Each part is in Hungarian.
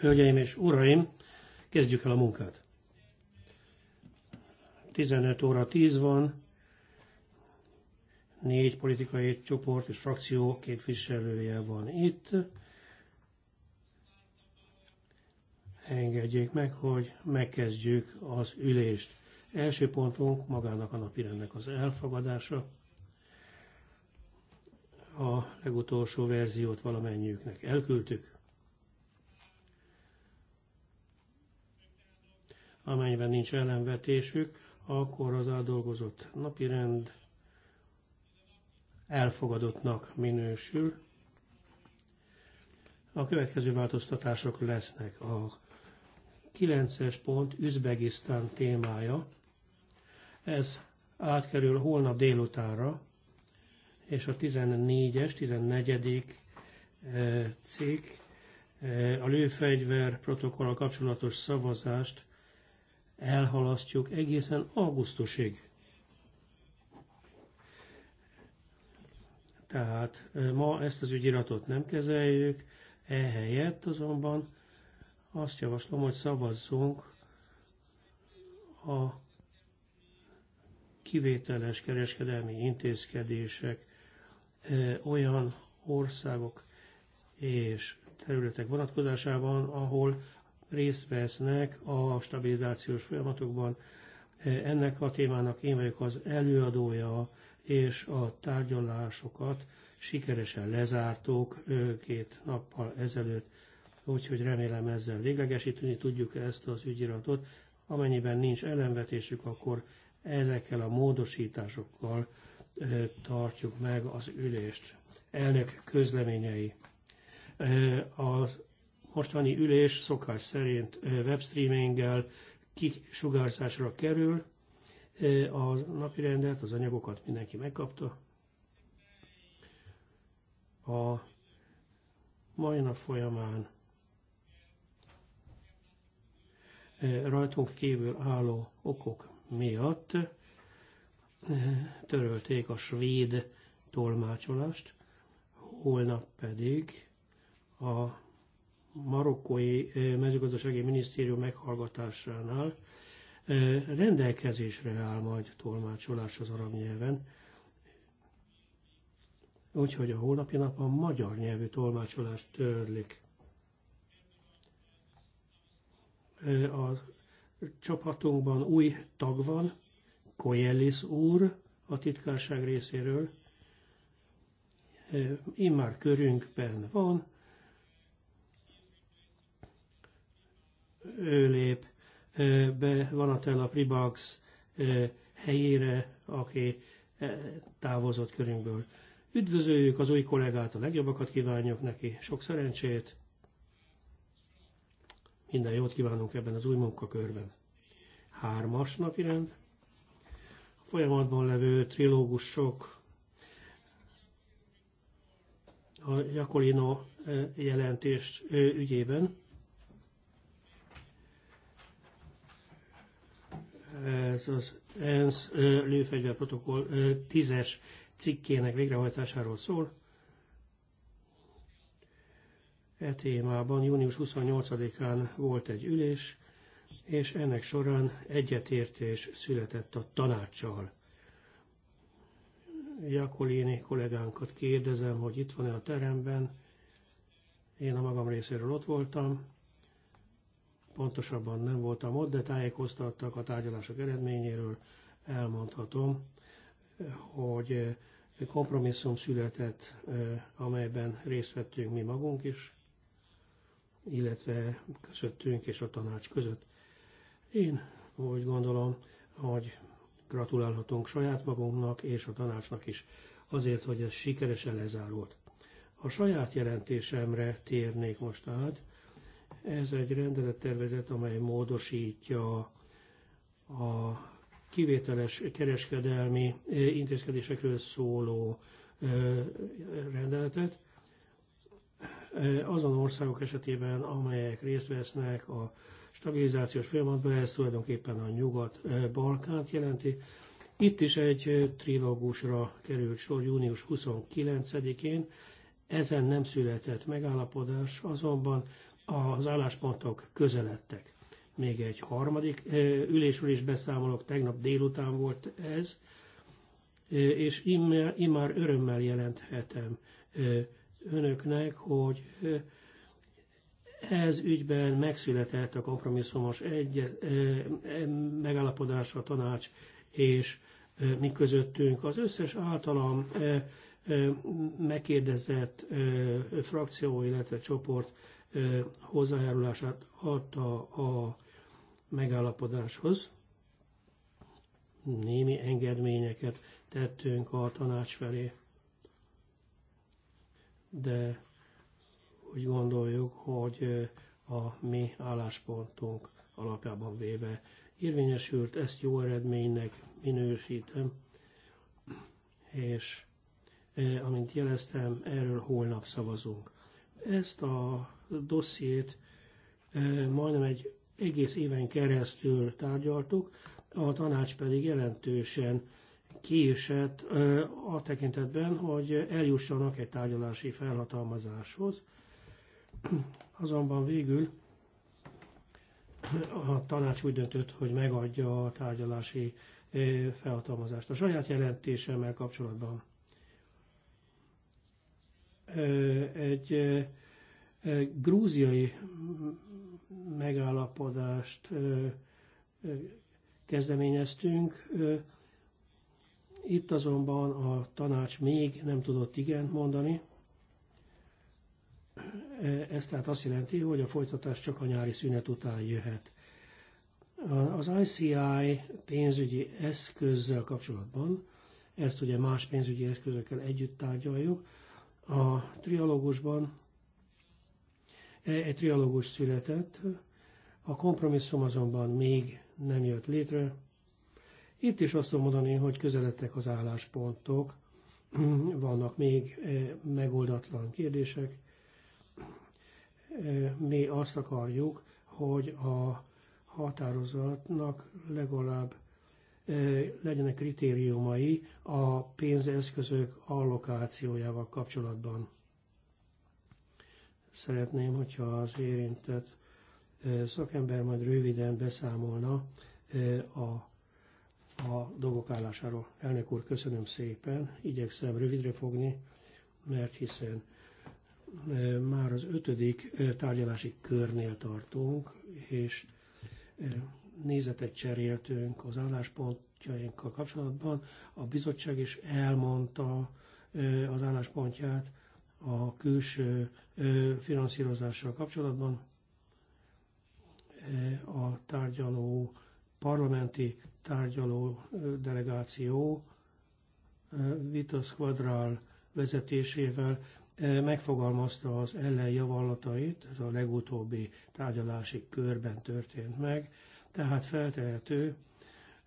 Hölgyeim és uraim, kezdjük el a munkát. 15 óra 10 van, négy politikai csoport és frakció képviselője van itt. Engedjék meg, hogy megkezdjük az ülést. Első pontunk magának a napirendnek az elfogadása a legutolsó verziót valamennyiüknek elküldtük. amelyben nincs ellenvetésük, akkor az napi napirend elfogadottnak minősül. A következő változtatások lesznek a 9-es pont Üzbegisztán témája. Ez átkerül holnap délutánra, és a 14-es, 14. Eh, cikk eh, a lőfegyver protokollal kapcsolatos szavazást elhalasztjuk egészen augusztusig. Tehát ma ezt az ügyiratot nem kezeljük, ehelyett azonban azt javaslom, hogy szavazzunk a kivételes kereskedelmi intézkedések olyan országok és területek vonatkozásában, ahol részt vesznek a stabilizációs folyamatokban. E, ennek a témának én vagyok az előadója, és a tárgyalásokat sikeresen lezártuk két nappal ezelőtt, úgyhogy remélem ezzel véglegesíteni tudjuk ezt az ügyiratot. Amennyiben nincs ellenvetésük, akkor ezekkel a módosításokkal tartjuk meg az ülést. Elnök közleményei. Az mostani ülés szokás szerint webstreaminggel kisugárzásra kerül. A napirendet, az anyagokat mindenki megkapta. A mai nap folyamán rajtunk kívül álló okok miatt törölték a svéd tolmácsolást, holnap pedig a marokkói mezőgazdasági minisztérium meghallgatásánál rendelkezésre áll majd tolmácsolás az arab nyelven, úgyhogy a holnapi nap a magyar nyelvű tolmácsolást törlik. A csapatunkban új tag van, Koyelis úr a titkárság részéről, immár körünkben van, ő lép be Vanatella Pribax helyére, aki távozott körünkből. Üdvözöljük az új kollégát, a legjobbakat kívánjuk neki, sok szerencsét, minden jót kívánunk ebben az új munkakörben. Hármas napi rend, a folyamatban levő trilógusok, a Jakolino jelentést ügyében ez az ENSZ lőfegyverprotokoll 10-es cikkének végrehajtásáról szól. E témában június 28-án volt egy ülés, és ennek során egyetértés született a tanácssal. Jakolini kollégánkat kérdezem, hogy itt van-e a teremben. Én a magam részéről ott voltam pontosabban nem voltam ott, de tájékoztattak a tárgyalások eredményéről, elmondhatom, hogy kompromisszum született, amelyben részt vettünk mi magunk is, illetve közöttünk és a tanács között. Én úgy gondolom, hogy gratulálhatunk saját magunknak és a tanácsnak is azért, hogy ez sikeresen lezárult. A saját jelentésemre térnék most át, ez egy rendelettervezet, amely módosítja a kivételes kereskedelmi eh, intézkedésekről szóló eh, rendeletet. Eh, azon országok esetében, amelyek részt vesznek a stabilizációs folyamatban, ez tulajdonképpen a Nyugat-Balkánt jelenti. Itt is egy trilógusra került sor június 29-én, ezen nem született megállapodás, azonban az álláspontok közeledtek. Még egy harmadik eh, ülésről is beszámolok, tegnap délután volt ez, eh, és immár, örömmel jelenthetem eh, önöknek, hogy ez ügyben megszületett a kompromisszumos egy, megállapodás a tanács és mi közöttünk. Az összes általam megkérdezett frakció, illetve csoport hozzájárulását adta a megállapodáshoz. Némi engedményeket tettünk a tanács felé, de úgy gondoljuk, hogy a mi álláspontunk alapjában véve érvényesült, ezt jó eredménynek minősítem, és amint jeleztem, erről holnap szavazunk. Ezt a dossziét e, majdnem egy egész éven keresztül tárgyaltuk, a tanács pedig jelentősen kiesett e, a tekintetben, hogy eljussanak egy tárgyalási felhatalmazáshoz. Azonban végül a tanács úgy döntött, hogy megadja a tárgyalási e, felhatalmazást. A saját jelentésemmel kapcsolatban egy grúziai megállapodást kezdeményeztünk. Itt azonban a tanács még nem tudott igent mondani. Ez tehát azt jelenti, hogy a folytatás csak a nyári szünet után jöhet. Az ICI pénzügyi eszközzel kapcsolatban, ezt ugye más pénzügyi eszközökkel együtt tárgyaljuk, a trialógusban egy trialógus született, a kompromisszum azonban még nem jött létre. Itt is azt tudom mondani, hogy közeledtek az álláspontok, vannak még eh, megoldatlan kérdések. Eh, mi azt akarjuk, hogy a határozatnak legalább legyenek kritériumai a pénzeszközök allokációjával kapcsolatban. Szeretném, hogyha az érintett szakember majd röviden beszámolna a a dolgok állásáról. Elnök úr, köszönöm szépen, igyekszem rövidre fogni, mert hiszen már az ötödik tárgyalási körnél tartunk, és nézetet cseréltünk az álláspontjainkkal kapcsolatban. A bizottság is elmondta az álláspontját a külső finanszírozással kapcsolatban. A tárgyaló, parlamenti tárgyaló delegáció Vitas Quadral vezetésével megfogalmazta az ellenjavallatait, ez a legutóbbi tárgyalási körben történt meg, tehát feltehető,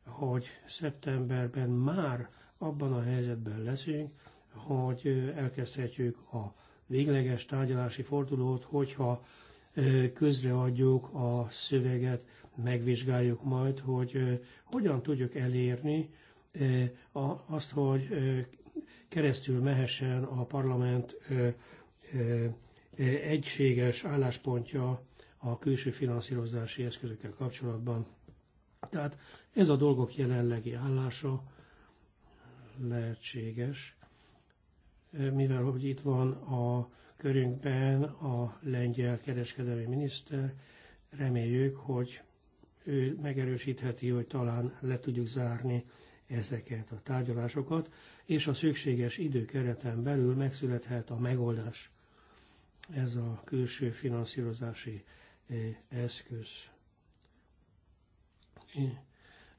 hogy szeptemberben már abban a helyzetben leszünk, hogy elkezdhetjük a végleges tárgyalási fordulót, hogyha közreadjuk a szöveget, megvizsgáljuk majd, hogy hogyan tudjuk elérni azt, hogy keresztül mehessen a parlament egységes álláspontja a külső finanszírozási eszközökkel kapcsolatban. Tehát ez a dolgok jelenlegi állása lehetséges, mivel hogy itt van a körünkben a lengyel kereskedelmi miniszter, reméljük, hogy ő megerősítheti, hogy talán le tudjuk zárni ezeket a tárgyalásokat, és a szükséges időkereten belül megszülethet a megoldás. Ez a külső finanszírozási eszköz.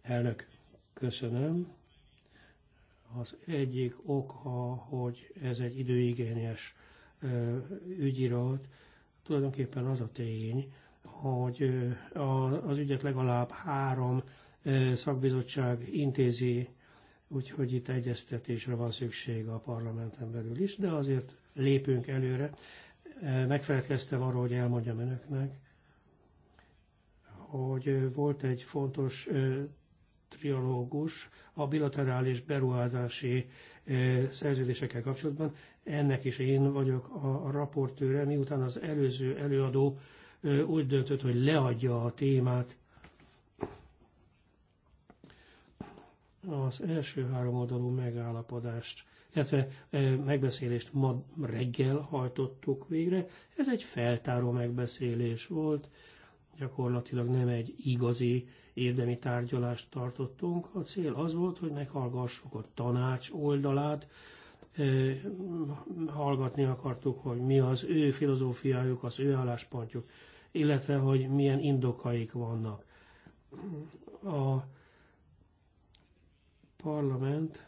Elnök, köszönöm. Az egyik oka, hogy ez egy időigényes ügyirat, tulajdonképpen az a tény, hogy az ügyet legalább három szakbizottság intézi, úgyhogy itt egyeztetésre van szükség a parlamenten belül is, de azért lépünk előre. Megfeledkeztem arról, hogy elmondjam önöknek, hogy volt egy fontos trialógus a bilaterális beruházási szerződésekkel kapcsolatban. Ennek is én vagyok a raportőre, miután az előző előadó úgy döntött, hogy leadja a témát. Az első három oldalú megállapodást, illetve megbeszélést ma reggel hajtottuk végre. Ez egy feltáró megbeszélés volt gyakorlatilag nem egy igazi érdemi tárgyalást tartottunk. A cél az volt, hogy meghallgassuk a tanács oldalát, hallgatni akartuk, hogy mi az ő filozófiájuk, az ő álláspontjuk, illetve hogy milyen indokaik vannak. A parlament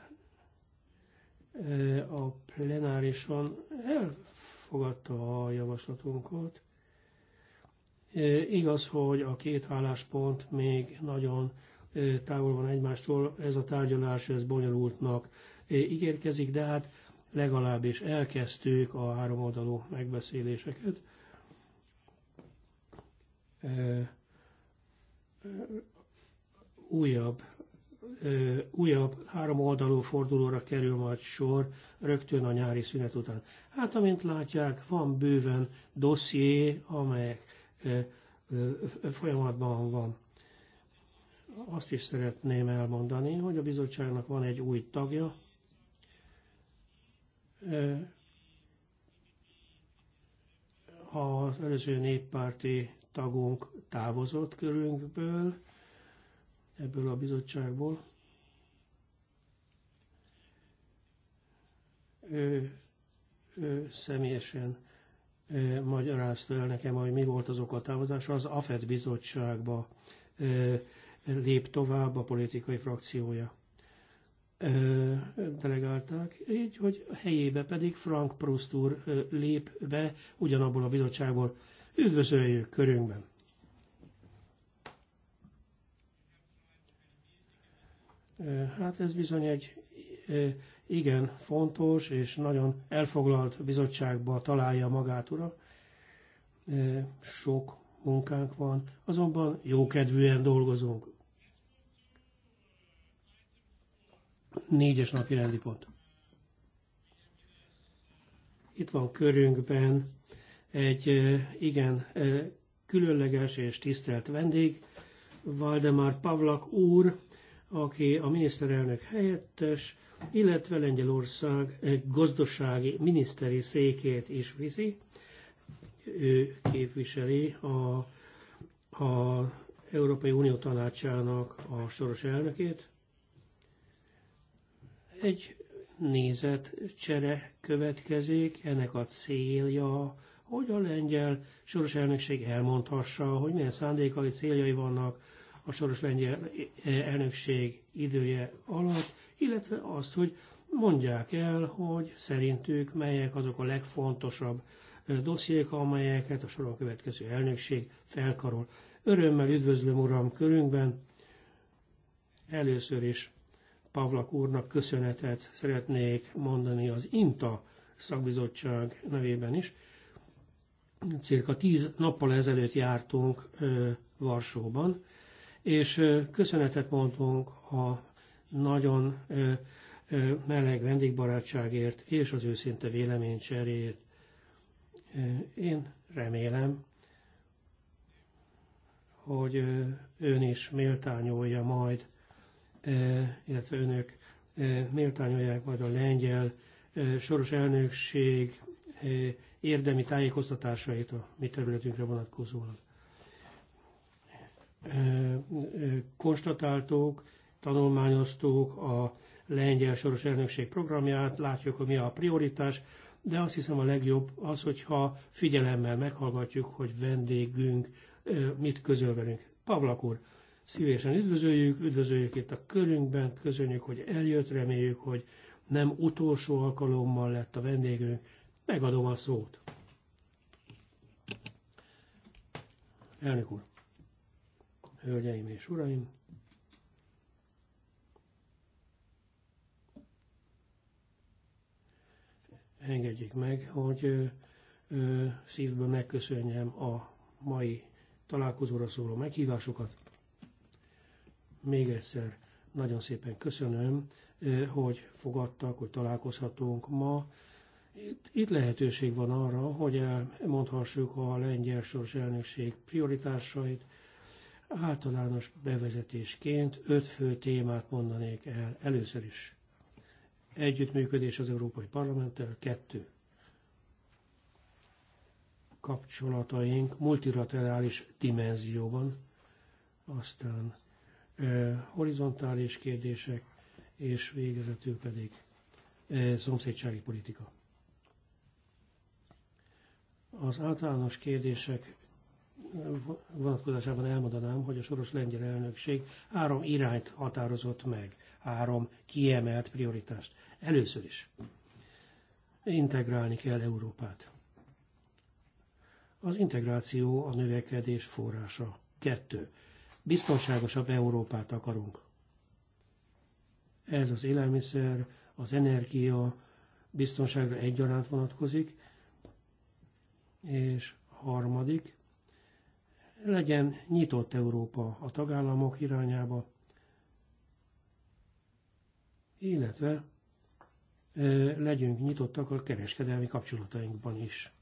a plenárison elfogadta a javaslatunkat, Igaz, hogy a két álláspont még nagyon távol van egymástól, ez a tárgyalás, ez bonyolultnak ígérkezik, de hát legalábbis elkezdtük a háromoldalú megbeszéléseket. Újabb, újabb háromoldalú fordulóra kerül majd sor rögtön a nyári szünet után. Hát, amint látják, van bőven dosszié, amelyek folyamatban van. Azt is szeretném elmondani, hogy a bizottságnak van egy új tagja, az előző néppárti tagunk távozott körünkből, ebből a bizottságból. Ő, ő személyesen magyarázta el nekem, hogy mi volt az oka a távozása, az AFED bizottságba lép tovább a politikai frakciója. delegálták, így, hogy helyébe pedig Frank Proust úr lép be ugyanabból a bizottságból. Üdvözöljük körünkben! Hát ez bizony egy igen fontos és nagyon elfoglalt bizottságba találja magát ura. Sok munkánk van, azonban jókedvűen dolgozunk. Négyes napi rendi pont. Itt van körünkben egy igen különleges és tisztelt vendég, Valdemar Pavlak úr, aki a miniszterelnök helyettes, illetve Lengyelország gazdasági miniszteri székét is viszi. Ő képviseli a, a Európai Unió tanácsának a soros elnökét. Egy nézet csere következik, ennek a célja, hogy a lengyel soros elnökség elmondhassa, hogy milyen szándékai, céljai vannak a soros lengyel elnökség idője alatt, illetve azt, hogy mondják el, hogy szerintük melyek azok a legfontosabb dossziék, amelyeket a soron következő elnökség felkarol. Örömmel üdvözlöm Uram körünkben. Először is Pavlak úrnak köszönetet szeretnék mondani az INTA szakbizottság nevében is. Cirka tíz nappal ezelőtt jártunk Varsóban, és köszönetet mondtunk a nagyon meleg vendégbarátságért és az őszinte véleménycseréért. Én remélem, hogy ön is méltányolja majd, illetve önök méltányolják majd a lengyel soros elnökség érdemi tájékoztatásait a mi területünkre vonatkozóan. Konstatáltuk, tanulmányoztuk a lengyel soros elnökség programját, látjuk, hogy mi a prioritás, de azt hiszem a legjobb az, hogyha figyelemmel meghallgatjuk, hogy vendégünk mit közöl velünk. Pavlak úr, szívesen üdvözöljük, üdvözöljük itt a körünkben, köszönjük, hogy eljött, reméljük, hogy nem utolsó alkalommal lett a vendégünk. Megadom a szót. Elnök úr, hölgyeim és uraim, engedjék meg, hogy szívből megköszönjem a mai találkozóra szóló meghívásokat. Még egyszer nagyon szépen köszönöm, hogy fogadtak, hogy találkozhatunk ma. Itt, itt lehetőség van arra, hogy elmondhassuk a lengyel soros elnökség prioritásait. Általános bevezetésként öt fő témát mondanék el először is. Együttműködés az Európai Parlamenttel, kettő. Kapcsolataink multilaterális dimenzióban, aztán ö, horizontális kérdések, és végezetül pedig ö, szomszédsági politika. Az általános kérdések vonatkozásában elmondanám, hogy a soros lengyel elnökség három irányt határozott meg három kiemelt prioritást. Először is integrálni kell Európát. Az integráció a növekedés forrása. Kettő. Biztonságosabb Európát akarunk. Ez az élelmiszer, az energia biztonságra egyaránt vonatkozik. És harmadik, legyen nyitott Európa a tagállamok irányába, illetve legyünk nyitottak a kereskedelmi kapcsolatainkban is.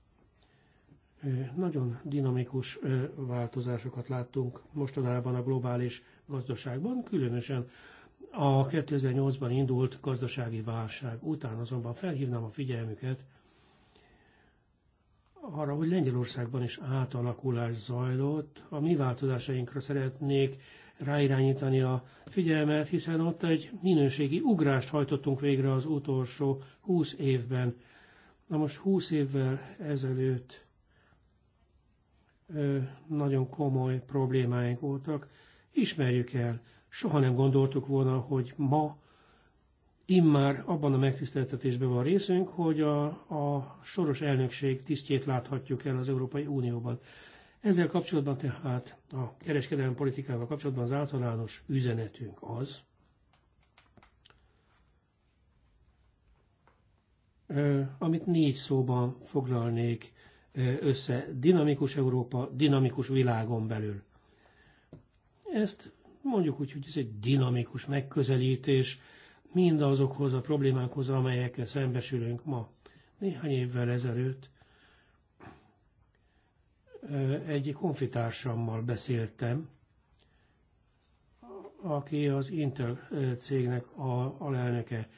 Nagyon dinamikus változásokat láttunk mostanában a globális gazdaságban, különösen a 2008-ban indult gazdasági válság után azonban felhívnám a figyelmüket arra, hogy Lengyelországban is átalakulás zajlott. A mi változásainkra szeretnék ráirányítani a figyelmet, hiszen ott egy minőségi ugrást hajtottunk végre az utolsó 20 évben. Na most 20 évvel ezelőtt nagyon komoly problémáink voltak. Ismerjük el, soha nem gondoltuk volna, hogy ma immár abban a megtiszteltetésben van részünk, hogy a, a soros elnökség tisztjét láthatjuk el az Európai Unióban. Ezzel kapcsolatban tehát a kereskedelmi politikával kapcsolatban az általános üzenetünk az, amit négy szóban foglalnék össze. Dinamikus Európa, dinamikus világon belül. Ezt mondjuk úgy, hogy ez egy dinamikus megközelítés mindazokhoz a problémákhoz, amelyekkel szembesülünk ma. Néhány évvel ezelőtt egyik konfitársammal beszéltem, aki az Intel cégnek a alelnöke.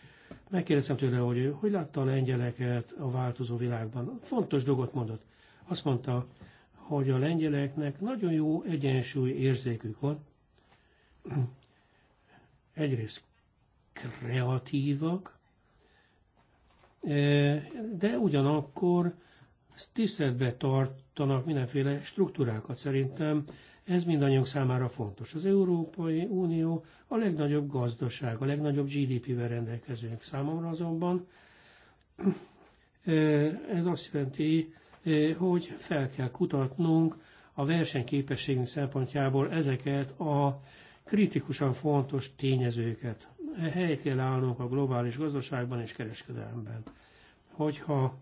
Megkérdeztem tőle, hogy ő hogy látta a lengyeleket a változó világban. Fontos dolgot mondott. Azt mondta, hogy a lengyeleknek nagyon jó egyensúly érzékük van. Egyrészt kreatívak, de ugyanakkor tiszteletbe tartanak mindenféle struktúrákat. Szerintem ez mindannyiunk számára fontos. Az Európai Unió a legnagyobb gazdaság, a legnagyobb GDP-vel rendelkezőnk Számomra azonban ez azt jelenti, eh, hogy fel kell kutatnunk a versenyképességünk szempontjából ezeket a kritikusan fontos tényezőket. Helyt kell állnunk a globális gazdaságban és kereskedelemben. Hogyha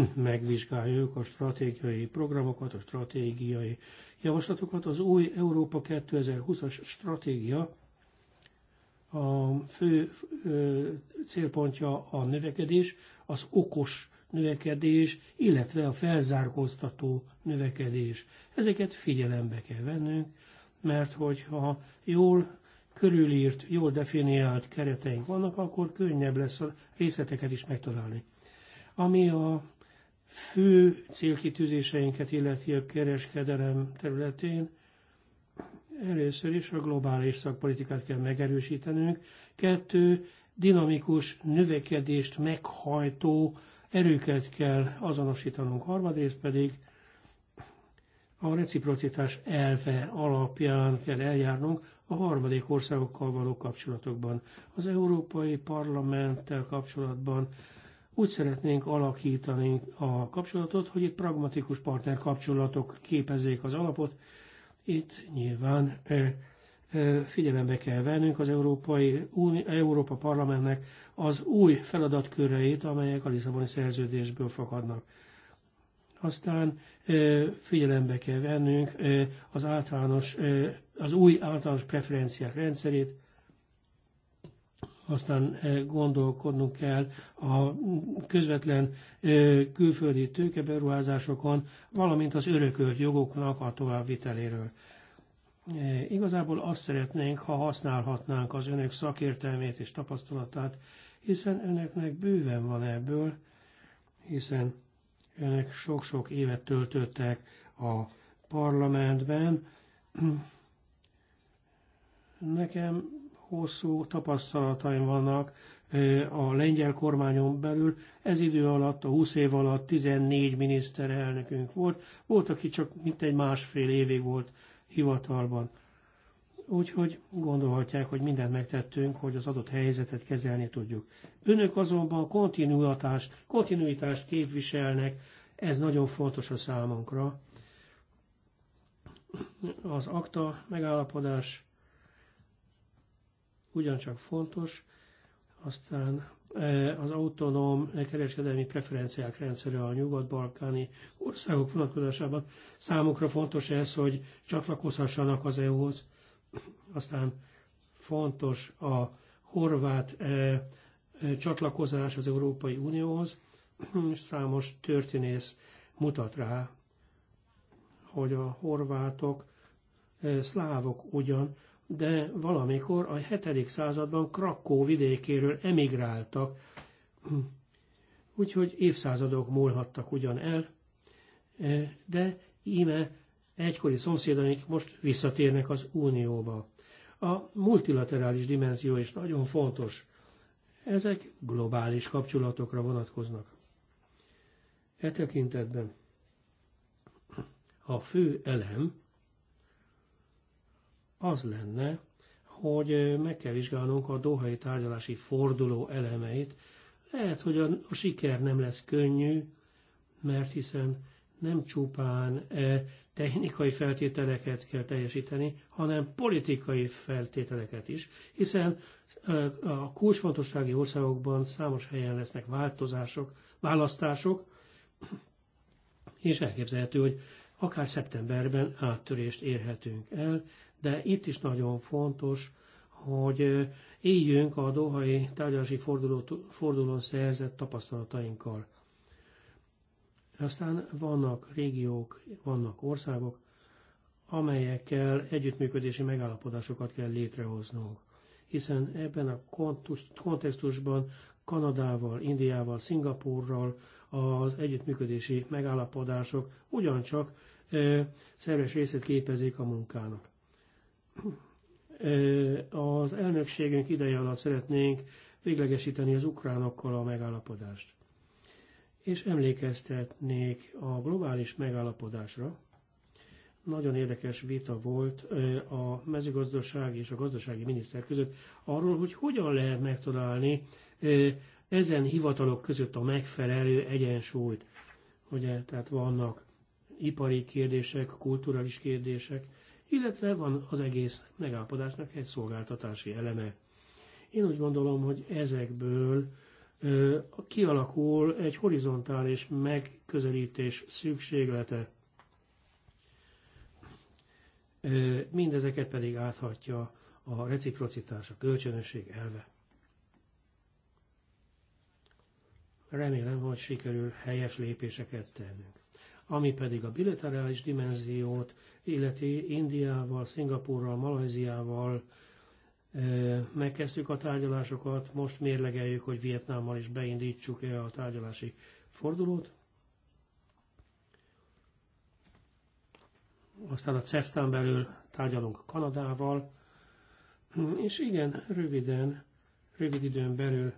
megvizsgáljuk a stratégiai programokat, a stratégiai javaslatokat. Az új Európa 2020-as stratégia a fő célpontja a növekedés, az okos növekedés, illetve a felzárkóztató növekedés. Ezeket figyelembe kell vennünk, mert hogyha jól körülírt, jól definiált kereteink vannak, akkor könnyebb lesz a részleteket is megtalálni. Ami a fő célkitűzéseinket illeti a kereskedelem területén, először is a globális szakpolitikát kell megerősítenünk. Kettő, dinamikus növekedést meghajtó erőket kell azonosítanunk. Harmadrészt pedig a reciprocitás elve alapján kell eljárnunk a harmadik országokkal való kapcsolatokban. Az Európai Parlamenttel kapcsolatban úgy szeretnénk alakítani a kapcsolatot, hogy itt pragmatikus partner kapcsolatok képezzék az alapot. Itt nyilván figyelembe kell vennünk az Európai Unió, Európa Parlamentnek az új feladatköreit, amelyek a Lisszaboni szerződésből fakadnak. Aztán figyelembe kell vennünk az, általános, az új általános preferenciák rendszerét, aztán e, gondolkodnunk kell a közvetlen e, külföldi tőkeberuházásokon, valamint az örökölt jogoknak a továbbviteléről. E, igazából azt szeretnénk, ha használhatnánk az önök szakértelmét és tapasztalatát, hiszen önöknek bőven van ebből, hiszen önök sok-sok évet töltöttek a parlamentben. Nekem hosszú tapasztalataim vannak a lengyel kormányon belül. Ez idő alatt, a 20 év alatt 14 miniszterelnökünk volt, volt, aki csak mint egy másfél évig volt hivatalban. Úgyhogy gondolhatják, hogy mindent megtettünk, hogy az adott helyzetet kezelni tudjuk. Önök azonban kontinuitást, kontinuitást képviselnek, ez nagyon fontos a számunkra. Az akta megállapodás ugyancsak fontos, aztán e, az autonóm kereskedelmi preferenciák rendszere a nyugat-balkáni országok vonatkozásában. Számukra fontos ez, hogy csatlakozhassanak az EU-hoz. Aztán fontos a horvát e, e, csatlakozás az Európai Unióhoz. Számos történész mutat rá, hogy a horvátok szlávok ugyan, de valamikor a 7. században Krakó vidékéről emigráltak, úgyhogy évszázadok múlhattak ugyan el, de íme egykori szomszédaink most visszatérnek az Unióba. A multilaterális dimenzió is nagyon fontos. Ezek globális kapcsolatokra vonatkoznak. E tekintetben a fő elem, az lenne, hogy meg kell vizsgálnunk a dohai tárgyalási forduló elemeit. Lehet, hogy a, a siker nem lesz könnyű, mert hiszen nem csupán technikai feltételeket kell teljesíteni, hanem politikai feltételeket is, hiszen a kulcsfontossági országokban számos helyen lesznek változások, választások, és elképzelhető, hogy akár szeptemberben áttörést érhetünk el, de itt is nagyon fontos, hogy éljünk a dohai tárgyalási forduló, fordulón szerzett tapasztalatainkkal. Aztán vannak régiók, vannak országok, amelyekkel együttműködési megállapodásokat kell létrehoznunk. Hiszen ebben a kontextusban Kanadával, Indiával, Szingapúrral az együttműködési megállapodások ugyancsak szerves részét képezik a munkának. Az elnökségünk ideje alatt szeretnénk véglegesíteni az ukránokkal a megállapodást. És emlékeztetnék a globális megállapodásra. Nagyon érdekes vita volt a mezőgazdaság és a gazdasági miniszter között arról, hogy hogyan lehet megtalálni ezen hivatalok között a megfelelő egyensúlyt. Ugye, tehát vannak ipari kérdések, kulturális kérdések, illetve van az egész megállapodásnak egy szolgáltatási eleme. Én úgy gondolom, hogy ezekből ö, kialakul egy horizontális megközelítés szükséglete. Ö, mindezeket pedig áthatja a reciprocitás, a kölcsönösség elve. Remélem, hogy sikerül helyes lépéseket tennünk. Ami pedig a bilaterális dimenziót illeti Indiával, Szingapúrral, Malajziával megkezdtük a tárgyalásokat, most mérlegeljük, hogy Vietnámmal is beindítsuk-e a tárgyalási fordulót. Aztán a CEFTA-n belül tárgyalunk Kanadával, és igen, röviden, rövid időn belül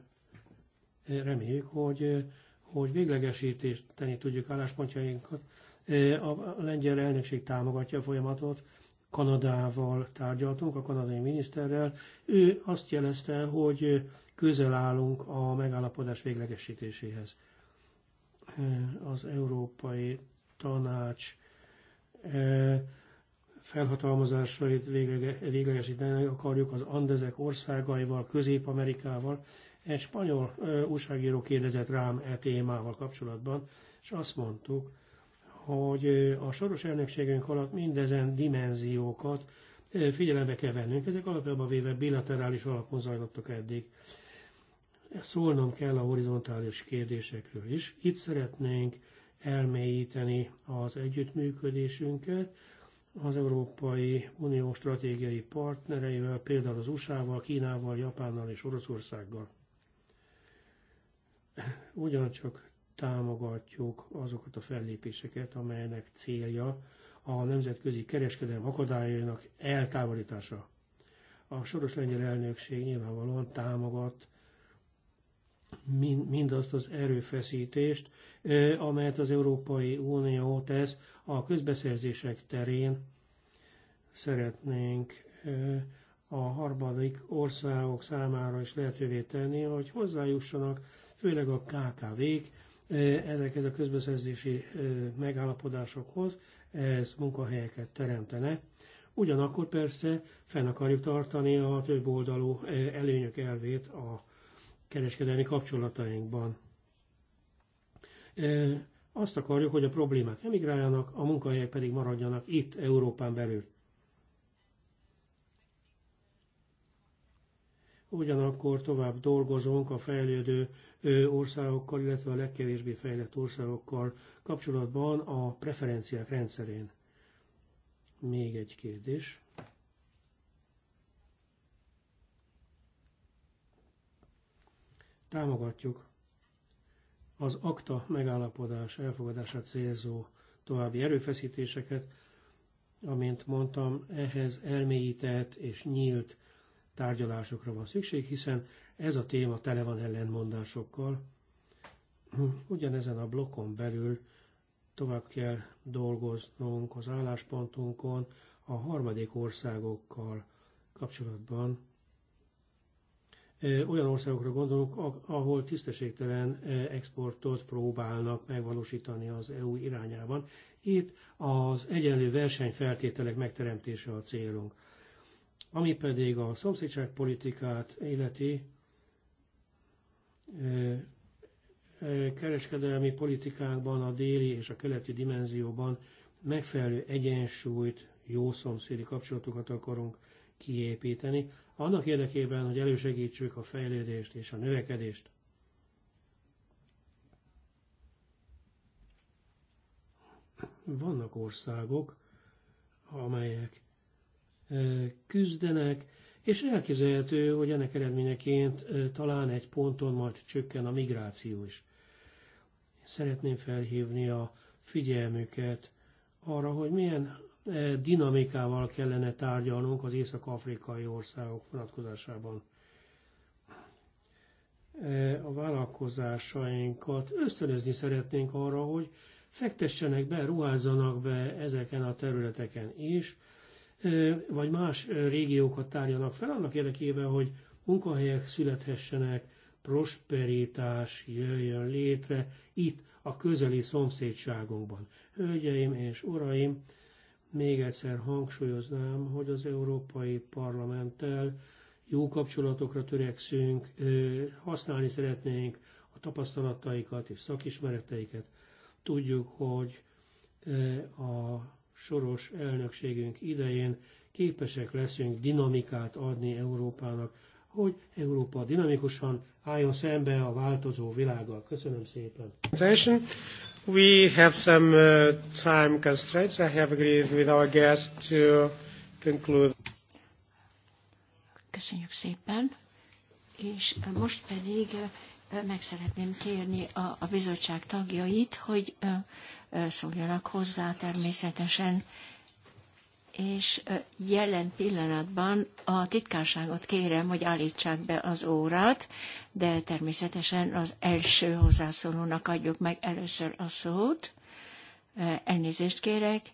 reméljük, hogy hogy véglegesíteni tudjuk álláspontjainkat. A lengyel elnökség támogatja a folyamatot, Kanadával tárgyaltunk, a kanadai miniszterrel. Ő azt jelezte, hogy közel állunk a megállapodás véglegesítéséhez. Az Európai Tanács felhatalmazásait véglegesíteni akarjuk az Andezek országaival, Közép-Amerikával, egy spanyol újságíró kérdezett rám e témával kapcsolatban, és azt mondtuk, hogy a soros elnökségünk alatt mindezen dimenziókat figyelembe kell vennünk. Ezek alapjában véve bilaterális alapon zajlottak eddig. Szólnom kell a horizontális kérdésekről is. Itt szeretnénk elmélyíteni az együttműködésünket az Európai Unió stratégiai partnereivel, például az USA-val, Kínával, Japánnal és Oroszországgal ugyancsak támogatjuk azokat a fellépéseket, amelynek célja a nemzetközi kereskedelem akadályainak eltávolítása. A soros lengyel elnökség nyilvánvalóan támogat mindazt az erőfeszítést, amelyet az Európai Unió tesz a közbeszerzések terén. Szeretnénk a harmadik országok számára is lehetővé tenni, hogy hozzájussanak főleg a KKV-k, ez a közbeszerzési megállapodásokhoz, ez munkahelyeket teremtene. Ugyanakkor persze fenn akarjuk tartani a több oldalú előnyök elvét a kereskedelmi kapcsolatainkban. Azt akarjuk, hogy a problémák emigráljanak, a munkahelyek pedig maradjanak itt, Európán belül. Ugyanakkor tovább dolgozunk a fejlődő országokkal, illetve a legkevésbé fejlett országokkal kapcsolatban a preferenciák rendszerén. Még egy kérdés. Támogatjuk az akta megállapodás elfogadását célzó további erőfeszítéseket, amint mondtam, ehhez elmélyített és nyílt tárgyalásokra van szükség, hiszen ez a téma tele van ellenmondásokkal. Ugyanezen a blokkon belül tovább kell dolgoznunk az álláspontunkon a harmadik országokkal kapcsolatban. Olyan országokra gondolunk, ahol tisztességtelen exportot próbálnak megvalósítani az EU irányában. Itt az egyenlő versenyfeltételek megteremtése a célunk. Ami pedig a szomszédságpolitikát illeti, kereskedelmi politikákban a déli és a keleti dimenzióban megfelelő egyensúlyt, jó szomszédi kapcsolatokat akarunk kiépíteni, annak érdekében, hogy elősegítsük a fejlődést és a növekedést. Vannak országok, amelyek küzdenek, és elképzelhető, hogy ennek eredményeként talán egy ponton majd csökken a migráció is. Szeretném felhívni a figyelmüket arra, hogy milyen dinamikával kellene tárgyalnunk az észak-afrikai országok vonatkozásában. A vállalkozásainkat ösztönözni szeretnénk arra, hogy fektessenek be, ruházzanak be ezeken a területeken is, vagy más régiókat tárjanak fel annak érdekében, hogy munkahelyek születhessenek, prosperitás jöjjön létre itt a közeli szomszédságunkban. Hölgyeim és uraim, még egyszer hangsúlyoznám, hogy az Európai Parlamenttel jó kapcsolatokra törekszünk, használni szeretnénk a tapasztalataikat és szakismereteiket. Tudjuk, hogy a soros elnökségünk idején képesek leszünk dinamikát adni Európának, hogy Európa dinamikusan álljon szembe a változó világgal. Köszönöm szépen. We have some uh, time constraints. I have agreed with our guest to conclude. Köszönjük szépen. És most pedig uh, meg szeretném kérni a, a bizottság tagjait, hogy uh, szóljanak hozzá természetesen. És jelen pillanatban a titkárságot kérem, hogy állítsák be az órát, de természetesen az első hozzászólónak adjuk meg először a szót. Elnézést kérek,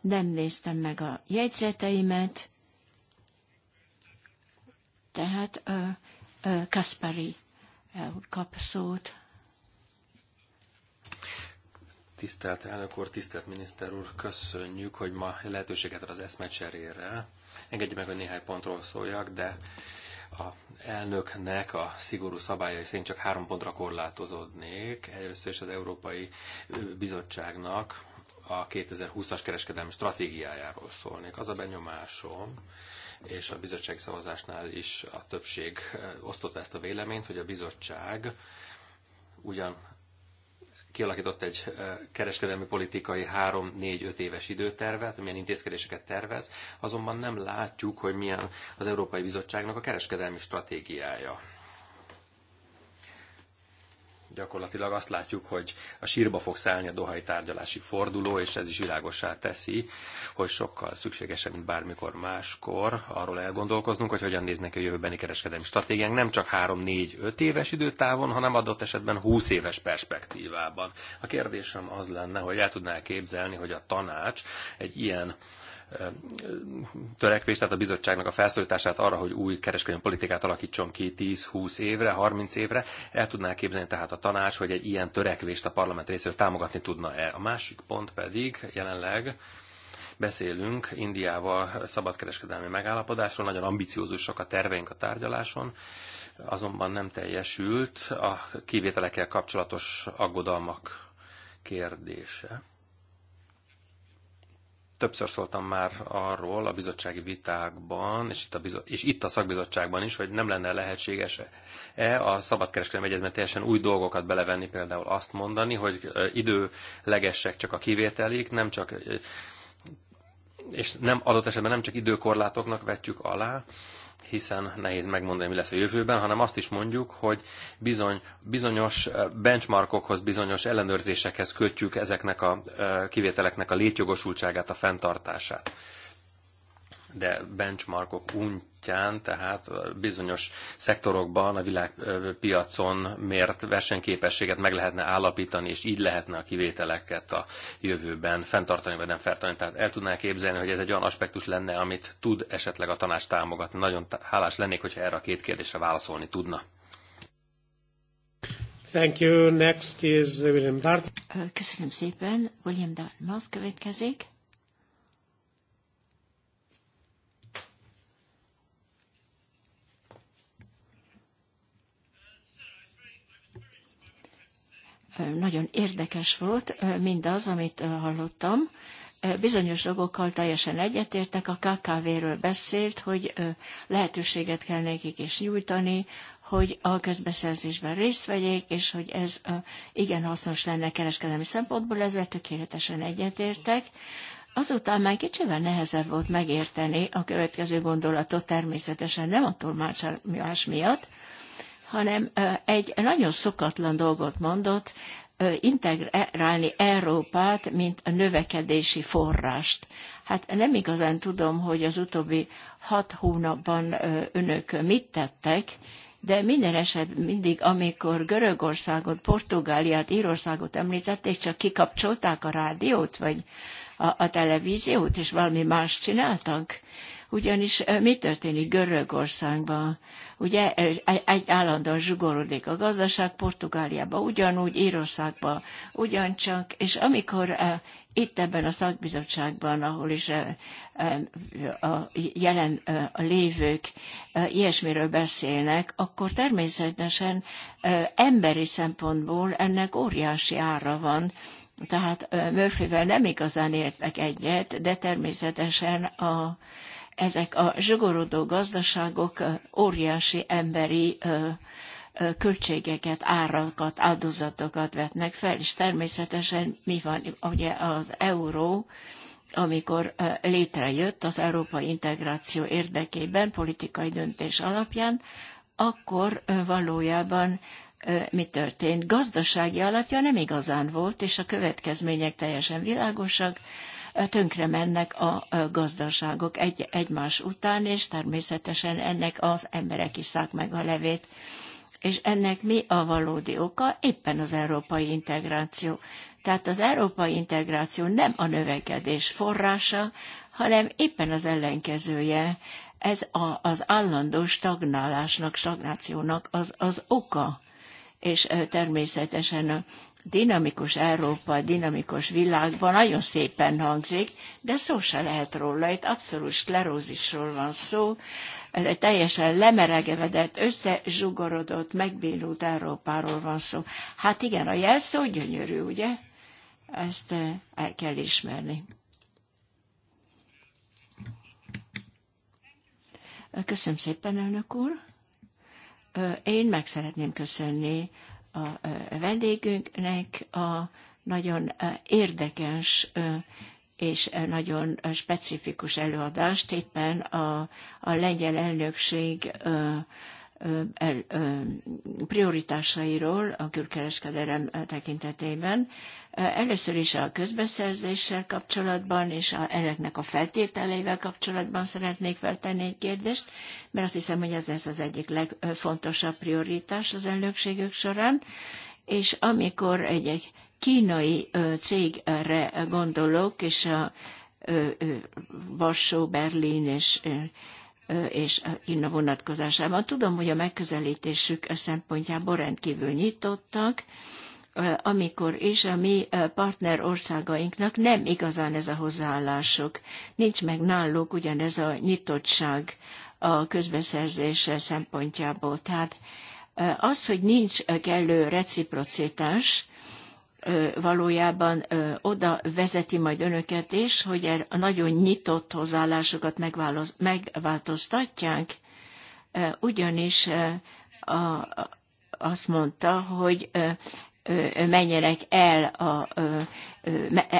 nem néztem meg a jegyzeteimet, tehát Kaspari úr kap szót. Tisztelt elnök úr, tisztelt miniszter úr, köszönjük, hogy ma lehetőséget ad az eszmecserére. Engedje meg, hogy néhány pontról szóljak, de a elnöknek a szigorú szabályai szerint csak három pontra korlátozódnék. Először is az Európai Bizottságnak a 2020-as kereskedelmi stratégiájáról szólnék. Az a benyomásom, és a bizottság szavazásnál is a többség osztotta ezt a véleményt, hogy a bizottság ugyan kialakított egy kereskedelmi politikai 3-4-5 éves időtervet, milyen intézkedéseket tervez, azonban nem látjuk, hogy milyen az Európai Bizottságnak a kereskedelmi stratégiája gyakorlatilag azt látjuk, hogy a sírba fog szállni a dohai tárgyalási forduló, és ez is világosá teszi, hogy sokkal szükségesebb, mint bármikor máskor arról elgondolkoznunk, hogy hogyan néznek a jövőbeni kereskedelmi stratégiánk nem csak 3-4-5 éves időtávon, hanem adott esetben 20 éves perspektívában. A kérdésem az lenne, hogy el tudnál képzelni, hogy a tanács egy ilyen törekvés, tehát a bizottságnak a felszólítását arra, hogy új kereskedelmi politikát alakítson ki 10-20 évre, 30 évre. El tudná képzelni tehát a tanács, hogy egy ilyen törekvést a parlament részéről támogatni tudna-e. A másik pont pedig jelenleg beszélünk Indiával szabadkereskedelmi megállapodásról, nagyon ambiciózusak a terveink a tárgyaláson, azonban nem teljesült a kivételekkel kapcsolatos aggodalmak kérdése. Többször szóltam már arról a bizottsági vitákban, és itt a, bizo- és itt a szakbizottságban is, hogy nem lenne lehetséges-e a szabadkereskedelmi egyezmény teljesen új dolgokat belevenni, például azt mondani, hogy időlegesek csak a kivételik, nem csak és nem adott esetben nem csak időkorlátoknak vetjük alá, hiszen nehéz megmondani, mi lesz a jövőben, hanem azt is mondjuk, hogy bizony, bizonyos eh, benchmarkokhoz, bizonyos ellenőrzésekhez kötjük ezeknek a eh, kivételeknek a létjogosultságát, a fenntartását. De benchmarkok útján, tehát bizonyos szektorokban a világpiacon mért versenyképességet meg lehetne állapítani, és így lehetne a kivételeket a jövőben fenntartani, vagy nem fenntartani. Tehát el tudnál képzelni, hogy ez egy olyan aspektus lenne, amit tud esetleg a tanács támogatni. Nagyon hálás lennék, hogyha erre a két kérdésre válaszolni tudna. Thank you. Next is William Dart. Köszönöm szépen. William Dart. Most következik. nagyon érdekes volt mindaz, amit hallottam. Bizonyos dolgokkal teljesen egyetértek, a KKV-ről beszélt, hogy lehetőséget kell nekik is nyújtani, hogy a közbeszerzésben részt vegyék, és hogy ez igen hasznos lenne kereskedelmi szempontból, ezzel tökéletesen egyetértek. Azután már kicsivel nehezebb volt megérteni a következő gondolatot, természetesen nem a tolmács miatt, hanem egy nagyon szokatlan dolgot mondott, integrálni Európát, mint a növekedési forrást. Hát nem igazán tudom, hogy az utóbbi hat hónapban önök mit tettek, de minden esetben mindig, amikor Görögországot, Portugáliát, Írországot említették, csak kikapcsolták a rádiót, vagy a, a televíziót, és valami más csináltak. Ugyanis eh, mi történik Görögországban? Ugye eh, egy állandóan zsugorodik a gazdaság, Portugáliában ugyanúgy, Írországban ugyancsak, és amikor eh, itt ebben a szakbizottságban, ahol is a jelen a lévők ilyesmiről beszélnek, akkor természetesen emberi szempontból ennek óriási ára van, tehát Murphyvel nem igazán értek egyet, de természetesen a, ezek a zsugorodó gazdaságok óriási emberi költségeket, árakat, áldozatokat vetnek fel, és természetesen mi van, ugye az euró, amikor létrejött az európai integráció érdekében, politikai döntés alapján, akkor valójában mi történt? Gazdasági alapja nem igazán volt, és a következmények teljesen világosak tönkre mennek a gazdaságok egy, egymás után, és természetesen ennek az emberek iszák meg a levét. És ennek mi a valódi oka? Éppen az európai integráció. Tehát az európai integráció nem a növekedés forrása, hanem éppen az ellenkezője. Ez a, az állandó stagnálásnak, stagnációnak az, az oka. És természetesen dinamikus Európa, dinamikus világban nagyon szépen hangzik, de szó se lehet róla. Itt abszolút sklerózisról van szó, ez egy teljesen lemeregevedett, összezsugorodott, megbélult Európáról van szó. Hát igen, a jelszó gyönyörű, ugye? Ezt eh, el kell ismerni. Köszönöm szépen, elnök úr. Én meg szeretném köszönni a vendégünknek a nagyon érdekes és nagyon specifikus előadást éppen a, a lengyel elnökség prioritásairól a külkereskedelem tekintetében. Először is a közbeszerzéssel kapcsolatban és a, ennek a feltételeivel kapcsolatban szeretnék feltenni egy kérdést, mert azt hiszem, hogy ez lesz az egyik legfontosabb prioritás az elnökségük során, és amikor egy, egy kínai cégre gondolok, és a Varsó, Berlin és és Kína vonatkozásában. Tudom, hogy a megközelítésük e szempontjából rendkívül nyitottak, amikor is a mi partner országainknak nem igazán ez a hozzáállásuk. Nincs meg náluk ugyanez a nyitottság a közbeszerzés szempontjából. Tehát az, hogy nincs kellő reciprocitás, valójában oda vezeti majd önöket is, hogy a nagyon nyitott hozzáállásokat megváltoztatják, ugyanis a, azt mondta, hogy menjenek el, a,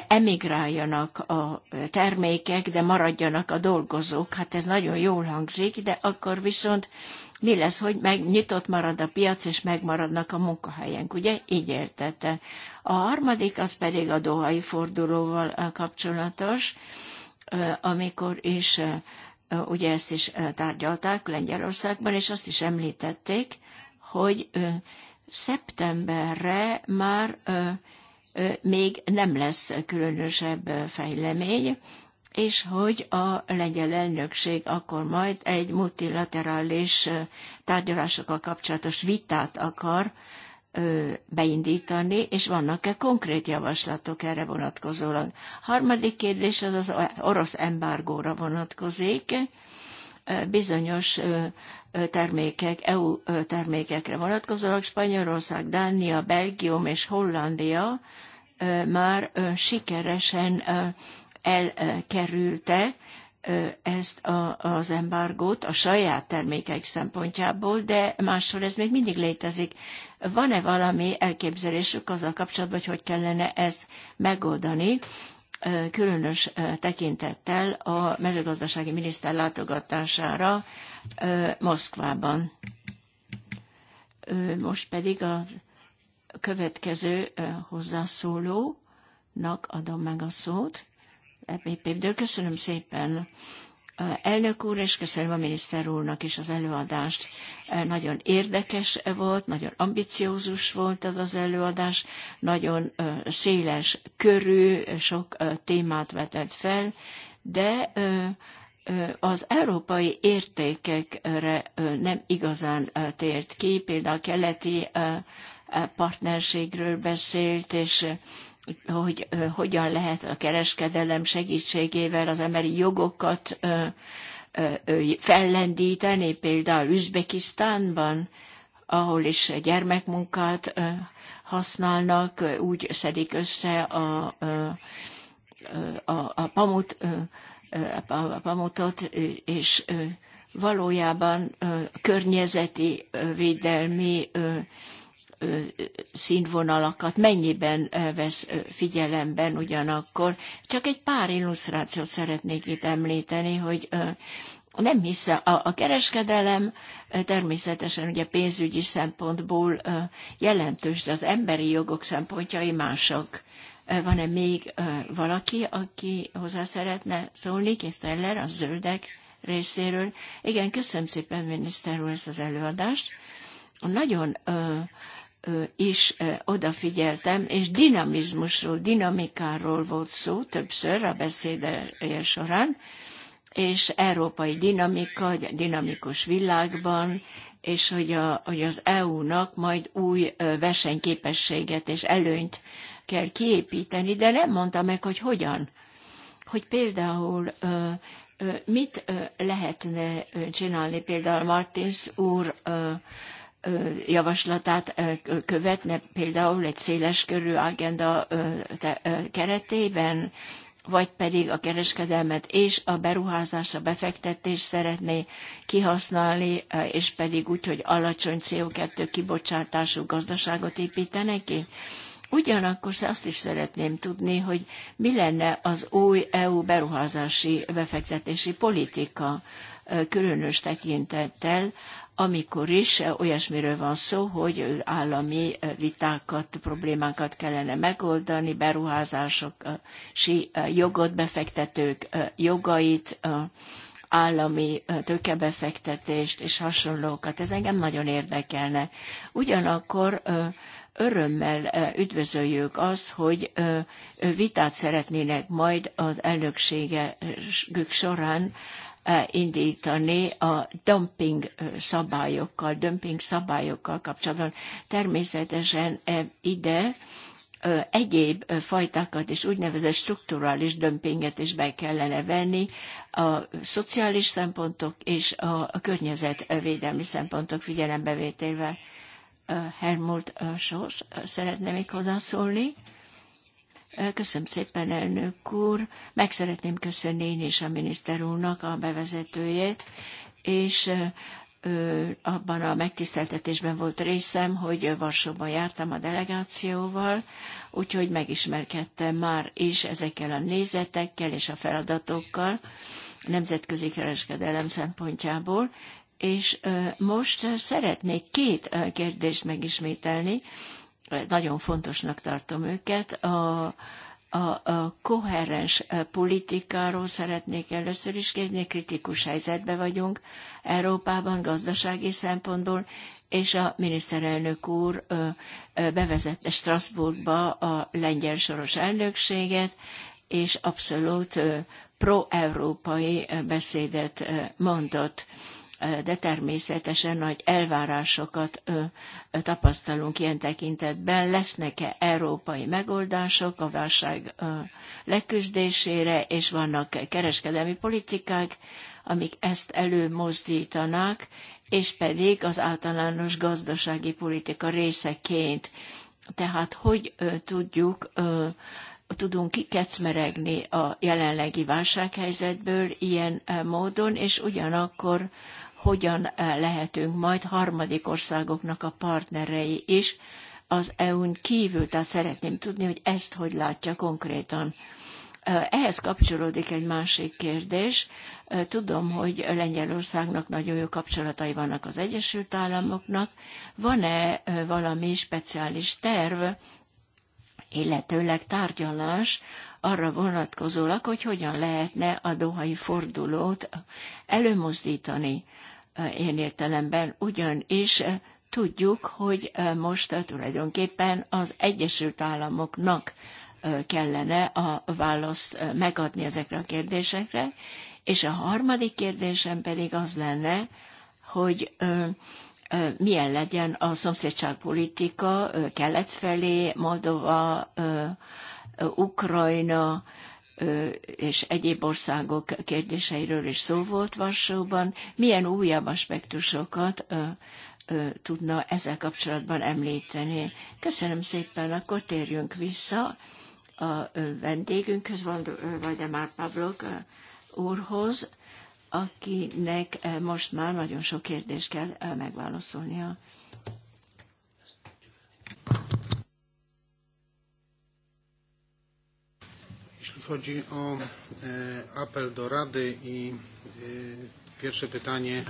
emigráljanak a termékek, de maradjanak a dolgozók. Hát ez nagyon jól hangzik, de akkor viszont mi lesz, hogy meg nyitott marad a piac, és megmaradnak a munkahelyenk, ugye? Így értette. A harmadik, az pedig a dohai fordulóval kapcsolatos, amikor is ugye ezt is tárgyalták Lengyelországban, és azt is említették, hogy szeptemberre már még nem lesz különösebb fejlemény, és hogy a lengyel elnökség akkor majd egy multilaterális tárgyalásokkal kapcsolatos vitát akar beindítani, és vannak-e konkrét javaslatok erre vonatkozólag. Harmadik kérdés az az orosz embargóra vonatkozik. Bizonyos termékek, EU termékekre vonatkozólag Spanyolország, Dánia, Belgium és Hollandia már sikeresen elkerülte ezt a, az embargót a saját termékeik szempontjából, de máshol ez még mindig létezik. Van-e valami elképzelésük azzal kapcsolatban, hogy hogy kellene ezt megoldani, különös tekintettel a mezőgazdasági miniszter látogatására Moszkvában. Most pedig a következő hozzászólónak adom meg a szót. Eppéppépdől köszönöm szépen. Elnök úr, és köszönöm a miniszter úrnak is az előadást. Nagyon érdekes volt, nagyon ambiciózus volt ez az előadás, nagyon széles körű, sok témát vetett fel, de az európai értékekre nem igazán tért ki, például a keleti partnerségről beszélt, és hogy hogyan lehet a kereskedelem segítségével az emberi jogokat fellendíteni, például Üzbekisztánban, ahol is gyermekmunkát használnak, úgy szedik össze a, a, a pamut pamutot, és valójában környezeti védelmi színvonalakat mennyiben vesz figyelemben ugyanakkor. Csak egy pár illusztrációt szeretnék itt említeni, hogy nem hiszem, a, a kereskedelem természetesen ugye pénzügyi szempontból jelentős, de az emberi jogok szempontjai mások. Van-e még valaki, aki hozzá szeretne szólni? Kifteller, a zöldek részéről. Igen, köszönöm szépen, miniszter úr, ezt az előadást. Nagyon is odafigyeltem, és dinamizmusról, dinamikáról volt szó többször a beszéde során, és európai dinamika, dinamikus világban, és hogy, a, hogy az EU-nak majd új versenyképességet és előnyt kell kiépíteni, de nem mondta meg, hogy hogyan. Hogy például mit lehetne csinálni, például Martins úr javaslatát követne például egy széles körű agenda keretében, vagy pedig a kereskedelmet és a beruházás, a befektetés szeretné kihasználni, és pedig úgy, hogy alacsony CO2 kibocsátású gazdaságot építenek ki. Ugyanakkor azt is szeretném tudni, hogy mi lenne az új EU beruházási befektetési politika különös tekintettel, amikor is olyasmiről van szó, hogy állami vitákat, problémákat kellene megoldani, beruházásosi jogot, befektetők jogait, állami tőkebefektetést és hasonlókat. Ez engem nagyon érdekelne. Ugyanakkor örömmel üdvözöljük azt, hogy vitát szeretnének majd az elnökségük során indítani a dumping szabályokkal, dumping szabályokkal kapcsolatban. Természetesen ide egyéb fajtákat és úgynevezett strukturális dömpinget is be kellene venni, a szociális szempontok és a környezetvédelmi szempontok figyelembevételével. Eh, Helmut eh, Sors, eh, szeretne még hozzászólni. Köszönöm szépen, elnök úr. Meg szeretném köszönni én is a miniszter úrnak a bevezetőjét, és abban a megtiszteltetésben volt részem, hogy Varsóban jártam a delegációval, úgyhogy megismerkedtem már is ezekkel a nézetekkel és a feladatokkal nemzetközi kereskedelem szempontjából, és most szeretnék két kérdést megismételni, nagyon fontosnak tartom őket. A, a, a koherens politikáról szeretnék először is kérni, kritikus helyzetben vagyunk Európában gazdasági szempontból, és a miniszterelnök úr bevezette Strasbourgba a lengyel soros elnökséget, és abszolút pro-európai beszédet mondott de természetesen nagy elvárásokat tapasztalunk ilyen tekintetben. Lesznek-e európai megoldások a válság leküzdésére, és vannak kereskedelmi politikák, amik ezt előmozdítanák, és pedig az általános gazdasági politika részeként. Tehát hogy tudjuk tudunk kikecmeregni a jelenlegi válsághelyzetből ilyen módon, és ugyanakkor hogyan lehetünk majd harmadik országoknak a partnerei is az EU-n kívül. Tehát szeretném tudni, hogy ezt hogy látja konkrétan. Ehhez kapcsolódik egy másik kérdés. Tudom, hogy Lengyelországnak nagyon jó kapcsolatai vannak az Egyesült Államoknak. Van-e valami speciális terv, illetőleg tárgyalás arra vonatkozólag, hogy hogyan lehetne a dohai fordulót előmozdítani én értelemben, ugyanis tudjuk, hogy most tulajdonképpen az Egyesült Államoknak kellene a választ megadni ezekre a kérdésekre, és a harmadik kérdésem pedig az lenne, hogy milyen legyen a szomszédságpolitika kelet felé, Moldova, Ukrajna és egyéb országok kérdéseiről is szó volt Varsóban. Milyen újabb aspektusokat tudna ezzel kapcsolatban említeni? Köszönöm szépen, akkor térjünk vissza a vendégünkhöz, Valdemár Pavlok úrhoz, akinek most már nagyon sok kérdést kell megválaszolnia. chodzi o e, apel do Rady i e, pierwsze pytanie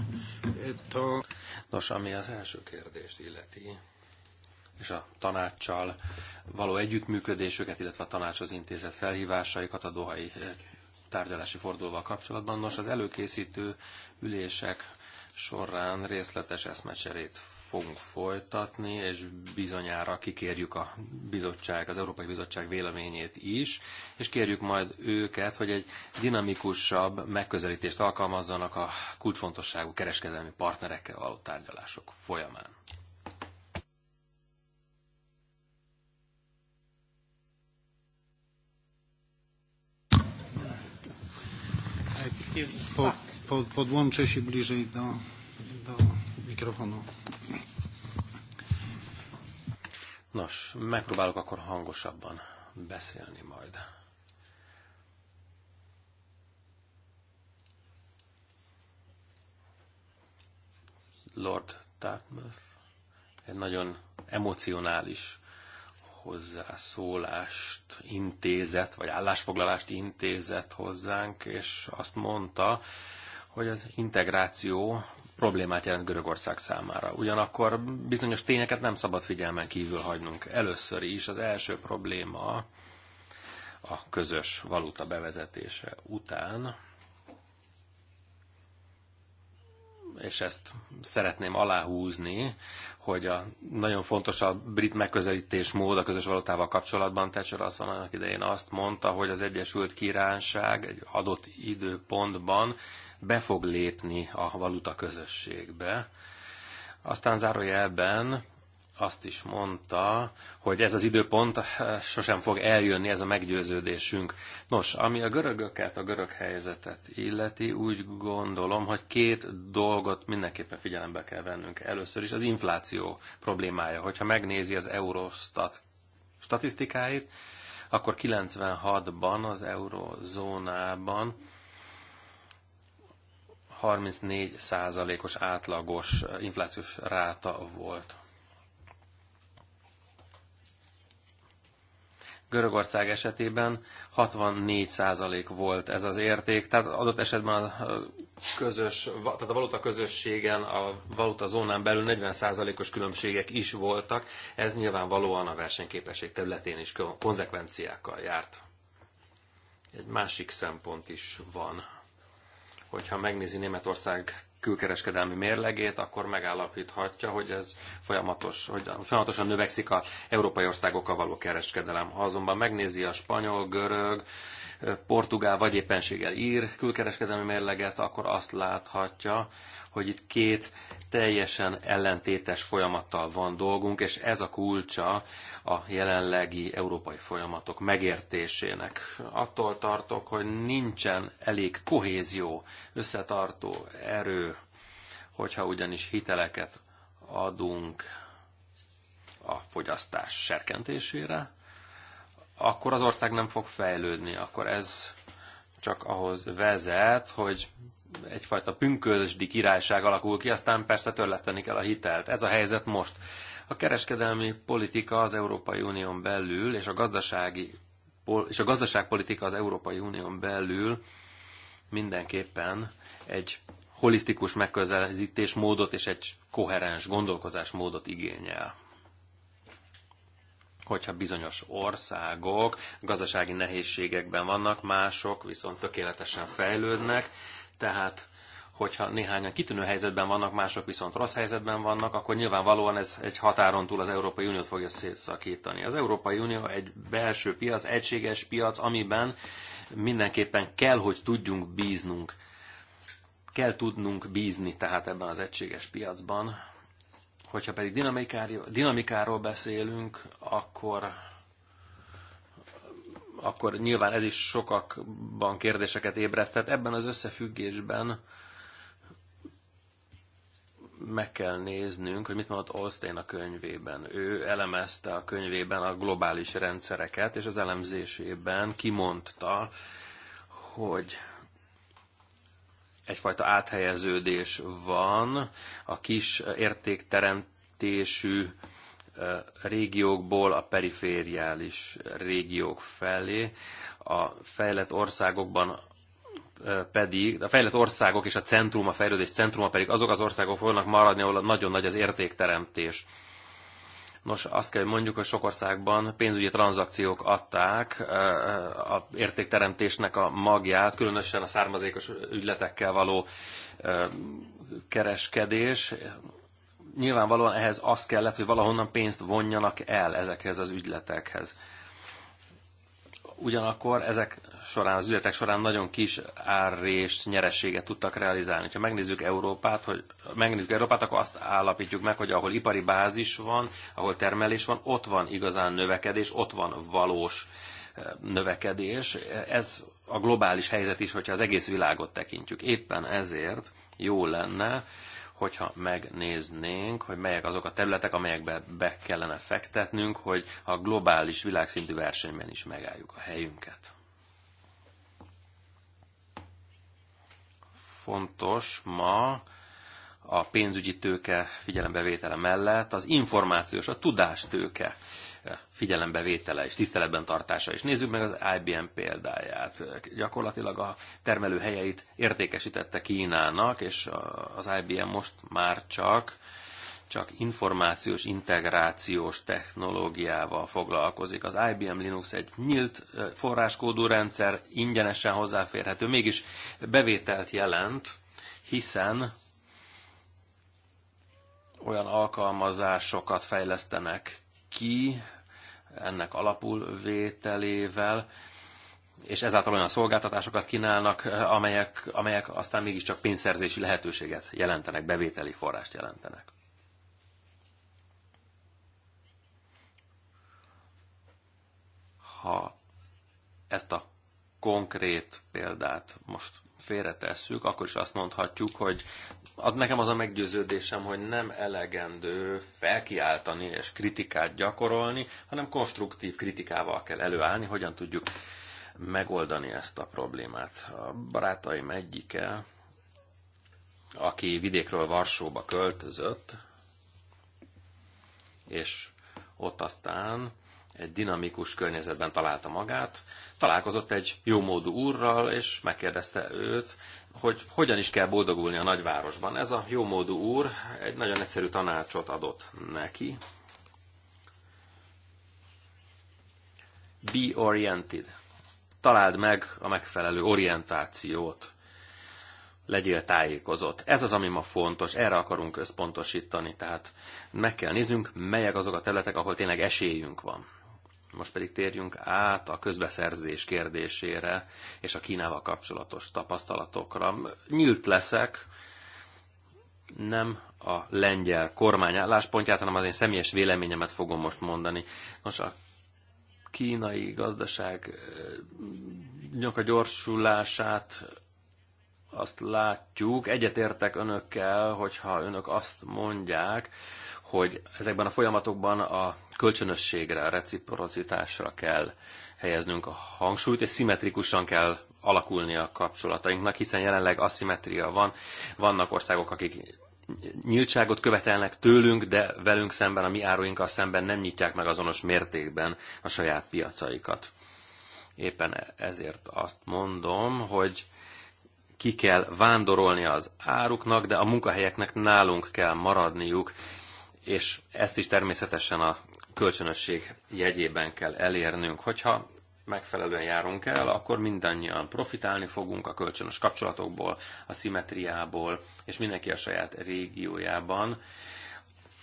e, to... Nos, ami az első kérdést illeti, és a tanácssal való együttműködésüket, illetve a tanácshoz intézett felhívásaikat a dohai tárgyalási fordulóval kapcsolatban. Nos, az előkészítő ülések során részletes eszmecserét fogunk folytatni, és bizonyára kikérjük a bizottság, az Európai Bizottság véleményét is, és kérjük majd őket, hogy egy dinamikusabb megközelítést alkalmazzanak a kulcsfontosságú kereskedelmi partnerekkel való tárgyalások folyamán. Pod, pod, podłączę się bliżej do, do mikrofonu. Nos, megpróbálok akkor hangosabban beszélni majd. Lord Dartmouth egy nagyon emocionális hozzászólást intézett, vagy állásfoglalást intézett hozzánk, és azt mondta, hogy az integráció problémát jelent Görögország számára. Ugyanakkor bizonyos tényeket nem szabad figyelmen kívül hagynunk. Először is az első probléma a közös valuta bevezetése után és ezt szeretném aláhúzni, hogy a nagyon fontos a brit megközelítés mód a közös valutával kapcsolatban. Thatcher azt annak idején azt mondta, hogy az Egyesült Királyság egy adott időpontban be fog lépni a valuta közösségbe. Aztán zárójelben azt is mondta, hogy ez az időpont eh, sosem fog eljönni, ez a meggyőződésünk. Nos, ami a görögöket, a görög helyzetet illeti, úgy gondolom, hogy két dolgot mindenképpen figyelembe kell vennünk. Először is az infláció problémája. Hogyha megnézi az Eurostat statisztikáit, akkor 96-ban az eurozónában 34 százalékos átlagos eh, inflációs ráta volt. Görögország esetében 64% volt ez az érték, tehát adott esetben a közös, tehát a valuta közösségen, a valuta zónán belül 40%-os különbségek is voltak, ez nyilvánvalóan a versenyképesség területén is konzekvenciákkal járt. Egy másik szempont is van. Hogyha megnézi Németország külkereskedelmi mérlegét, akkor megállapíthatja, hogy ez folyamatos, hogy folyamatosan növekszik a európai országokkal való kereskedelem. Ha azonban megnézi a spanyol, görög, portugál vagy éppenséggel ír külkereskedelmi mérleget, akkor azt láthatja, hogy itt két teljesen ellentétes folyamattal van dolgunk, és ez a kulcsa a jelenlegi európai folyamatok megértésének. Attól tartok, hogy nincsen elég kohézió, összetartó erő, hogyha ugyanis hiteleket adunk a fogyasztás serkentésére, akkor az ország nem fog fejlődni. Akkor ez csak ahhoz vezet, hogy egyfajta pünkösdi királyság alakul ki, aztán persze törleszteni kell a hitelt. Ez a helyzet most. A kereskedelmi politika az Európai Unión belül, és a gazdasági és a gazdaságpolitika az Európai Unión belül mindenképpen egy holisztikus megközelítésmódot és egy koherens gondolkozásmódot igényel hogyha bizonyos országok gazdasági nehézségekben vannak, mások viszont tökéletesen fejlődnek, tehát hogyha néhányan kitűnő helyzetben vannak, mások viszont rossz helyzetben vannak, akkor nyilvánvalóan ez egy határon túl az Európai Uniót fogja szétszakítani. Az Európai Unió egy belső piac, egységes piac, amiben mindenképpen kell, hogy tudjunk bíznunk. Kell tudnunk bízni tehát ebben az egységes piacban Hogyha pedig dinamikáról beszélünk, akkor akkor nyilván ez is sokakban kérdéseket ébreszt. ebben az összefüggésben meg kell néznünk, hogy mit mondott Olsztén a könyvében. Ő elemezte a könyvében a globális rendszereket, és az elemzésében kimondta, hogy egyfajta áthelyeződés van a kis értékteremtésű régiókból a perifériális régiók felé, a fejlett országokban pedig, a fejlett országok és a centrum, a fejlődés centruma pedig azok az országok fognak maradni, ahol nagyon nagy az értékteremtés. Nos, azt kell, hogy mondjuk, hogy sok országban pénzügyi tranzakciók adták a értékteremtésnek a magját, különösen a származékos ügyletekkel való kereskedés. Nyilvánvalóan ehhez az kellett, hogy valahonnan pénzt vonjanak el ezekhez az ügyletekhez ugyanakkor ezek során, az üzletek során nagyon kis árrést, nyerességet tudtak realizálni. Ha megnézzük Európát, hogy megnézzük Európát, akkor azt állapítjuk meg, hogy ahol ipari bázis van, ahol termelés van, ott van igazán növekedés, ott van valós eh, növekedés. Ez a globális helyzet is, hogyha az egész világot tekintjük. Éppen ezért jó lenne, hogyha megnéznénk, hogy melyek azok a területek, amelyekbe be kellene fektetnünk, hogy a globális világszintű versenyben is megálljuk a helyünket. fontos ma a pénzügyi tőke figyelembevétele mellett az információs, a tudástőke figyelembevétele és tiszteletben tartása. És nézzük meg az IBM példáját. Gyakorlatilag a termelő helyeit értékesítette Kínának, és az IBM most már csak csak információs integrációs technológiával foglalkozik. Az IBM Linux egy nyílt forráskódú rendszer, ingyenesen hozzáférhető, mégis bevételt jelent, hiszen olyan alkalmazásokat fejlesztenek ki ennek alapul vételével, és ezáltal olyan szolgáltatásokat kínálnak, amelyek, amelyek aztán mégiscsak pénzszerzési lehetőséget jelentenek, bevételi forrást jelentenek. ha ezt a konkrét példát most félretesszük, akkor is azt mondhatjuk, hogy az nekem az a meggyőződésem, hogy nem elegendő felkiáltani és kritikát gyakorolni, hanem konstruktív kritikával kell előállni, hogyan tudjuk megoldani ezt a problémát. A barátaim egyike, aki vidékről Varsóba költözött, és ott aztán egy dinamikus környezetben találta magát, találkozott egy módú úrral, és megkérdezte őt, hogy hogyan is kell boldogulni a nagyvárosban. Ez a módú úr egy nagyon egyszerű tanácsot adott neki. Be oriented. Találd meg a megfelelő orientációt. Legyél tájékozott. Ez az, ami ma fontos, erre akarunk összpontosítani. Tehát meg kell néznünk, melyek azok a területek, ahol tényleg esélyünk van most pedig térjünk át a közbeszerzés kérdésére és a Kínával kapcsolatos tapasztalatokra. Nyílt leszek, nem a lengyel kormány álláspontját, hanem az én személyes véleményemet fogom most mondani. Nos, a kínai gazdaság nyoka gyorsulását azt látjuk, egyetértek önökkel, hogyha önök azt mondják, hogy ezekben a folyamatokban a kölcsönösségre, a reciprocitásra kell helyeznünk a hangsúlyt, és szimmetrikusan kell alakulni a kapcsolatainknak, hiszen jelenleg aszimetria van. Vannak országok, akik nyíltságot követelnek tőlünk, de velünk szemben, a mi áruinkkal szemben nem nyitják meg azonos mértékben a saját piacaikat. Éppen ezért azt mondom, hogy ki kell vándorolni az áruknak, de a munkahelyeknek nálunk kell maradniuk, és ezt is természetesen a kölcsönösség jegyében kell elérnünk. Hogyha megfelelően járunk el, akkor mindannyian profitálni fogunk a kölcsönös kapcsolatokból, a szimetriából, és mindenki a saját régiójában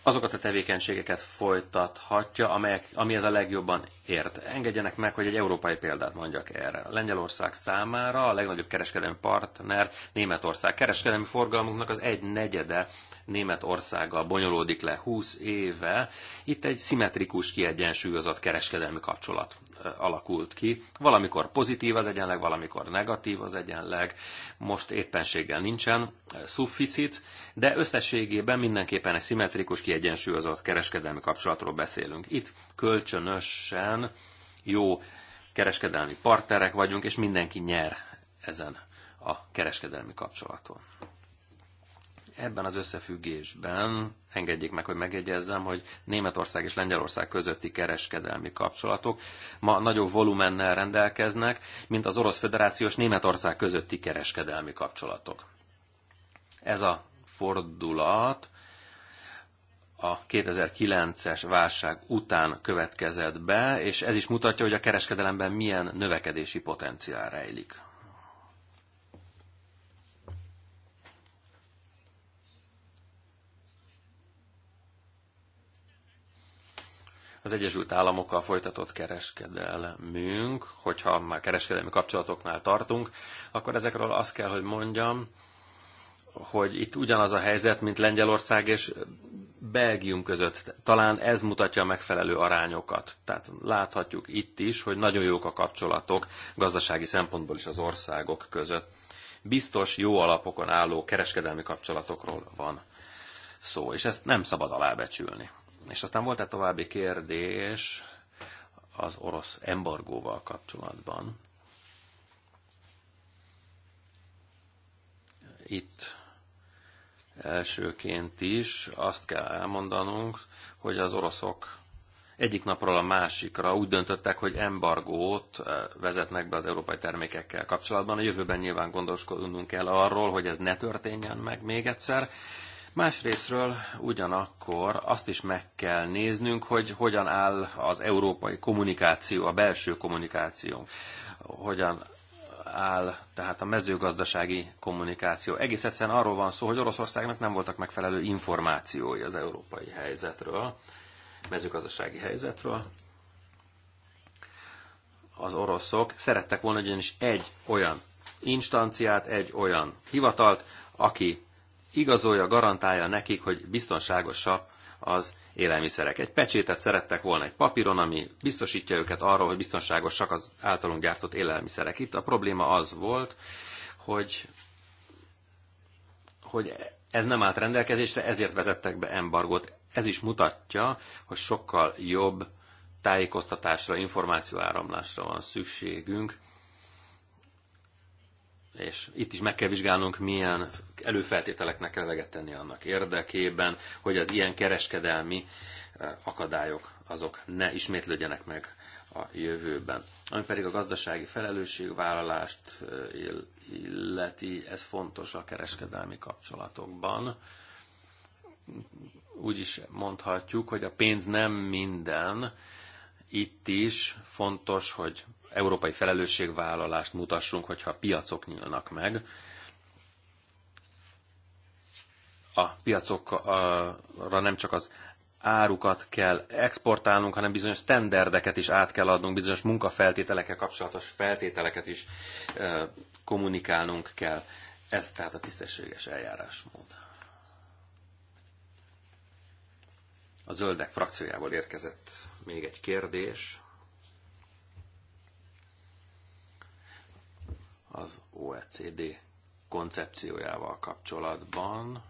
azokat a tevékenységeket folytathatja, amelyek, ami ez a legjobban ért. Engedjenek meg, hogy egy európai példát mondjak erre. Lengyelország számára a legnagyobb kereskedelmi partner Németország. Kereskedelmi forgalmunknak az egy negyede Németországgal bonyolódik le 20 éve, itt egy szimmetrikus, kiegyensúlyozott kereskedelmi kapcsolat alakult ki. Valamikor pozitív az egyenleg, valamikor negatív az egyenleg, most éppenséggel nincsen szufficit, de összességében mindenképpen egy szimmetrikus, kiegyensúlyozott kereskedelmi kapcsolatról beszélünk. Itt kölcsönösen jó kereskedelmi partnerek vagyunk, és mindenki nyer ezen a kereskedelmi kapcsolaton. Ebben az összefüggésben engedjék meg, hogy megjegyezzem, hogy Németország és Lengyelország közötti kereskedelmi kapcsolatok ma nagyobb volumennel rendelkeznek, mint az Orosz Föderáció és Németország közötti kereskedelmi kapcsolatok. Ez a fordulat a 2009-es válság után következett be, és ez is mutatja, hogy a kereskedelemben milyen növekedési potenciál rejlik. az Egyesült Államokkal folytatott kereskedelmünk, hogyha már kereskedelmi kapcsolatoknál tartunk, akkor ezekről azt kell, hogy mondjam, hogy itt ugyanaz a helyzet, mint Lengyelország és Belgium között. Talán ez mutatja a megfelelő arányokat. Tehát láthatjuk itt is, hogy nagyon jók a kapcsolatok gazdasági szempontból is az országok között. Biztos, jó alapokon álló kereskedelmi kapcsolatokról van szó, és ezt nem szabad alábecsülni. És aztán volt egy további kérdés az orosz embargóval kapcsolatban. Itt elsőként is azt kell elmondanunk, hogy az oroszok egyik napról a másikra úgy döntöttek, hogy embargót eh, vezetnek be az európai termékekkel kapcsolatban. A jövőben nyilván gondoskodnunk kell arról, hogy ez ne történjen meg még egyszer, Másrésztről ugyanakkor azt is meg kell néznünk, hogy hogyan áll az európai kommunikáció, a belső kommunikáció, hogyan áll tehát a mezőgazdasági kommunikáció. Egész egyszerűen arról van szó, hogy Oroszországnak nem voltak megfelelő információi az európai helyzetről, mezőgazdasági helyzetről, az oroszok szerettek volna ugyanis egy olyan instanciát, egy olyan hivatalt, aki igazolja, garantálja nekik, hogy biztonságosak az élelmiszerek. Egy pecsétet szerettek volna egy papíron, ami biztosítja őket arról, hogy biztonságosak az általunk gyártott élelmiszerek. Itt a probléma az volt, hogy, hogy ez nem állt rendelkezésre, ezért vezettek be embargót. Ez is mutatja, hogy sokkal jobb tájékoztatásra, információáramlásra van szükségünk, és itt is meg kell vizsgálnunk, milyen előfeltételeknek kell eleget tenni annak érdekében, hogy az ilyen kereskedelmi eh, akadályok azok ne ismétlődjenek meg a jövőben. Ami pedig a gazdasági felelősségvállalást eh, illeti, ez fontos a kereskedelmi kapcsolatokban. Úgy is mondhatjuk, hogy a pénz nem minden, itt is fontos, hogy európai felelősségvállalást mutassunk, hogyha a piacok nyílnak meg. A piacokra nem csak az árukat kell exportálnunk, hanem bizonyos standardeket is át kell adnunk, bizonyos munkafeltételekkel kapcsolatos feltételeket is kommunikálnunk kell. Ez tehát a tisztességes eljárásmód. A zöldek frakciójából érkezett még egy kérdés. az OECD koncepciójával kapcsolatban,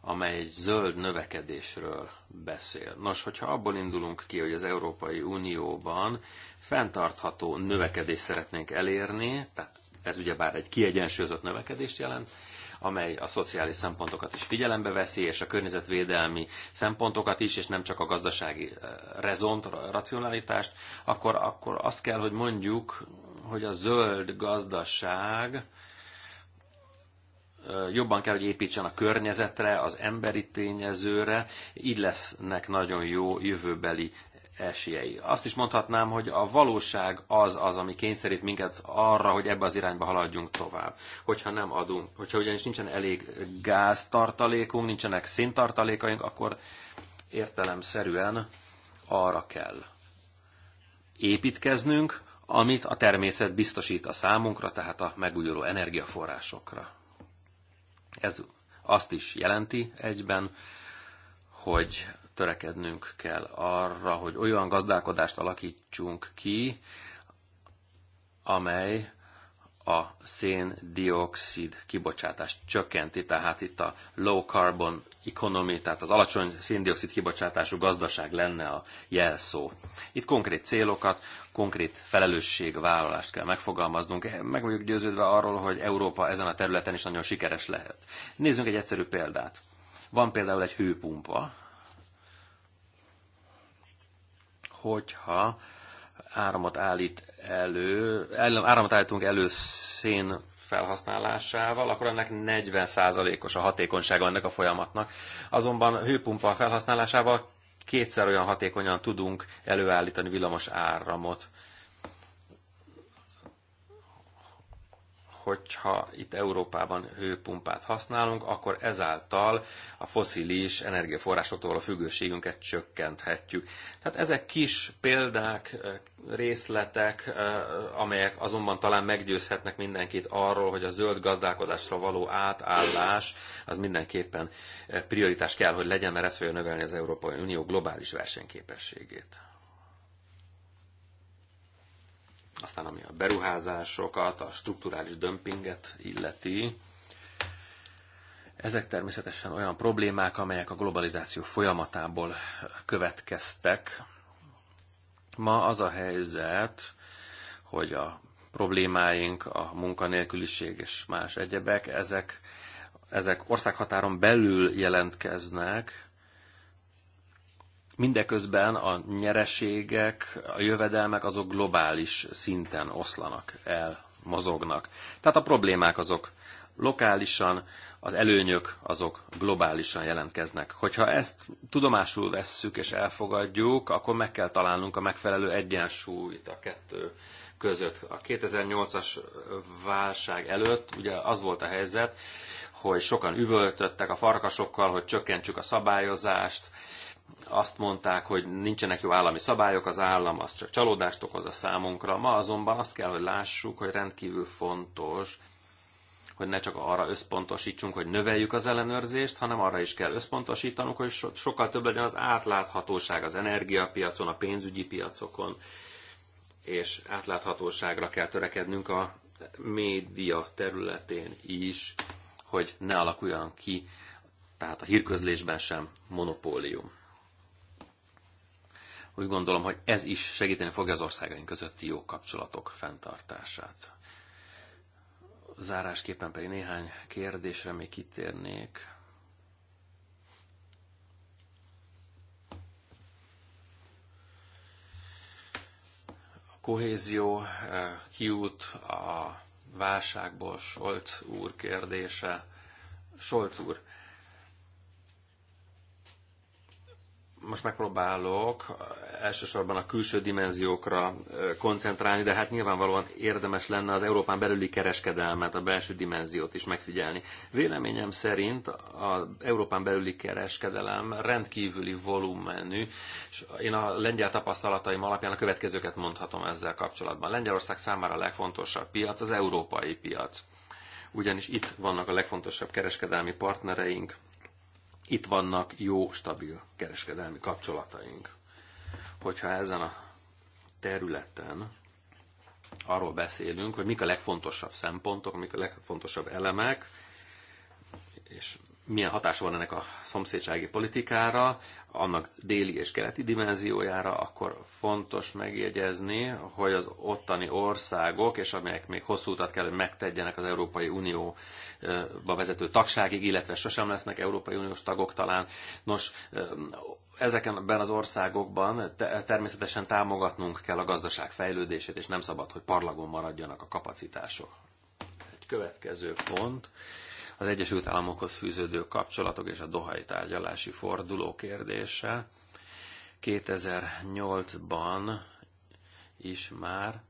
amely egy zöld növekedésről beszél. Nos, hogyha abból indulunk ki, hogy az Európai Unióban fenntartható növekedést szeretnénk elérni, tehát ez ugyebár egy kiegyensúlyozott növekedést jelent, amely a szociális szempontokat is figyelembe veszi, és a környezetvédelmi szempontokat is, és nem csak a gazdasági eh, rezont, racionalitást, akkor, akkor azt kell, hogy mondjuk, hogy a zöld gazdaság jobban kell, hogy építsen a környezetre, az emberi tényezőre, így lesznek nagyon jó jövőbeli esélyei. Azt is mondhatnám, hogy a valóság az az, ami kényszerít minket arra, hogy ebbe az irányba haladjunk tovább. Hogyha nem adunk, hogyha ugyanis nincsen elég gáztartalékunk, nincsenek szintartalékaink, akkor értelemszerűen arra kell építkeznünk, amit a természet biztosít a számunkra, tehát a megújuló energiaforrásokra. Ez azt is jelenti egyben, hogy törekednünk kell arra, hogy olyan gazdálkodást alakítsunk ki, amely a széndiokszid kibocsátást csökkenti, tehát itt a low carbon economy, tehát az alacsony széndiokszid kibocsátású gazdaság lenne a jelszó. Itt konkrét célokat, konkrét felelősségvállalást kell megfogalmaznunk. Meg vagyok győződve arról, hogy Európa ezen a területen is nagyon sikeres lehet. Nézzünk egy egyszerű példát. Van például egy hőpumpa, hogyha áramot állít elő, áramot állítunk elő szén felhasználásával, akkor ennek 40%-os a hatékonysága ennek a folyamatnak. Azonban hőpumpa felhasználásával kétszer olyan hatékonyan tudunk előállítani villamos áramot. hogyha itt Európában hőpumpát használunk, akkor ezáltal a foszilis energiaforrásoktól a függőségünket csökkenthetjük. Tehát ezek kis példák, részletek, amelyek azonban talán meggyőzhetnek mindenkit arról, hogy a zöld gazdálkodásra való átállás az mindenképpen prioritás kell, hogy legyen, mert ez fogja növelni az Európai Unió globális versenyképességét. Aztán ami a beruházásokat, a strukturális dömpinget illeti, ezek természetesen olyan problémák, amelyek a globalizáció folyamatából következtek. Ma az a helyzet, hogy a problémáink, a munkanélküliség és más egyebek, ezek, ezek országhatáron belül jelentkeznek, Mindeközben a nyereségek, a jövedelmek azok globális szinten oszlanak el, mozognak. Tehát a problémák azok lokálisan, az előnyök azok globálisan jelentkeznek. Hogyha ezt tudomásul vesszük és elfogadjuk, akkor meg kell találnunk a megfelelő egyensúlyt a kettő között. A 2008-as válság előtt ugye az volt a helyzet, hogy sokan üvöltöttek a farkasokkal, hogy csökkentsük a szabályozást, azt mondták, hogy nincsenek jó állami szabályok, az állam az csak csalódást okoz a számunkra. Ma azonban azt kell, hogy lássuk, hogy rendkívül fontos, hogy ne csak arra összpontosítsunk, hogy növeljük az ellenőrzést, hanem arra is kell összpontosítanunk, hogy so- sokkal több legyen az átláthatóság az energiapiacon, a pénzügyi piacokon, és átláthatóságra kell törekednünk a média területén is, hogy ne alakuljon ki, tehát a hírközlésben sem monopólium. Úgy gondolom, hogy ez is segíteni fogja az országaink közötti jó kapcsolatok fenntartását. Zárásképpen pedig néhány kérdésre még kitérnék. A kohézió eh, kiút a válságból Solc úr kérdése. Solc úr, most megpróbálok elsősorban a külső dimenziókra koncentrálni, de hát nyilvánvalóan érdemes lenne az Európán belüli kereskedelmet, a belső dimenziót is megfigyelni. Véleményem szerint az Európán belüli kereskedelem rendkívüli volumenű, és én a lengyel tapasztalataim alapján a következőket mondhatom ezzel kapcsolatban. Lengyelország számára a legfontosabb piac az európai piac ugyanis itt vannak a legfontosabb kereskedelmi partnereink, itt vannak jó, stabil kereskedelmi kapcsolataink. Hogyha ezen a területen arról beszélünk, hogy mik a legfontosabb szempontok, mik a legfontosabb elemek, és milyen hatása van ennek a szomszédsági politikára, annak déli és keleti dimenziójára, akkor fontos megjegyezni, hogy az ottani országok, és amelyek még hosszú utat kell, hogy megtegyenek az Európai Unióba vezető tagságig, illetve sosem lesznek Európai Uniós tagok talán. Nos, ezekben az országokban természetesen támogatnunk kell a gazdaság fejlődését, és nem szabad, hogy parlagon maradjanak a kapacitások. Egy következő pont az Egyesült Államokhoz fűződő kapcsolatok és a dohai tárgyalási forduló kérdése. 2008-ban is már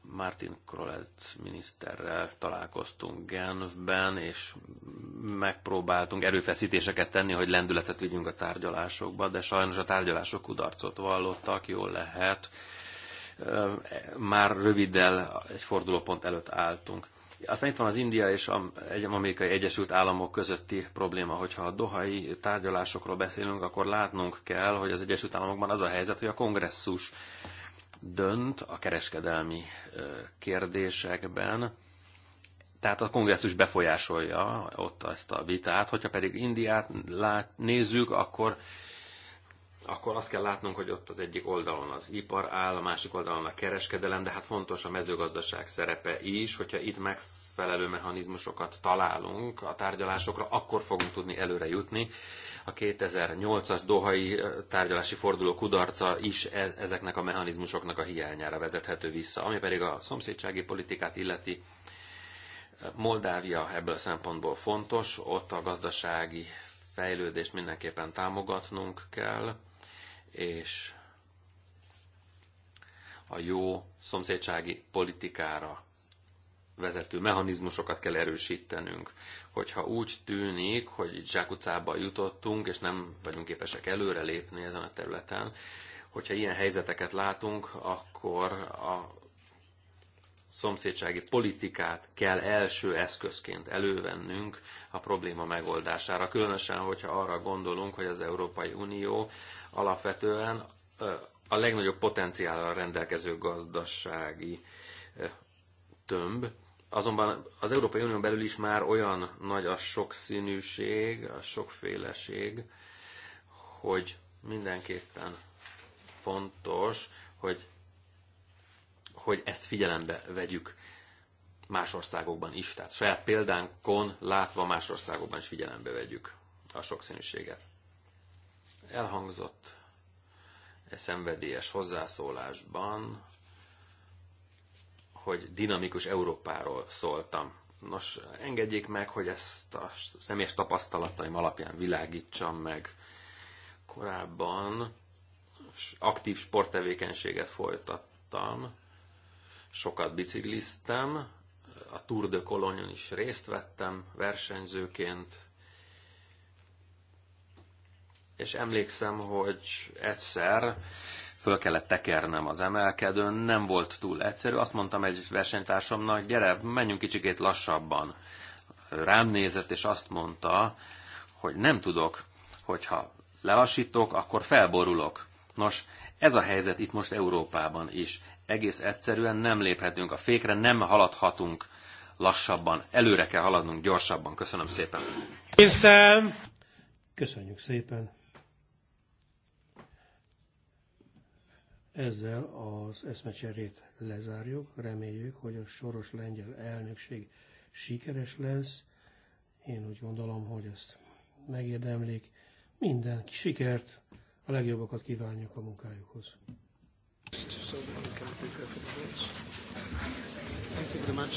Martin Krolet miniszterrel találkoztunk Genfben, és megpróbáltunk erőfeszítéseket tenni, hogy lendületet vigyünk a tárgyalásokba, de sajnos a tárgyalások kudarcot vallottak, jól lehet. E, már röviddel egy fordulópont előtt álltunk. Aztán itt van az India és egy Amerikai Egyesült Államok közötti probléma, hogyha a dohai tárgyalásokról beszélünk, akkor látnunk kell, hogy az Egyesült Államokban az a helyzet, hogy a kongresszus dönt a kereskedelmi kérdésekben, tehát a kongresszus befolyásolja ott ezt a vitát, hogyha pedig Indiát lát, nézzük, akkor akkor azt kell látnunk, hogy ott az egyik oldalon az ipar áll, a másik oldalon a kereskedelem, de hát fontos a mezőgazdaság szerepe is, hogyha itt megfelelő mechanizmusokat találunk a tárgyalásokra, akkor fogunk tudni előre jutni. A 2008-as dohai tárgyalási forduló kudarca is e-, ezeknek a mechanizmusoknak a hiányára vezethető vissza, ami pedig a szomszédsági politikát illeti. Moldávia ebből a szempontból fontos, ott a gazdasági fejlődést mindenképpen támogatnunk kell és a jó szomszédsági politikára vezető mechanizmusokat kell erősítenünk. Hogyha úgy tűnik, hogy itt zsákutcába jutottunk, és nem vagyunk képesek előrelépni ezen a területen, hogyha ilyen helyzeteket látunk, akkor a szomszédsági politikát kell első eszközként elővennünk a probléma megoldására. Különösen, hogyha arra gondolunk, hogy az Európai Unió alapvetően a legnagyobb potenciállal rendelkező gazdasági tömb, Azonban az Európai Unión belül is már olyan nagy a sokszínűség, a sokféleség, hogy mindenképpen fontos, hogy, hogy ezt figyelembe vegyük más országokban is. Tehát saját példánkon látva más országokban is figyelembe vegyük a sokszínűséget elhangzott e szenvedélyes hozzászólásban, hogy dinamikus Európáról szóltam. Nos, engedjék meg, hogy ezt a személyes tapasztalataim alapján világítsam meg. Korábban aktív sporttevékenységet folytattam, sokat bicikliztem, a Tour de Cologne-on is részt vettem versenyzőként, és emlékszem, hogy egyszer föl kellett tekernem az emelkedőn, nem volt túl egyszerű. Azt mondtam egy versenytársamnak, gyere, menjünk kicsikét lassabban. Rám nézett, és azt mondta, hogy nem tudok, hogyha lelassítok, akkor felborulok. Nos, ez a helyzet itt most Európában is. Egész egyszerűen nem léphetünk a fékre, nem haladhatunk lassabban, előre kell haladnunk gyorsabban. Köszönöm szépen. Köszönjük szépen. Ezzel az eszmecserét lezárjuk, reméljük, hogy a soros lengyel elnökség sikeres lesz. Én úgy gondolom, hogy ezt megérdemlik. Minden sikert, a legjobbakat kívánjuk a munkájukhoz. Thank you very much.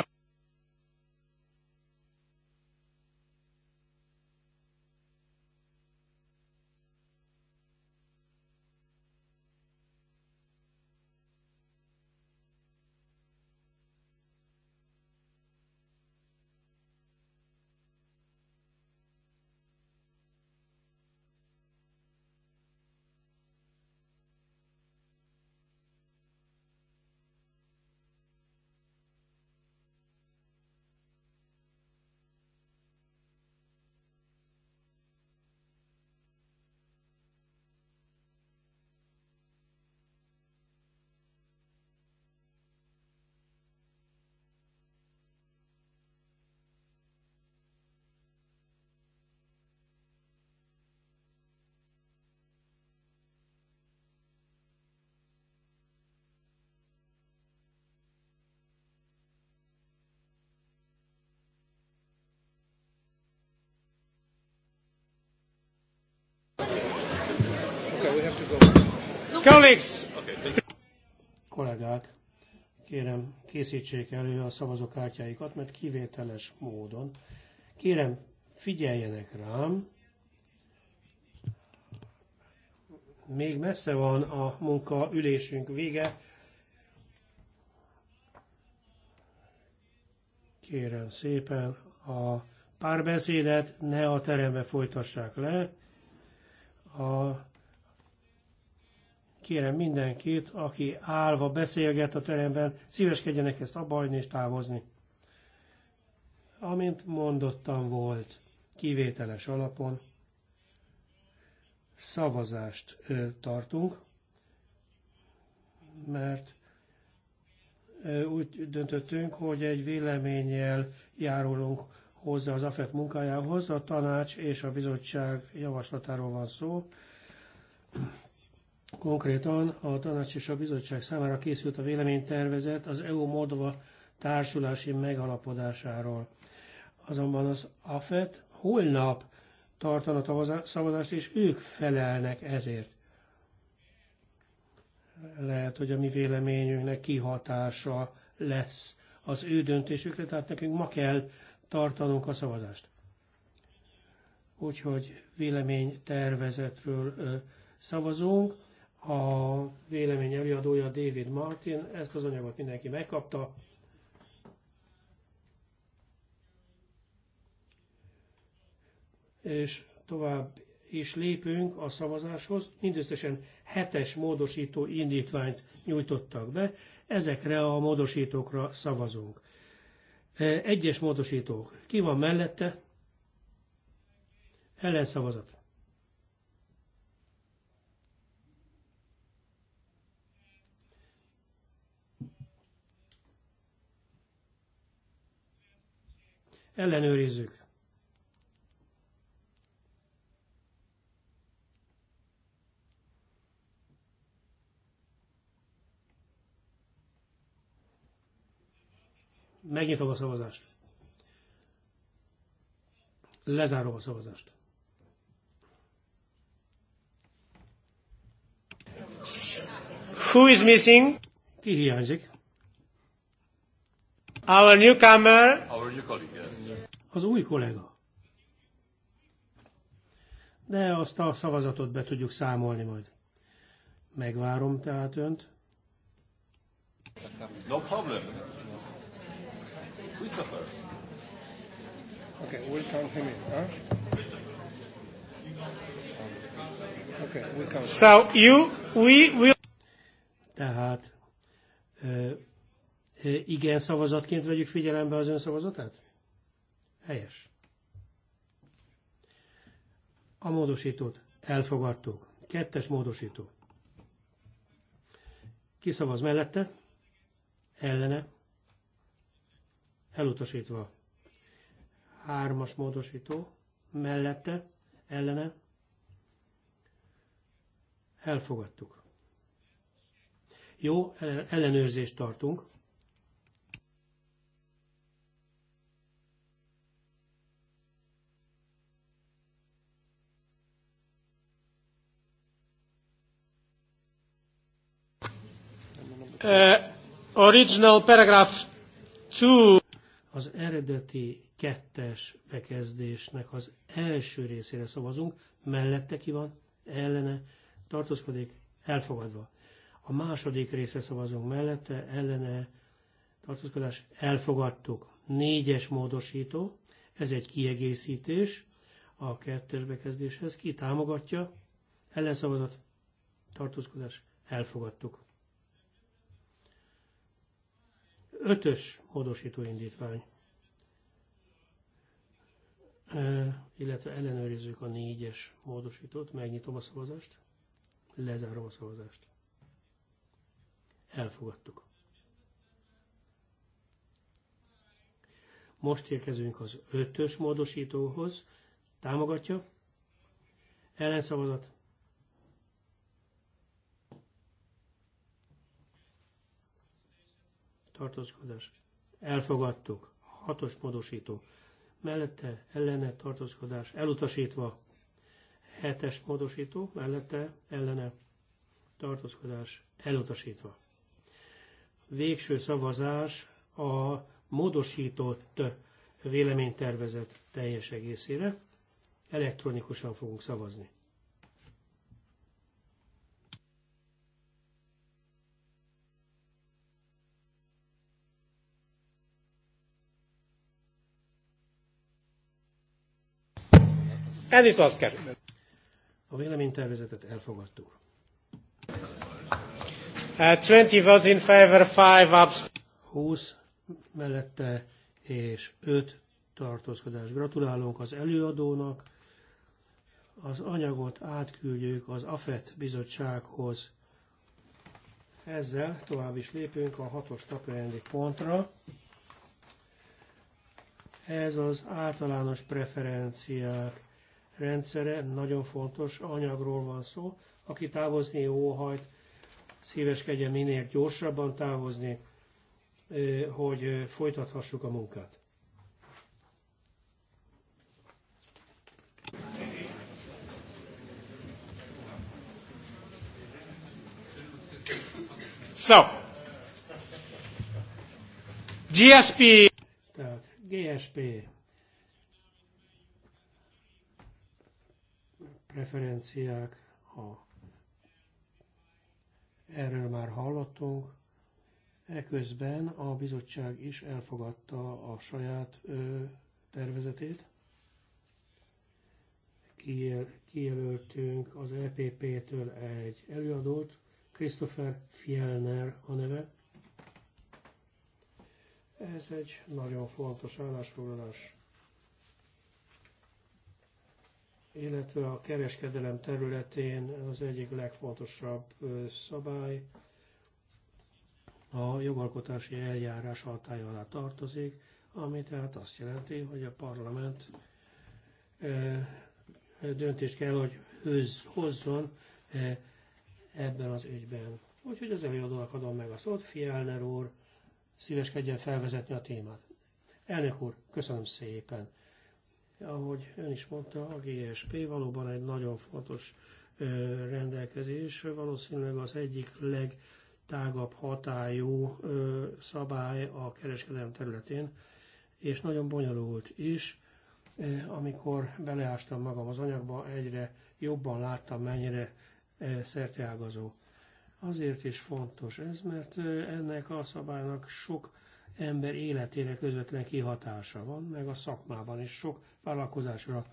Colleagues! Kollégák, kérem készítsék elő a szavazókártyáikat, mert kivételes módon. Kérem figyeljenek rám. Még messze van a munka ülésünk vége. Kérem szépen a párbeszédet ne a terembe folytassák le. A Kérem mindenkit, aki állva beszélget a teremben, szíveskedjenek ezt abbahagyni és távozni. Amint mondottam volt, kivételes alapon szavazást ö, tartunk, mert ö, úgy döntöttünk, hogy egy véleménnyel járulunk hozzá az AFET munkájához, a tanács és a bizottság javaslatáról van szó. Konkrétan a tanács és a bizottság számára készült a véleménytervezet az EU-Moldova társulási megalapodásáról. Azonban az AFET holnap tartana szavazást, és ők felelnek ezért. Lehet, hogy a mi véleményünknek kihatása lesz az ő döntésükre, tehát nekünk ma kell tartanunk a szavazást. Úgyhogy véleménytervezetről szavazunk. A vélemény előadója David Martin, ezt az anyagot mindenki megkapta. És tovább is lépünk a szavazáshoz. Mindösszesen hetes módosító indítványt nyújtottak be, ezekre a módosítókra szavazunk. E, egyes módosítók. Ki van mellette? Ellenszavazat. Ellenőrizzük. Megnyitom a szavazást. Lezárom a szavazást. Who is missing? Ki hiányzik? Our newcomer. Our new colleague, yes. Az új kollega. De azt a szavazatot be tudjuk számolni majd. Megvárom tehát önt. No problem. Christopher. Okay, we'll count him in. Huh? Okay, we'll count. So you, we will. Tehát igen szavazatként vegyük figyelembe az ön szavazatát? Helyes. A módosítót elfogadtuk. Kettes módosító. Ki szavaz mellette? Ellene? Elutasítva. Hármas módosító. Mellette? Ellene? Elfogadtuk. Jó, ellenőrzést tartunk. Uh, original paragraph two. Az eredeti kettes bekezdésnek az első részére szavazunk, mellette ki van, ellene, tartózkodik, elfogadva. A második részre szavazunk mellette, ellene, tartózkodás, elfogadtuk. Négyes módosító, ez egy kiegészítés a kettes bekezdéshez. Ki támogatja? Ellenszavazat, tartózkodás, elfogadtuk. Ötös módosító indítvány. Illetve ellenőrizzük a négyes módosítót, megnyitom a szavazást, lezárom a szavazást. Elfogadtuk. Most érkezünk az ötös módosítóhoz. Támogatja? Ellenszavazat? tartózkodás elfogadtuk, hatos módosító, mellette ellene tartózkodás elutasítva, hetes módosító, mellette ellene tartózkodás elutasítva. Végső szavazás a módosított véleménytervezet teljes egészére elektronikusan fogunk szavazni. Ennyit az kerül. A véleménytervezetet elfogadtuk. Uh, 20 was in favor, 5 abstain. 20 mellette és 5 tartózkodás. Gratulálunk az előadónak. Az anyagot átküldjük az AFET bizottsághoz. Ezzel tovább is lépünk a hatos napirendi pontra. Ez az általános preferenciák rendszere, nagyon fontos anyagról van szó. Aki távozni óhajt, szíveskedjen minél gyorsabban távozni, hogy folytathassuk a munkát. So, GSP. Tehát GSP. preferenciák, a, erről már hallottunk, Eközben a bizottság is elfogadta a saját ö, tervezetét. Kijel, kijelöltünk az EPP-től egy előadót, Christopher Fjellner a neve. Ez egy nagyon fontos állásfoglalás illetve a kereskedelem területén az egyik legfontosabb szabály a jogalkotási eljárás hatája alá tartozik, ami tehát azt jelenti, hogy a parlament döntést kell, hogy hozzon ebben az ügyben. Úgyhogy az előadónak adom meg a szót, Fielner úr, szíveskedjen felvezetni a témát. Elnök úr, köszönöm szépen. Ahogy ön is mondta, a GSP valóban egy nagyon fontos rendelkezés, valószínűleg az egyik legtágabb hatályú szabály a kereskedelem területén, és nagyon bonyolult is. Amikor beleástam magam az anyagba, egyre jobban láttam, mennyire szerteágazó. Azért is fontos ez, mert ennek a szabálynak sok ember életére közvetlen kihatása van, meg a szakmában is sok vállalkozásra.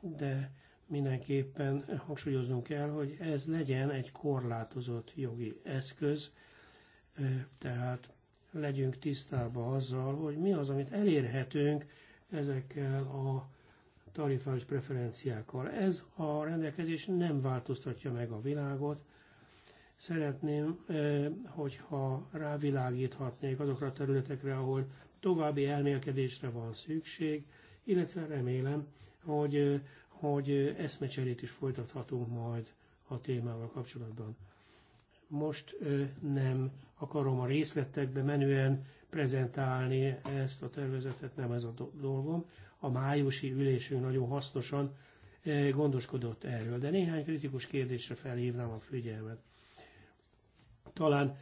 De mindenképpen hangsúlyoznunk kell, hogy ez legyen egy korlátozott jogi eszköz, tehát legyünk tisztában azzal, hogy mi az, amit elérhetünk ezekkel a tarifális preferenciákkal. Ez a rendelkezés nem változtatja meg a világot, Szeretném, hogyha rávilágíthatnék azokra a területekre, ahol további elmélkedésre van szükség, illetve remélem, hogy, hogy eszmecserét is folytathatunk majd a témával kapcsolatban. Most nem akarom a részletekbe menően prezentálni ezt a tervezetet, nem ez a dolgom. A májusi ülésünk nagyon hasznosan gondoskodott erről, de néhány kritikus kérdésre felhívnám a figyelmet talán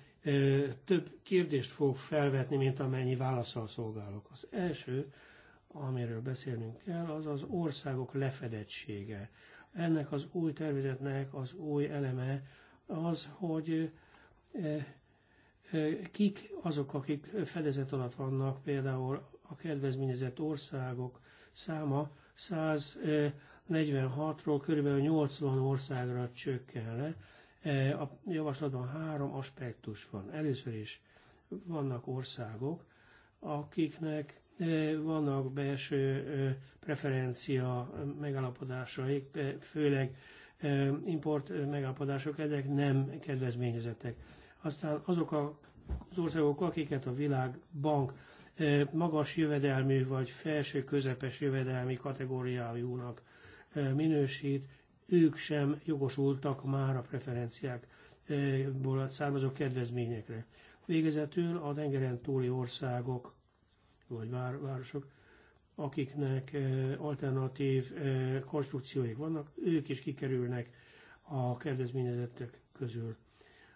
több kérdést fog felvetni, mint amennyi válaszsal szolgálok. Az első, amiről beszélnünk kell, az az országok lefedettsége. Ennek az új tervezetnek az új eleme az, hogy kik azok, akik fedezet alatt vannak, például a kedvezményezett országok száma 146-ról körülbelül 80 országra csökken le, E, a javaslatban három aspektus van. Először is vannak országok, akiknek e, vannak belső e, preferencia megállapodásaik, főleg import megállapodások, ezek nem kedvezményezettek. Aztán azok az országok, akiket a világbank magas jövedelmű vagy felső közepes jövedelmi kategóriájúnak minősít, ők sem jogosultak már a preferenciákból származó kedvezményekre. Végezetül a tengeren túli országok, vagy városok, akiknek alternatív konstrukcióik vannak, ők is kikerülnek a kedvezményezettek közül.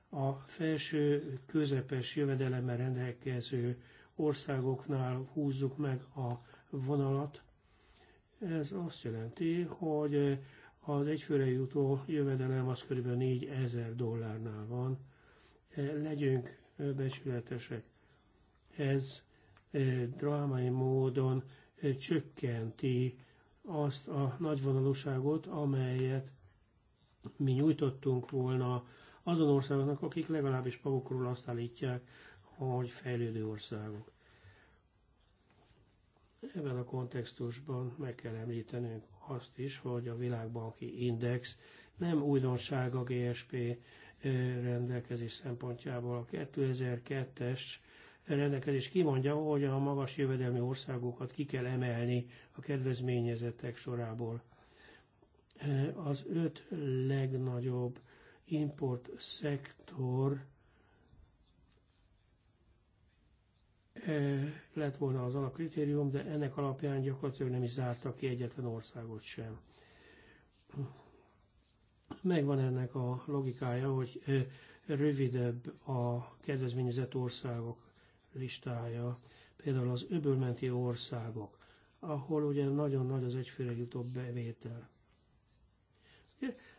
A felső közepes jövedelemmel rendelkező országoknál húzzuk meg a vonalat. Ez azt jelenti, hogy az egyfőre jutó jövedelem az kb. 4000 dollárnál van. E, legyünk e, becsületesek. Ez e, drámai módon csökkenti azt a nagyvonalúságot, amelyet mi nyújtottunk volna azon országoknak, akik legalábbis magukról azt állítják, hogy fejlődő országok. Ebben a kontextusban meg kell említenünk azt is, hogy a világbanki index nem újdonság a GSP rendelkezés szempontjából. A 2002-es rendelkezés kimondja, hogy a magas jövedelmi országokat ki kell emelni a kedvezményezettek sorából. Az öt legnagyobb import szektor E, lett volna az alapkritérium, de ennek alapján gyakorlatilag nem is zártak ki egyetlen országot sem. Megvan ennek a logikája, hogy e, rövidebb a kedvezményezett országok listája, például az öbölmenti országok, ahol ugye nagyon nagy az egyfőre jutó bevétel.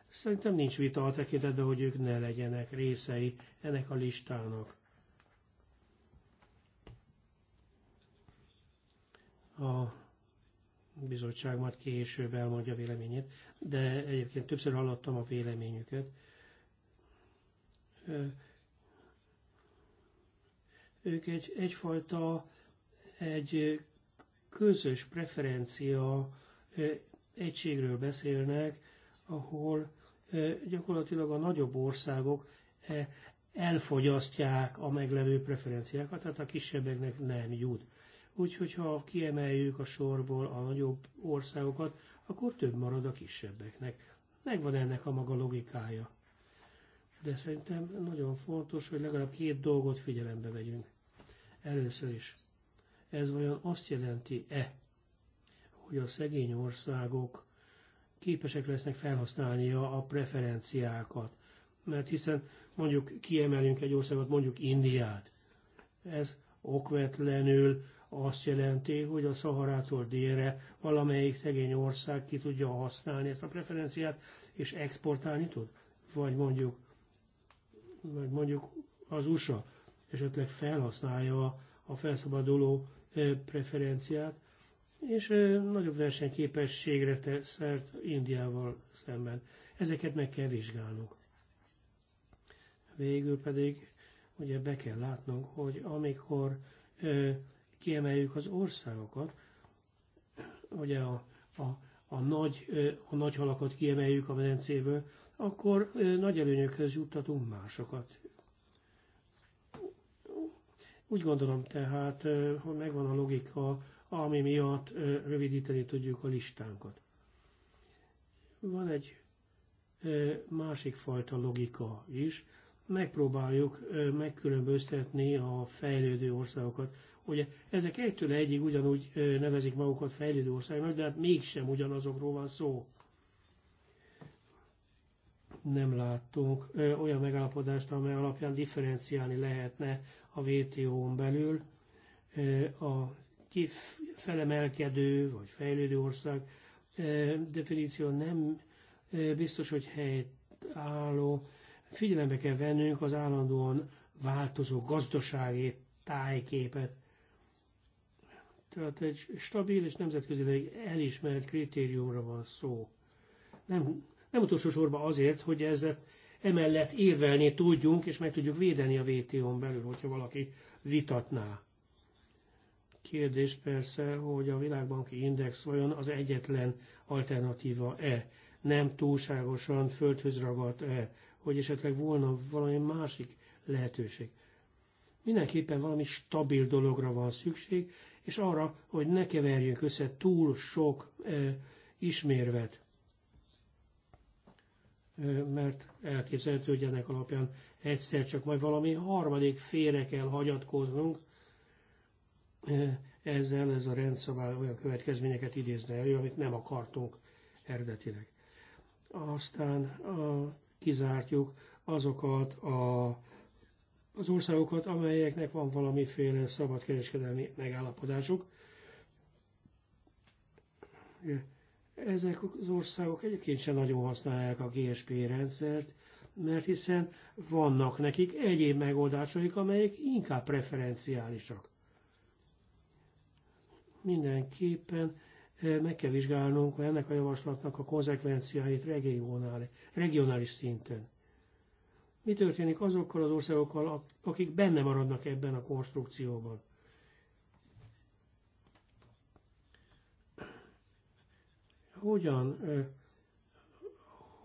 Szerintem nincs vita a tekintetben, hogy ők ne legyenek részei ennek a listának. a bizottság majd később elmondja véleményét, de egyébként többször hallottam a véleményüket. Ők egy, egyfajta egy közös preferencia egységről beszélnek, ahol gyakorlatilag a nagyobb országok e, elfogyasztják a meglevő preferenciákat, tehát a kisebbeknek nem jut. Úgyhogy ha kiemeljük a sorból a nagyobb országokat, akkor több marad a kisebbeknek. Megvan ennek a maga logikája. De szerintem nagyon fontos, hogy legalább két dolgot figyelembe vegyünk. Először is, ez vajon azt jelenti-e, hogy a szegény országok képesek lesznek felhasználnia a preferenciákat. Mert hiszen mondjuk kiemeljünk egy országot, mondjuk Indiát. Ez okvetlenül azt jelenti, hogy a Szaharától délre valamelyik szegény ország ki tudja használni ezt a preferenciát, és exportálni tud? Vagy mondjuk, vagy mondjuk az USA esetleg felhasználja a felszabaduló preferenciát, és nagyobb versenyképességre tesz szert Indiával szemben. Ezeket meg kell vizsgálnunk. Végül pedig ugye be kell látnunk, hogy amikor kiemeljük az országokat, ugye a, a, a, nagy, a nagy halakat kiemeljük a medencéből, akkor nagy előnyökhöz juttatunk másokat. Úgy gondolom tehát, hogy megvan a logika, ami miatt rövidíteni tudjuk a listánkat. Van egy másik fajta logika is. Megpróbáljuk megkülönböztetni a fejlődő országokat Ugye ezek egytől egyig ugyanúgy nevezik magukat fejlődő országnak, de hát mégsem ugyanazokról van szó. Nem láttunk olyan megállapodást, amely alapján differenciálni lehetne a WTO-n belül a felemelkedő vagy fejlődő ország definíció nem biztos, hogy helytálló. Figyelembe kell vennünk az állandóan változó gazdasági tájképet. Tehát egy stabil és nemzetközileg elismert kritériumra van szó. Nem, nem utolsó sorban azért, hogy ezzel emellett érvelni tudjunk, és meg tudjuk védeni a WTO-n belül, hogyha valaki vitatná. Kérdés persze, hogy a világbanki index vajon az egyetlen alternatíva-e, nem túlságosan földhöz ragadt-e, hogy esetleg volna valami másik lehetőség. Mindenképpen valami stabil dologra van szükség, és arra, hogy ne keverjünk össze túl sok e, ismérvet. E, mert elképzelhető, hogy ennek alapján egyszer csak majd valami harmadik félre kell hagyatkoznunk, e, ezzel ez a rendszabály olyan következményeket idézne elő, amit nem akartunk eredetileg. Aztán a, kizártjuk azokat a az országokat, amelyeknek van valamiféle szabadkereskedelmi megállapodásuk. Ezek az országok egyébként sem nagyon használják a GSP rendszert, mert hiszen vannak nekik egyéb megoldásaik, amelyek inkább preferenciálisak. Mindenképpen eh, meg kell vizsgálnunk ennek a javaslatnak a konzekvenciáit regionális, regionális szinten mi történik azokkal az országokkal, akik benne maradnak ebben a konstrukcióban. Hogyan,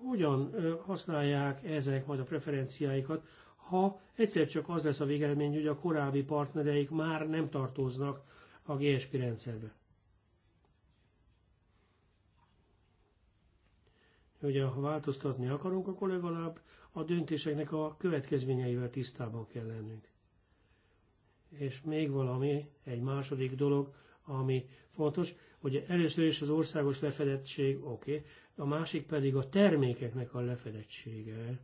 hogyan használják ezek majd a preferenciáikat, ha egyszer csak az lesz a végeredmény, hogy a korábbi partnereik már nem tartoznak a GSP rendszerbe. hogy ha változtatni akarunk, akkor legalább a döntéseknek a következményeivel tisztában kell lennünk. És még valami, egy második dolog, ami fontos, hogy először is az országos lefedettség, oké, okay, a másik pedig a termékeknek a lefedettsége.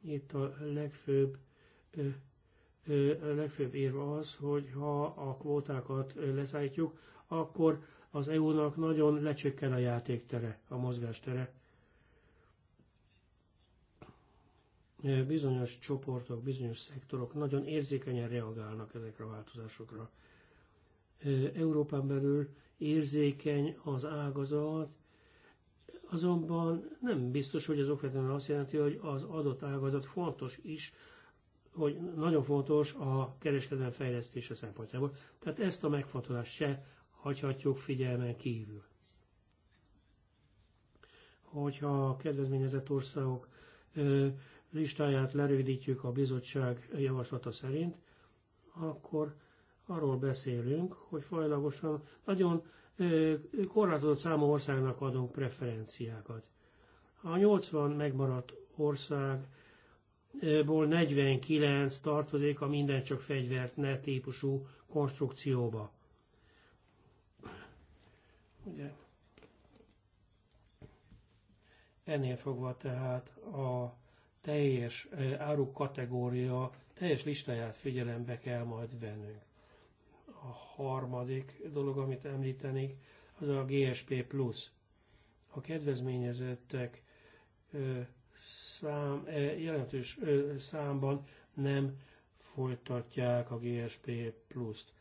Itt a legfőbb, ö, ö, a legfőbb érve az, hogy ha a kvótákat leszállítjuk, akkor az EU-nak nagyon lecsökken a játéktere, a mozgástere. Bizonyos csoportok, bizonyos szektorok nagyon érzékenyen reagálnak ezekre a változásokra. Európán belül érzékeny az ágazat, azonban nem biztos, hogy ez okvetlenül azt jelenti, hogy az adott ágazat fontos is, hogy nagyon fontos a kereskedelem fejlesztése szempontjából. Tehát ezt a megfontolást se hagyhatjuk figyelmen kívül. Hogyha a kedvezményezett országok listáját lerövidítjük a bizottság javaslata szerint, akkor arról beszélünk, hogy fajlagosan nagyon korlátozott számú országnak adunk preferenciákat. A 80 megmaradt országból 49 tartozik a minden csak fegyvert ne típusú konstrukcióba. Ugye? Ennél fogva tehát a teljes áru kategória, teljes listáját figyelembe kell majd vennünk. A harmadik dolog, amit említenék, az a GSP Plus. A kedvezményezettek szám, jelentős számban nem folytatják a GSP pluszt.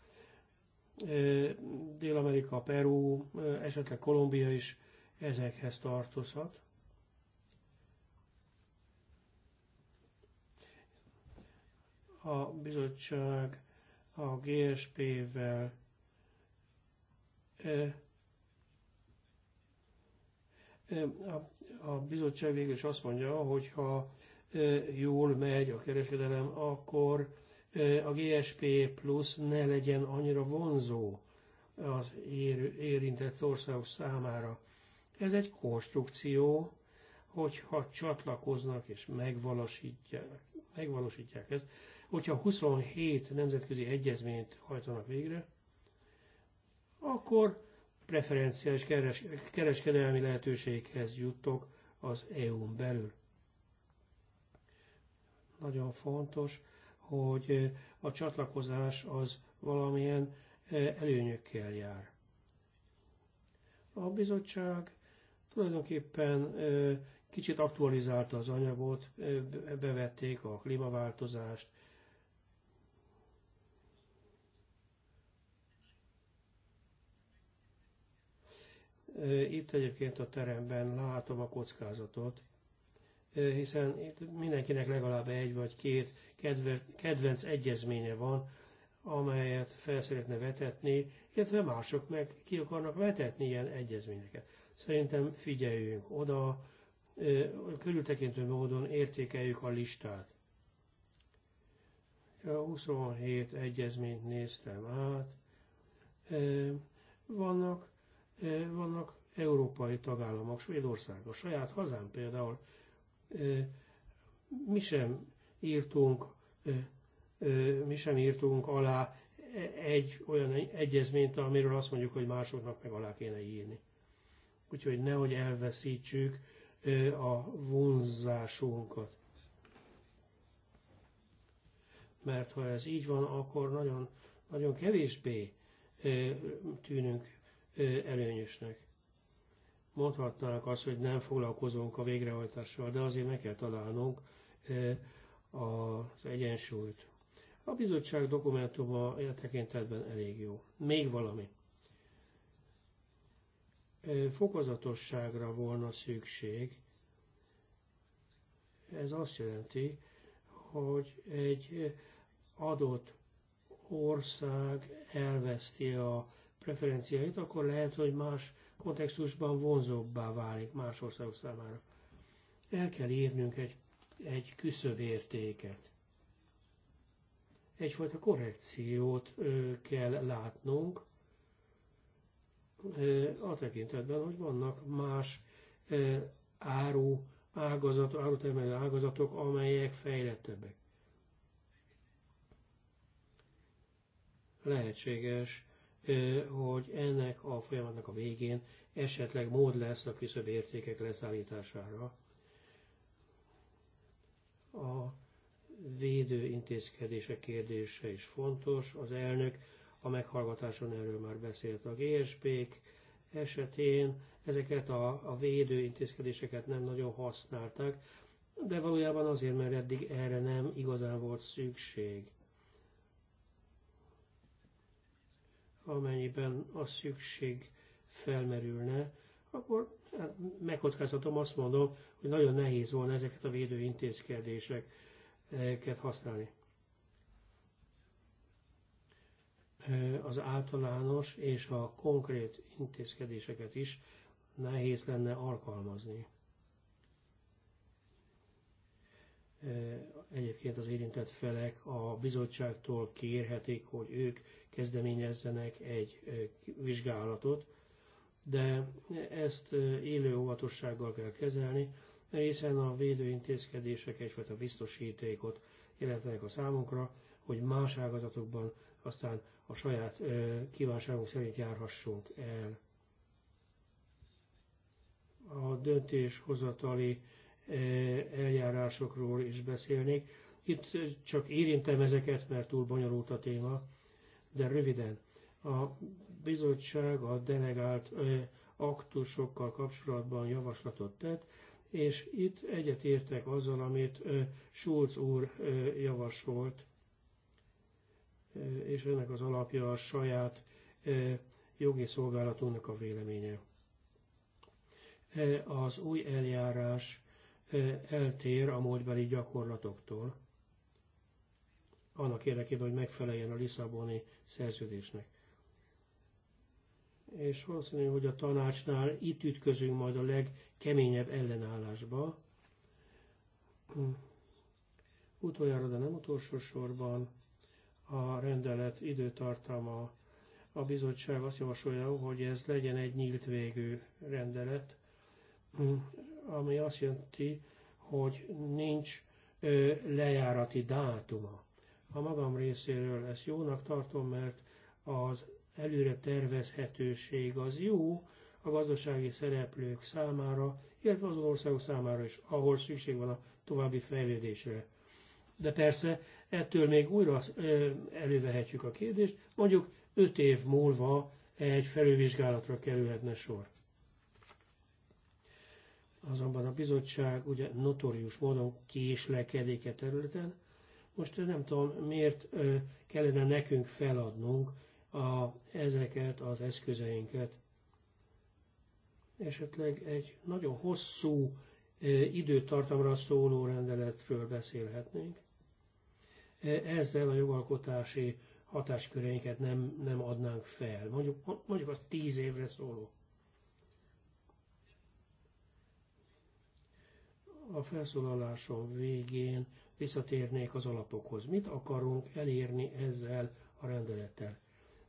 Eh, Dél-Amerika, Peru, eh, esetleg Kolumbia is ezekhez tartozhat. A bizottság a GSP-vel eh, a bizottság végül is azt mondja, hogy ha jól megy a kereskedelem, akkor a GSP plusz ne legyen annyira vonzó az érintett országok számára. Ez egy konstrukció, hogyha csatlakoznak és megvalósítják, megvalósítják ezt, hogyha 27 nemzetközi egyezményt hajtanak végre, akkor preferenciális keres, kereskedelmi lehetőséghez juttok az EU-n belül. Nagyon fontos, hogy a csatlakozás az valamilyen előnyökkel jár. A bizottság tulajdonképpen kicsit aktualizálta az anyagot, bevették a klímaváltozást, Itt egyébként a teremben látom a kockázatot, hiszen itt mindenkinek legalább egy vagy két kedve, kedvenc egyezménye van, amelyet fel szeretne vetetni, illetve mások meg ki akarnak vetetni ilyen egyezményeket. Szerintem figyeljünk oda, körültekintő módon értékeljük a listát. A 27 egyezményt néztem át. Vannak, vannak európai tagállamok, Svédország, a saját hazám például mi sem írtunk, mi sem írtunk alá egy olyan egyezményt, amiről azt mondjuk, hogy másoknak meg alá kéne írni. Úgyhogy nehogy elveszítsük a vonzásunkat. Mert ha ez így van, akkor nagyon, nagyon kevésbé tűnünk előnyösnek mondhatnánk azt, hogy nem foglalkozunk a végrehajtással, de azért meg kell találnunk e, az egyensúlyt. A bizottság dokumentuma a e tekintetben elég jó. Még valami. E, fokozatosságra volna szükség. Ez azt jelenti, hogy egy adott ország elveszti a preferenciáit, akkor lehet, hogy más kontextusban vonzóbbá válik más országok számára. El kell írnünk egy, egy küszöb Egyfajta korrekciót ö, kell látnunk ö, a tekintetben, hogy vannak más ö, áru ágazat, árutermelő ágazatok, amelyek fejlettebbek. Lehetséges, hogy ennek a folyamatnak a végén esetleg mód lesz a küszöbb értékek leszállítására. A védő intézkedések kérdése is fontos. Az elnök a meghallgatáson erről már beszélt a gsp esetén. Ezeket a, a védő intézkedéseket nem nagyon használták, de valójában azért, mert eddig erre nem igazán volt szükség. amennyiben a szükség felmerülne, akkor hát megkockáztatom, azt mondom, hogy nagyon nehéz volna ezeket a védőintézkedéseket használni. Az általános és a konkrét intézkedéseket is nehéz lenne alkalmazni. Egyébként az érintett felek a bizottságtól kérhetik, hogy ők kezdeményezzenek egy vizsgálatot, de ezt élő óvatossággal kell kezelni, mert hiszen a védőintézkedések egyfajta biztosítékot jelentenek a számunkra, hogy más ágazatokban aztán a saját kívánságunk szerint járhassunk el. A döntéshozatali E, eljárásokról is beszélnék. Itt csak érintem ezeket, mert túl bonyolult a téma, de röviden. A bizottság a delegált e, aktusokkal kapcsolatban javaslatot tett, és itt egyetértek azzal, amit e, Schulz úr javasolt, és ennek az alapja a saját jogi szolgálatunknak a véleménye. Az új eljárás eltér a múltbeli gyakorlatoktól, annak érdekében, hogy megfeleljen a Lisszaboni szerződésnek. És valószínű, hogy a tanácsnál itt ütközünk majd a legkeményebb ellenállásba. Utoljára, de nem utolsó sorban a rendelet időtartama a bizottság azt javasolja, hogy ez legyen egy nyílt végű rendelet ami azt jelenti, hogy nincs lejárati dátuma. A magam részéről ezt jónak tartom, mert az előre tervezhetőség az jó a gazdasági szereplők számára, illetve az országok számára is, ahol szükség van a további fejlődésre. De persze ettől még újra elővehetjük a kérdést, mondjuk 5 év múlva egy felővizsgálatra kerülhetne sor. Azonban a bizottság ugye notorius módon késlekedik e területen. Most nem tudom, miért kellene nekünk feladnunk a, ezeket az eszközeinket. Esetleg egy nagyon hosszú időtartamra szóló rendeletről beszélhetnénk. Ezzel a jogalkotási hatásköreinket nem, nem adnánk fel. Mondjuk, mondjuk az tíz évre szóló a felszólalásom végén visszatérnék az alapokhoz. Mit akarunk elérni ezzel a rendelettel?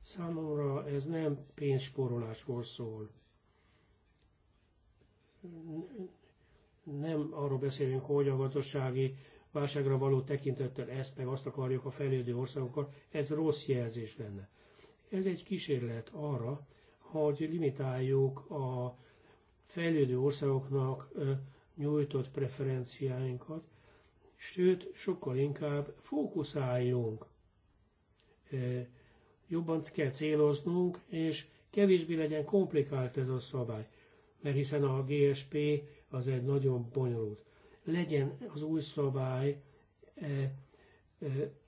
Számomra ez nem pénzsporolásról szól. Nem arról beszélünk, hogy a gazdasági válságra való tekintettel ezt meg azt akarjuk a fejlődő országokkal, ez rossz jelzés lenne. Ez egy kísérlet arra, hogy limitáljuk a fejlődő országoknak nyújtott preferenciáinkat, sőt, sokkal inkább fókuszáljunk. Jobban kell céloznunk, és kevésbé legyen komplikált ez a szabály, mert hiszen a GSP az egy nagyon bonyolult. Legyen az új szabály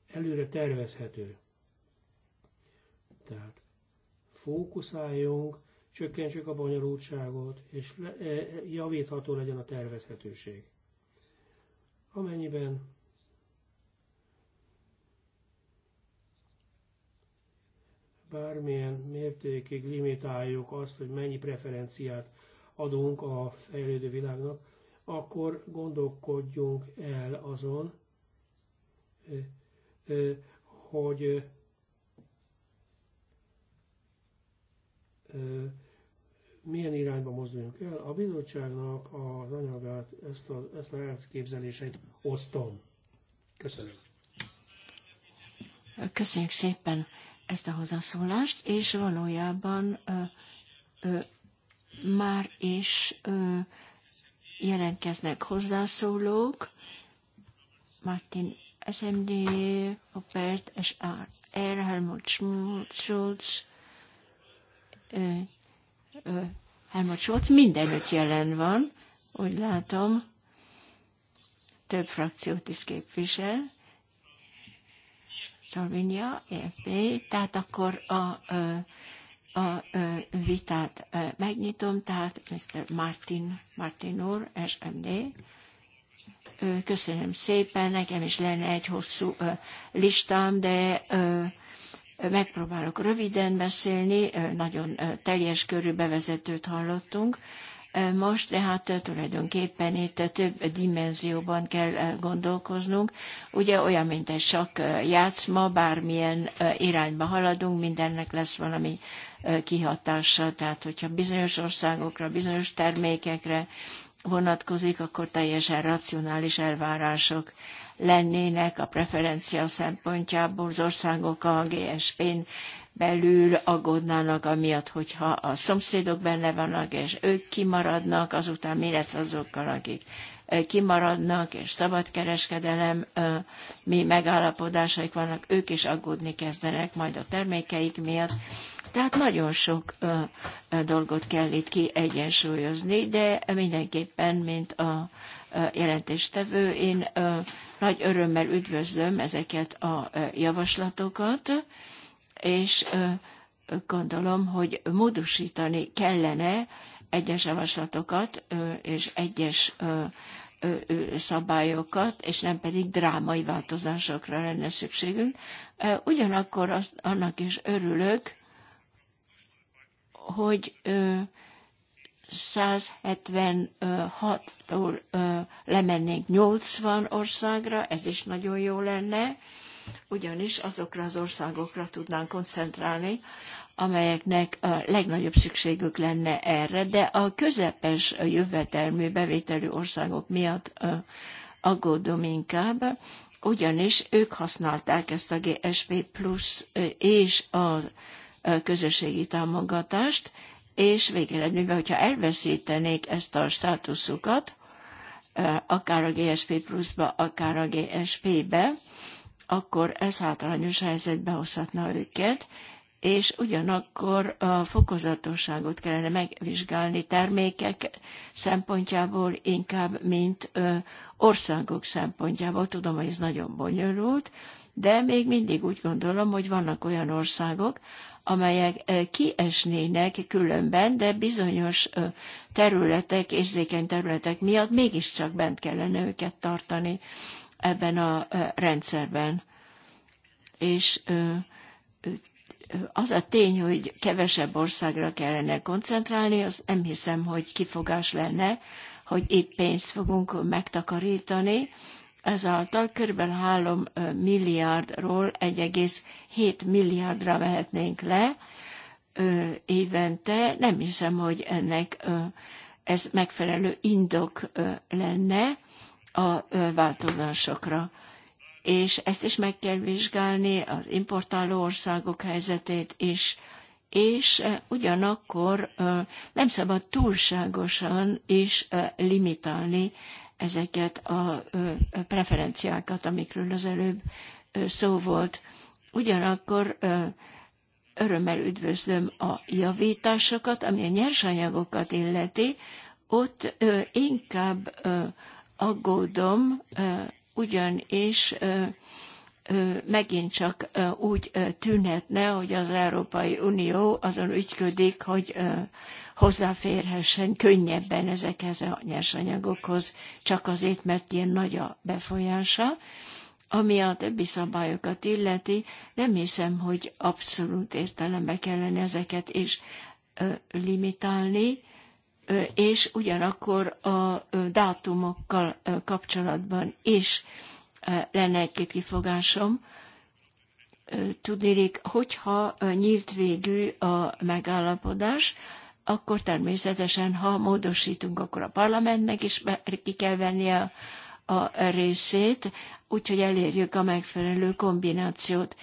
előre tervezhető. Tehát fókuszáljunk, csökkentsük a bonyolultságot, és e, e, javítható legyen a tervezhetőség. Amennyiben bármilyen mértékig limitáljuk azt, hogy mennyi preferenciát adunk a fejlődő világnak, akkor gondolkodjunk el azon, e, hogy milyen irányba mozduljunk el. A bizottságnak az anyagát, ezt, a, ezt a képzelését osztom. Köszönöm. Köszönjük szépen ezt a hozzászólást, és valójában ö, ö, már is ö, jelentkeznek hozzászólók. Martin SMD, Opert, S.R. Helmut Schulz, Helmut Scholz mindenütt jelen van, úgy látom, több frakciót is képvisel. Szalvinia, EFP, tehát akkor a, a, a vitát megnyitom, tehát Mr. Martin, Martin úr, SMD. Köszönöm szépen, nekem is lenne egy hosszú listám, de Megpróbálok röviden beszélni, nagyon teljes körű bevezetőt hallottunk. Most tehát tulajdonképpen itt több dimenzióban kell gondolkoznunk. Ugye olyan, mint egy sok játszma, bármilyen irányba haladunk, mindennek lesz valami kihatása. Tehát, hogyha bizonyos országokra, bizonyos termékekre vonatkozik, akkor teljesen racionális elvárások lennének a preferencia szempontjából az országok a GSP-n belül aggódnának amiatt, hogyha a szomszédok benne vannak, és ők kimaradnak, azután mi lesz azokkal, akik kimaradnak, és szabadkereskedelem mi megállapodásaik vannak, ők is aggódni kezdenek majd a termékeik miatt. Tehát nagyon sok ö, ö, dolgot kell itt kiegyensúlyozni, de mindenképpen, mint a ö, jelentéstevő, én ö, nagy örömmel üdvözlöm ezeket a javaslatokat, és gondolom, hogy módosítani kellene egyes javaslatokat és egyes szabályokat, és nem pedig drámai változásokra lenne szükségünk. Ugyanakkor azt, annak is örülök, hogy 176-tól lemennénk 80 országra, ez is nagyon jó lenne, ugyanis azokra az országokra tudnánk koncentrálni, amelyeknek a legnagyobb szükségük lenne erre, de a közepes jövedelmű bevételű országok miatt aggódom inkább, ugyanis ők használták ezt a GSP plusz és a közösségi támogatást, és végeredményben, hogyha elveszítenék ezt a státuszukat, akár a GSP pluszba, akár a GSP-be, akkor ez általános helyzetbe hozhatna őket, és ugyanakkor a fokozatosságot kellene megvizsgálni termékek szempontjából inkább, mint országok szempontjából. Tudom, hogy ez nagyon bonyolult, de még mindig úgy gondolom, hogy vannak olyan országok, amelyek kiesnének különben, de bizonyos területek, érzékeny területek miatt mégiscsak bent kellene őket tartani ebben a rendszerben. És az a tény, hogy kevesebb országra kellene koncentrálni, az nem hiszem, hogy kifogás lenne, hogy itt pénzt fogunk megtakarítani, Ezáltal kb. 3 milliárdról 1,7 milliárdra vehetnénk le évente. Nem hiszem, hogy ennek ez megfelelő indok lenne a változásokra és ezt is meg kell vizsgálni, az importáló országok helyzetét is, és ugyanakkor nem szabad túlságosan is limitálni ezeket a preferenciákat, amikről az előbb szó volt. Ugyanakkor örömmel üdvözlöm a javításokat, ami a nyersanyagokat illeti, ott inkább aggódom, ugyanis megint csak úgy tűnhetne, hogy az Európai Unió azon ügyködik, hogy hozzáférhessen könnyebben ezekhez a nyersanyagokhoz, csak azért, mert ilyen nagy a befolyása. Ami a többi szabályokat illeti, nem hiszem, hogy abszolút értelembe kellene ezeket is limitálni, és ugyanakkor a dátumokkal kapcsolatban is lenne egy-két kifogásom. Tudnélik, hogyha nyílt végű a megállapodás, akkor természetesen, ha módosítunk, akkor a parlamentnek is ki kell vennie a, a részét, úgyhogy elérjük a megfelelő kombinációt.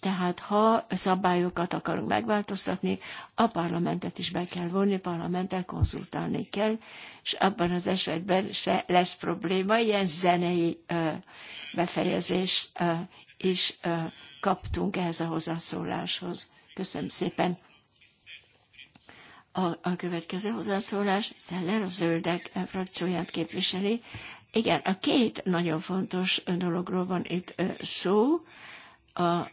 Tehát ha szabályokat akarunk megváltoztatni, a parlamentet is be kell vonni, parlamenttel konzultálni kell, és abban az esetben se lesz probléma, ilyen zenei befejezést is kaptunk ehhez a hozzászóláshoz. Köszönöm szépen. A, a következő hozzászólás Szeller a Zöldek frakcióját képviseli. Igen, a két nagyon fontos dologról van itt szó. A,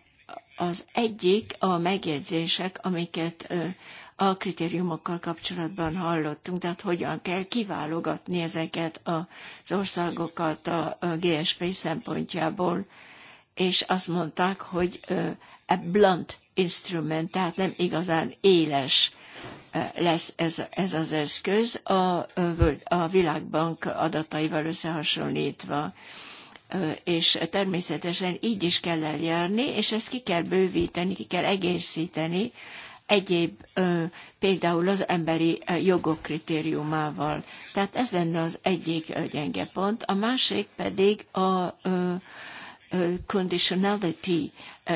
az egyik a megjegyzések, amiket a kritériumokkal kapcsolatban hallottunk, tehát hogyan kell kiválogatni ezeket az országokat a GSP szempontjából, és azt mondták, hogy a blunt instrument, tehát nem igazán éles lesz ez, ez az eszköz a, a Világbank adataival összehasonlítva és természetesen így is kell eljárni, és ezt ki kell bővíteni, ki kell egészíteni egyéb például az emberi jogok kritériumával. Tehát ez lenne az egyik gyenge pont, a másik pedig a conditionality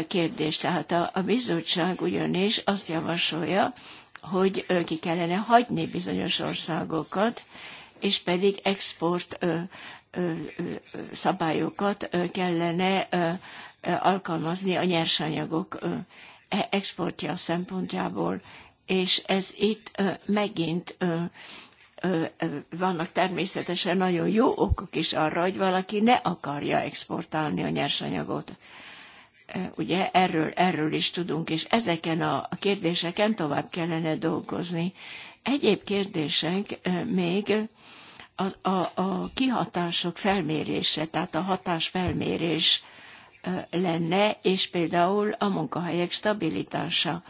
kérdés. Tehát a, a bizottság ugyanis azt javasolja, hogy ki kellene hagyni bizonyos országokat, és pedig export szabályokat kellene alkalmazni a nyersanyagok e, exportja szempontjából, és ez itt megint vannak természetesen nagyon jó okok is arra, hogy valaki ne akarja exportálni a nyersanyagot. Ugye erről, erről is tudunk, és ezeken a kérdéseken tovább kellene dolgozni. Egyéb kérdések még a, a, a kihatások felmérése, tehát a hatás felmérés lenne, és például a munkahelyek stabilitása.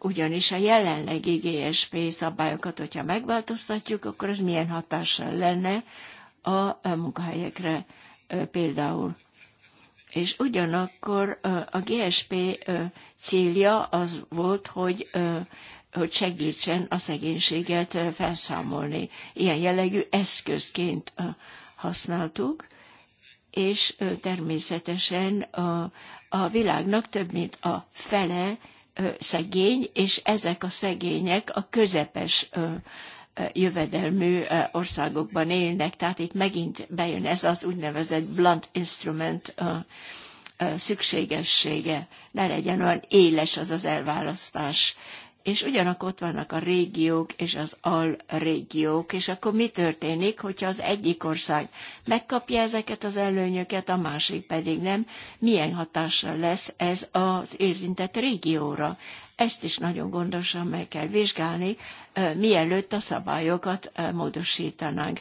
Ugyanis a jelenlegi GSP szabályokat, hogyha megváltoztatjuk, akkor ez milyen hatással lenne a munkahelyekre például. És ugyanakkor a GSP célja az volt, hogy hogy segítsen a szegénységet felszámolni. Ilyen jellegű eszközként használtuk, és természetesen a, a világnak több mint a fele szegény, és ezek a szegények a közepes jövedelmű országokban élnek, tehát itt megint bejön ez az úgynevezett blunt instrument szükségessége. Ne legyen olyan éles az az elválasztás és ugyanakkor ott vannak a régiók és az alrégiók, és akkor mi történik, hogyha az egyik ország megkapja ezeket az előnyöket, a másik pedig nem, milyen hatással lesz ez az érintett régióra. Ezt is nagyon gondosan meg kell vizsgálni, mielőtt a szabályokat módosítanánk.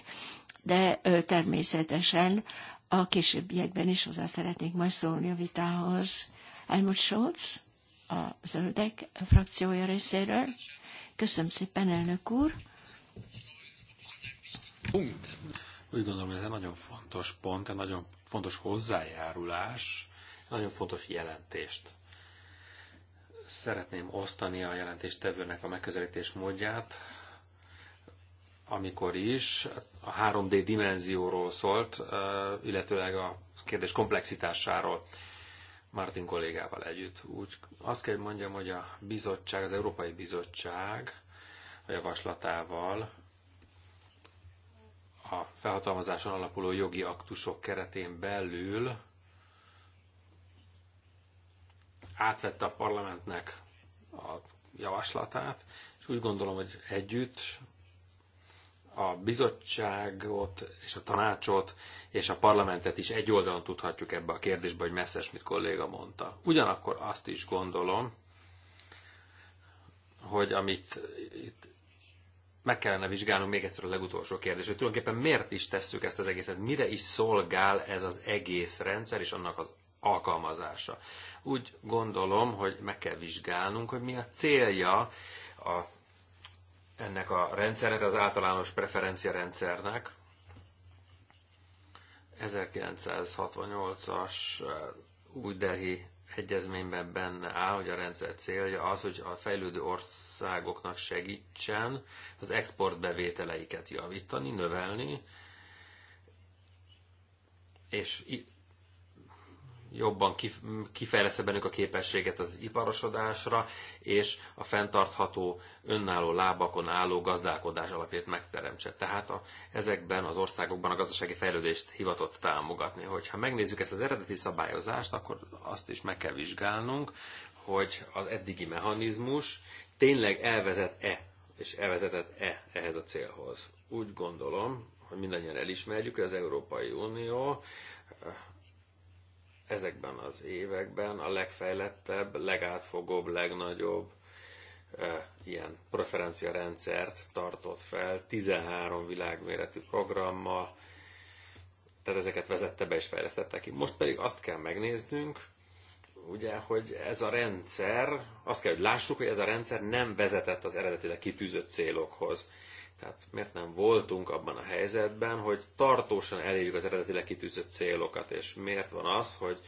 De természetesen a későbbiekben is hozzá szeretnék majd szólni a vitához. Helmut Scholz? a zöldek frakciója részéről. Köszönöm szépen, elnök úr! Punkt. Úgy gondolom, ez egy nagyon fontos pont, egy nagyon fontos hozzájárulás, egy nagyon fontos jelentést. Szeretném osztani a jelentéstevőnek a megközelítés módját, amikor is a 3D dimenzióról szólt, illetőleg a kérdés komplexitásáról. Martin kollégával együtt. Úgy azt kell, mondjam, hogy a bizottság, az Európai Bizottság a javaslatával a felhatalmazáson alapuló jogi aktusok keretén belül átvette a parlamentnek a javaslatát, és úgy gondolom, hogy együtt a bizottságot és a tanácsot és a parlamentet is egy oldalon tudhatjuk ebbe a kérdésbe, hogy messzes, mit kolléga mondta. Ugyanakkor azt is gondolom, hogy amit itt meg kellene vizsgálnunk még egyszer a legutolsó kérdés, hogy tulajdonképpen miért is tesszük ezt az egészet, mire is szolgál ez az egész rendszer és annak az alkalmazása. Úgy gondolom, hogy meg kell vizsgálnunk, hogy mi a célja a ennek a rendszernek, az általános preferencia rendszernek. 1968-as eh, új Delhi egyezményben benne áll, hogy a rendszer célja az, hogy a fejlődő országoknak segítsen az exportbevételeiket javítani, növelni, és jobban kifejlesz bennük a képességet az iparosodásra, és a fenntartható, önálló lábakon álló gazdálkodás alapját megteremtse. Tehát a, ezekben az országokban a gazdasági fejlődést hivatott támogatni. Hogyha megnézzük ezt az eredeti szabályozást, akkor azt is meg kell vizsgálnunk, hogy az eddigi mechanizmus tényleg elvezet-e, és elvezetett-e ehhez a célhoz. Úgy gondolom, hogy mindannyian elismerjük, hogy az Európai Unió ezekben az években a legfejlettebb, legátfogóbb, legnagyobb e, ilyen preferencia rendszert tartott fel 13 világméretű programmal, tehát ezeket vezette be és fejlesztette ki. Most pedig azt kell megnéznünk, ugye, hogy ez a rendszer, azt kell, hogy lássuk, hogy ez a rendszer nem vezetett az eredetileg kitűzött célokhoz. Tehát miért nem voltunk abban a helyzetben, hogy tartósan elérjük az eredetileg kitűzött célokat, és miért van az, hogy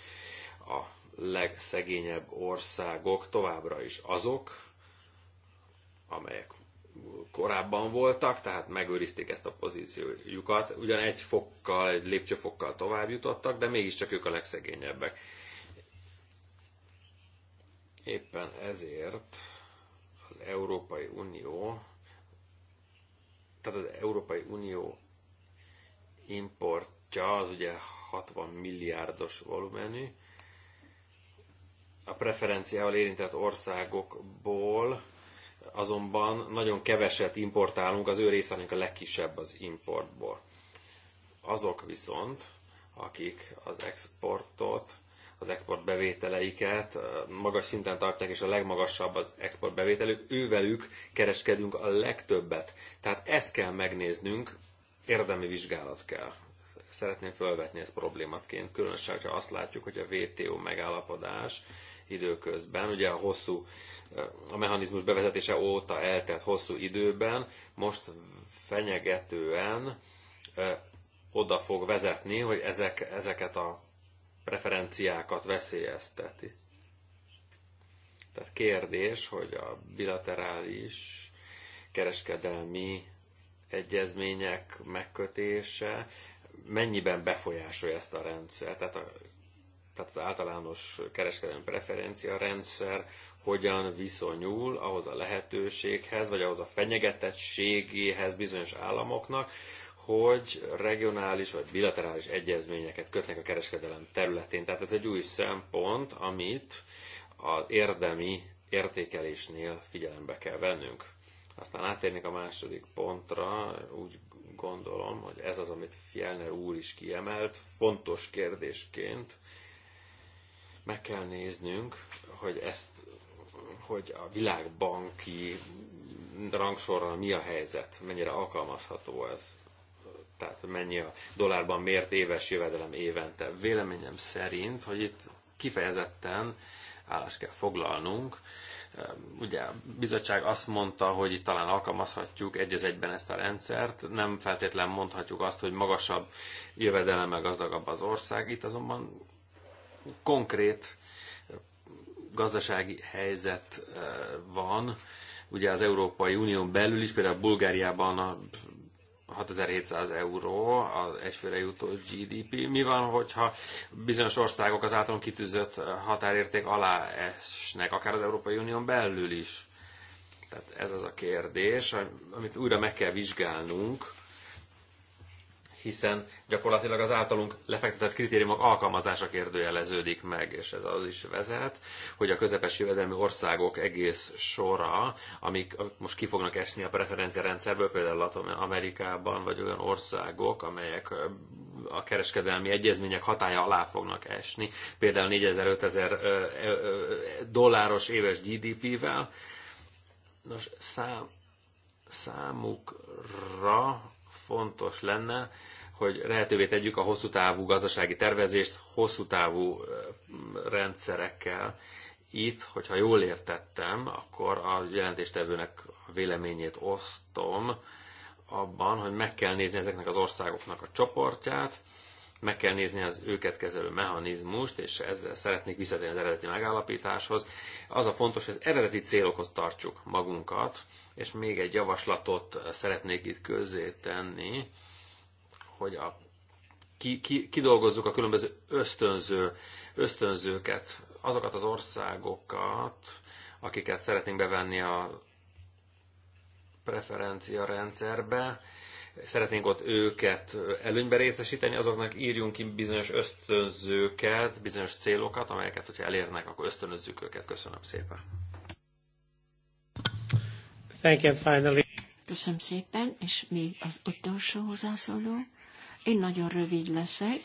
a legszegényebb országok továbbra is azok, amelyek korábban voltak, tehát megőrizték ezt a pozíciójukat. Ugyan egy fokkal, egy lépcsőfokkal tovább jutottak, de mégiscsak ők a legszegényebbek. Éppen ezért az Európai Unió tehát az Európai Unió importja az ugye 60 milliárdos volumenű, a preferenciával érintett országokból azonban nagyon keveset importálunk, az ő részarányunk a legkisebb az importból. Azok viszont, akik az exportot az exportbevételeiket, magas szinten tartják, és a legmagasabb az bevételük, ővelük kereskedünk a legtöbbet. Tehát ezt kell megnéznünk, érdemi vizsgálat kell. Szeretném felvetni ezt problématként, különösen, ha azt látjuk, hogy a WTO megállapodás időközben, ugye a hosszú, a mechanizmus bevezetése óta eltelt hosszú időben, most fenyegetően oda fog vezetni, hogy ezek, ezeket a preferenciákat veszélyezteti. Tehát kérdés, hogy a bilaterális kereskedelmi egyezmények megkötése mennyiben befolyásolja ezt a rendszer. Tehát, a, tehát az általános kereskedelmi preferencia rendszer hogyan viszonyul ahhoz a lehetőséghez, vagy ahhoz a fenyegetettségéhez bizonyos államoknak, hogy regionális vagy bilaterális egyezményeket kötnek a kereskedelem területén. Tehát ez egy új szempont, amit az érdemi értékelésnél figyelembe kell vennünk. Aztán átérnék a második pontra, úgy gondolom, hogy ez az, amit Fjellner úr is kiemelt, fontos kérdésként meg kell néznünk, hogy ezt, hogy a világbanki rangsorral mi a helyzet, mennyire alkalmazható ez tehát mennyi a dollárban mért éves jövedelem évente. Véleményem szerint, hogy itt kifejezetten állást kell foglalnunk. Ehm, ugye a bizottság azt mondta, hogy itt talán alkalmazhatjuk egy az egyben ezt a rendszert, nem feltétlen mondhatjuk azt, hogy magasabb jövedelemmel gazdagabb az ország, itt azonban konkrét gazdasági helyzet ehm, van, ugye az Európai Unión belül is, például Bulgáriában a 6700 euró az egyfőre jutó GDP. Mi van, hogyha bizonyos országok az általunk kitűzött határérték alá esnek, akár az Európai Unión belül is? Tehát ez az a kérdés, amit újra meg kell vizsgálnunk, hiszen gyakorlatilag az általunk lefektetett kritériumok alkalmazása kérdőjeleződik meg, és ez az is vezet, hogy a közepes jövedelmi országok egész sora, amik most ki fognak esni a preferenciarendszerből, például Amerikában, vagy olyan országok, amelyek a kereskedelmi egyezmények hatája alá fognak esni, például 4000-5000 dolláros éves GDP-vel. Nos, szám, számukra fontos lenne, hogy lehetővé tegyük a hosszú távú gazdasági tervezést hosszú távú rendszerekkel. Itt, hogyha jól értettem, akkor a jelentéstevőnek a véleményét osztom abban, hogy meg kell nézni ezeknek az országoknak a csoportját, meg kell nézni az őket kezelő mechanizmust, és ezzel szeretnék visszatérni az eredeti megállapításhoz. Az a fontos, hogy az eredeti célokhoz tartsuk magunkat, és még egy javaslatot szeretnék itt közé tenni, hogy a, ki, ki, kidolgozzuk a különböző ösztönző, ösztönzőket, azokat az országokat, akiket szeretnénk bevenni a preferencia rendszerbe, szeretnénk ott őket előnybe részesíteni, azoknak írjunk ki bizonyos ösztönzőket, bizonyos célokat, amelyeket, hogyha elérnek, akkor ösztönözzük őket. Köszönöm szépen. Thank you, finally. Köszönöm szépen, és még az utolsó hozzászóló. Én nagyon rövid leszek.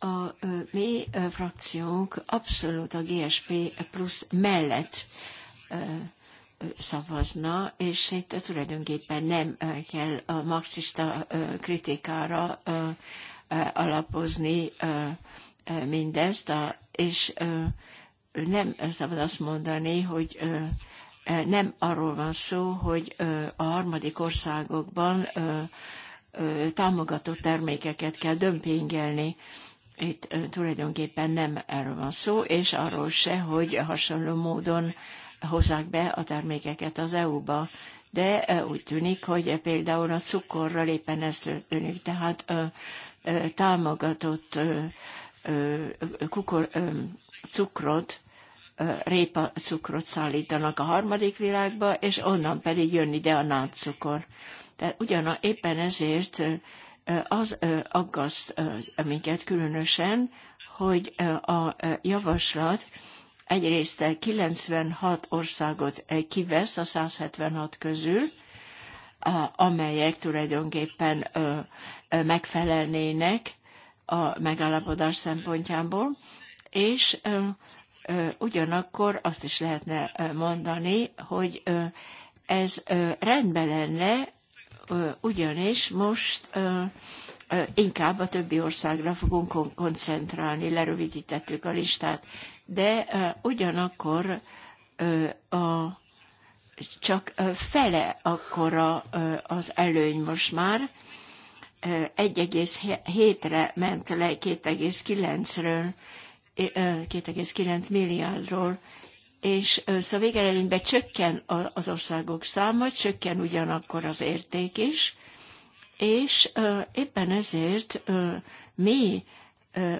A mi frakciónk abszolút a GSP plusz mellett szavazna, és itt tulajdonképpen nem kell a marxista kritikára alapozni mindezt, és nem szabad azt mondani, hogy nem arról van szó, hogy a harmadik országokban támogató termékeket kell dömpingelni. Itt tulajdonképpen nem erről van szó, és arról se, hogy hasonló módon hozzák be a termékeket az EU-ba. De e, úgy tűnik, hogy e, például a cukorral éppen ez történik, tehát e, támogatott kukor, cukrot, répa cukrot szállítanak a harmadik világba, és onnan pedig jön ide a nátszukor. Tehát ugyanaz éppen ezért az aggaszt minket különösen, hogy a javaslat egyrészt 96 eh, országot eh, kivesz a 176 közül, amelyek tulajdonképpen megfelelnének a megállapodás szempontjából, és ugyanakkor azt is lehetne mondani, hogy ez rendben lenne, ugyanis most inkább a többi országra fogunk koncentrálni, lerövidítettük a listát de ugyanakkor a csak fele akkora az előny most már, 1,7-re ment le 2,9-ről, 2,9 milliárdról, és szóval végeredményben csökken az országok száma, csökken ugyanakkor az érték is, és éppen ezért mi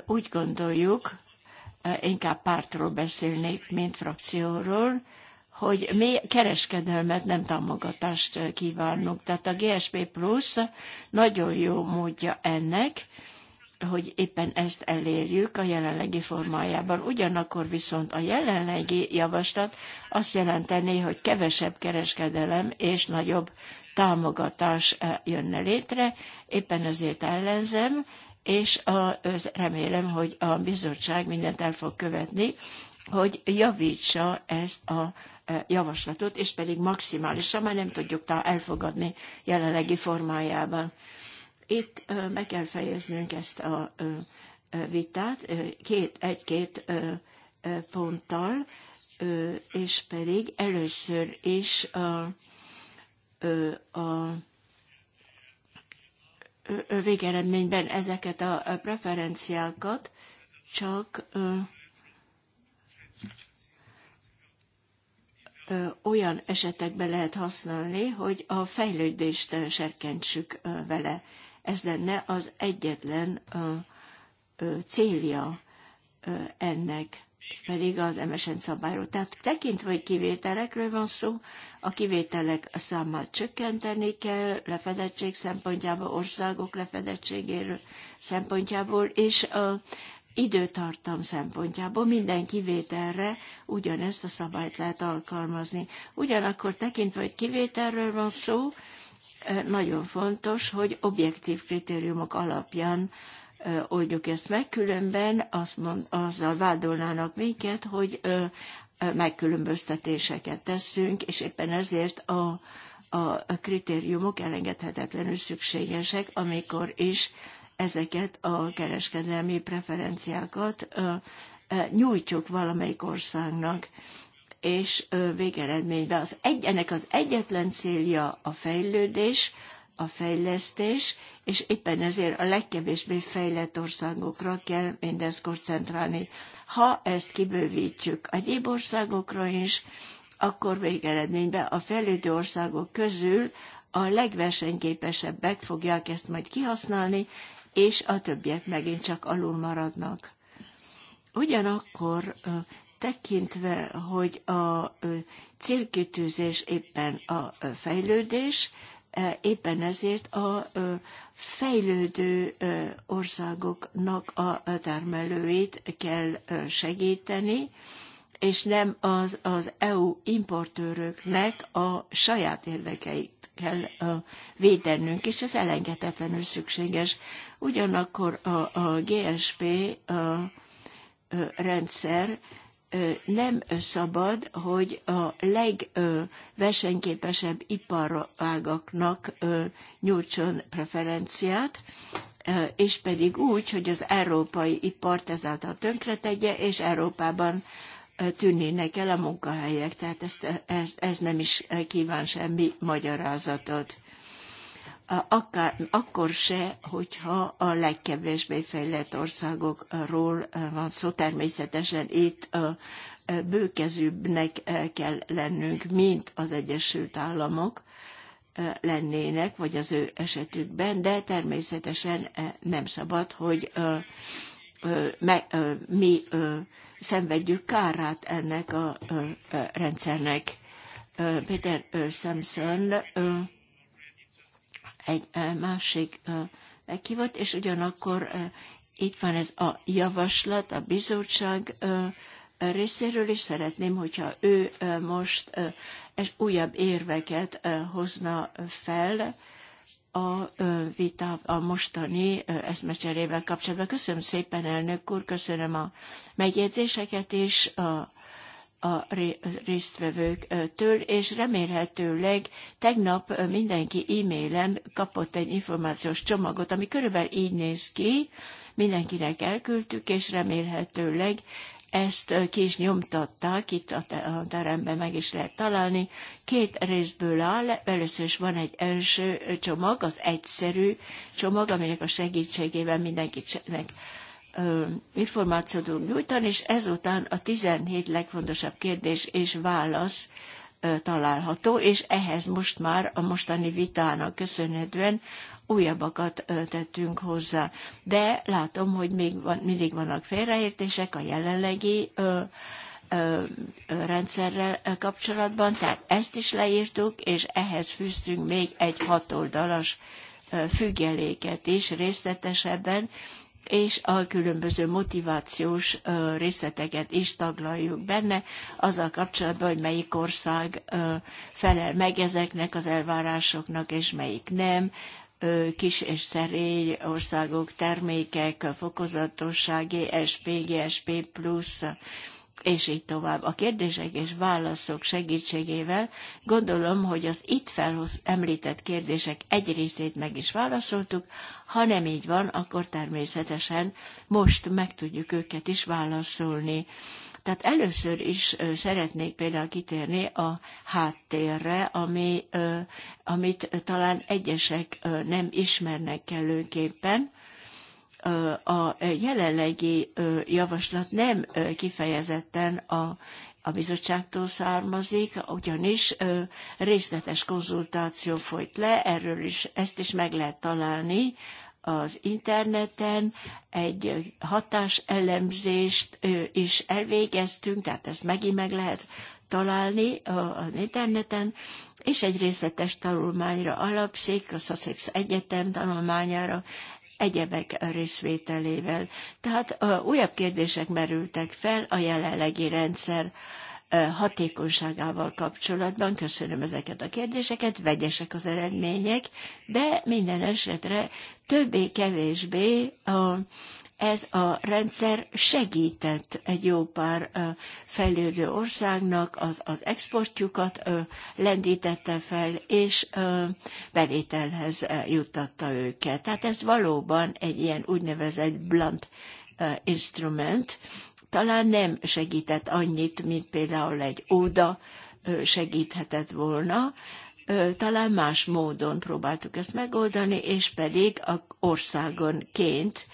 úgy gondoljuk, inkább pártról beszélnék, mint frakcióról, hogy mi kereskedelmet, nem támogatást kívánunk. Tehát a GSP Plus nagyon jó módja ennek, hogy éppen ezt elérjük a jelenlegi formájában. Ugyanakkor viszont a jelenlegi javaslat azt jelenteni, hogy kevesebb kereskedelem és nagyobb támogatás jönne létre. Éppen ezért ellenzem, és a, remélem, hogy a bizottság mindent el fog követni, hogy javítsa ezt a e, javaslatot, és pedig maximálisan, már nem tudjuk tá elfogadni jelenlegi formájában. Itt e, meg kell fejeznünk ezt a e, vitát két, egy-két ponttal, és pedig először is a, a végeredményben ezeket a preferenciákat, csak olyan esetekben lehet használni, hogy a fejlődést serkentsük vele. Ez lenne az egyetlen célja ennek pedig az MSN szabályról. Tehát tekintve, hogy kivételekről van szó, a kivételek számát csökkenteni kell, lefedettség szempontjából, országok lefedettségéről szempontjából, és a időtartam szempontjából minden kivételre ugyanezt a szabályt lehet alkalmazni. Ugyanakkor tekintve, hogy kivételről van szó, eh, nagyon fontos, hogy objektív kritériumok alapján oldjuk ezt meg, különben azt mond, azzal vádolnának minket, hogy megkülönböztetéseket teszünk, és éppen ezért a, a, a kritériumok elengedhetetlenül szükségesek, amikor is ezeket a kereskedelmi preferenciákat nyújtjuk valamelyik országnak és végeredményben az egy, ennek az egyetlen célja a fejlődés, a fejlesztés, és éppen ezért a legkevésbé fejlett országokra kell mindezt koncentrálni. Ha ezt kibővítjük a országokra is, akkor végeredményben a fejlődő országok közül a legversenyképesebbek fogják ezt majd kihasználni, és a többiek megint csak alul maradnak. Ugyanakkor tekintve, hogy a célkitűzés éppen a fejlődés, éppen ezért a fejlődő országoknak a termelőit kell segíteni, és nem az, az EU importőröknek a saját érdekeit kell védenünk, és ez elengedhetetlenül szükséges. Ugyanakkor a, a GSP a, rendszer nem szabad, hogy a legversenyképesebb iparágaknak nyújtson preferenciát, és pedig úgy, hogy az európai ipart ezáltal tönkretegye, és Európában tűnnének el a munkahelyek. Tehát ezt, ez, ez nem is kíván semmi magyarázatot akár, akkor se, hogyha a legkevésbé fejlett országokról eh, van szó. Természetesen itt eh, eh, bőkezűbbnek kell lennünk, mint az Egyesült Államok lennének, vagy az ő esetükben, de természetesen nem szabad, hogy mi szenvedjük kárát ennek a rendszernek. Peter Samson egy másik meghívott, és ugyanakkor itt van ez a javaslat a bizottság részéről, és szeretném, hogyha ő most újabb érveket hozna fel a vita, a mostani eszmecserével kapcsolatban. Köszönöm szépen, elnök úr, köszönöm a megjegyzéseket is a a résztvevőktől, és remélhetőleg tegnap mindenki e-mailen kapott egy információs csomagot, ami körülbelül így néz ki, mindenkinek elküldtük, és remélhetőleg ezt ki is nyomtatták, itt a teremben meg is lehet találni. Két részből áll, először is van egy első csomag, az egyszerű csomag, aminek a segítségével mindenkinek információt tudunk nyújtani, és ezután a 17 legfontosabb kérdés és válasz található, és ehhez most már a mostani vitának köszönhetően újabbakat tettünk hozzá. De látom, hogy még van, mindig vannak félreértések a jelenlegi ö, ö, rendszerrel kapcsolatban, tehát ezt is leírtuk, és ehhez fűztünk még egy hatoldalas függeléket is részletesebben, és a különböző motivációs részleteket is taglaljuk benne, azzal kapcsolatban, hogy melyik ország felel meg ezeknek az elvárásoknak, és melyik nem, kis és szerény országok, termékek, fokozatossági, SPG, SP+, és így tovább. A kérdések és válaszok segítségével gondolom, hogy az itt felhoz említett kérdések egy részét meg is válaszoltuk, ha nem így van, akkor természetesen most meg tudjuk őket is válaszolni. Tehát először is szeretnék például kitérni a háttérre, ami, amit talán egyesek nem ismernek kellőképpen, a jelenlegi javaslat nem kifejezetten a a bizottságtól származik, ugyanis részletes konzultáció folyt le, erről is, ezt is meg lehet találni az interneten, egy hatáselemzést is elvégeztünk, tehát ezt megint meg lehet találni az interneten, és egy részletes tanulmányra alapszik, a Sussex Egyetem tanulmányára egyebek részvételével. Tehát újabb kérdések merültek fel a jelenlegi rendszer hatékonyságával kapcsolatban. Köszönöm ezeket a kérdéseket, vegyesek az eredmények, de minden esetre többé-kevésbé ez a rendszer segített egy jó pár fejlődő országnak, az, az exportjukat lendítette fel, és bevételhez juttatta őket. Tehát ez valóban egy ilyen úgynevezett blunt instrument, talán nem segített annyit, mint például egy óda segíthetett volna, talán más módon próbáltuk ezt megoldani, és pedig a országonként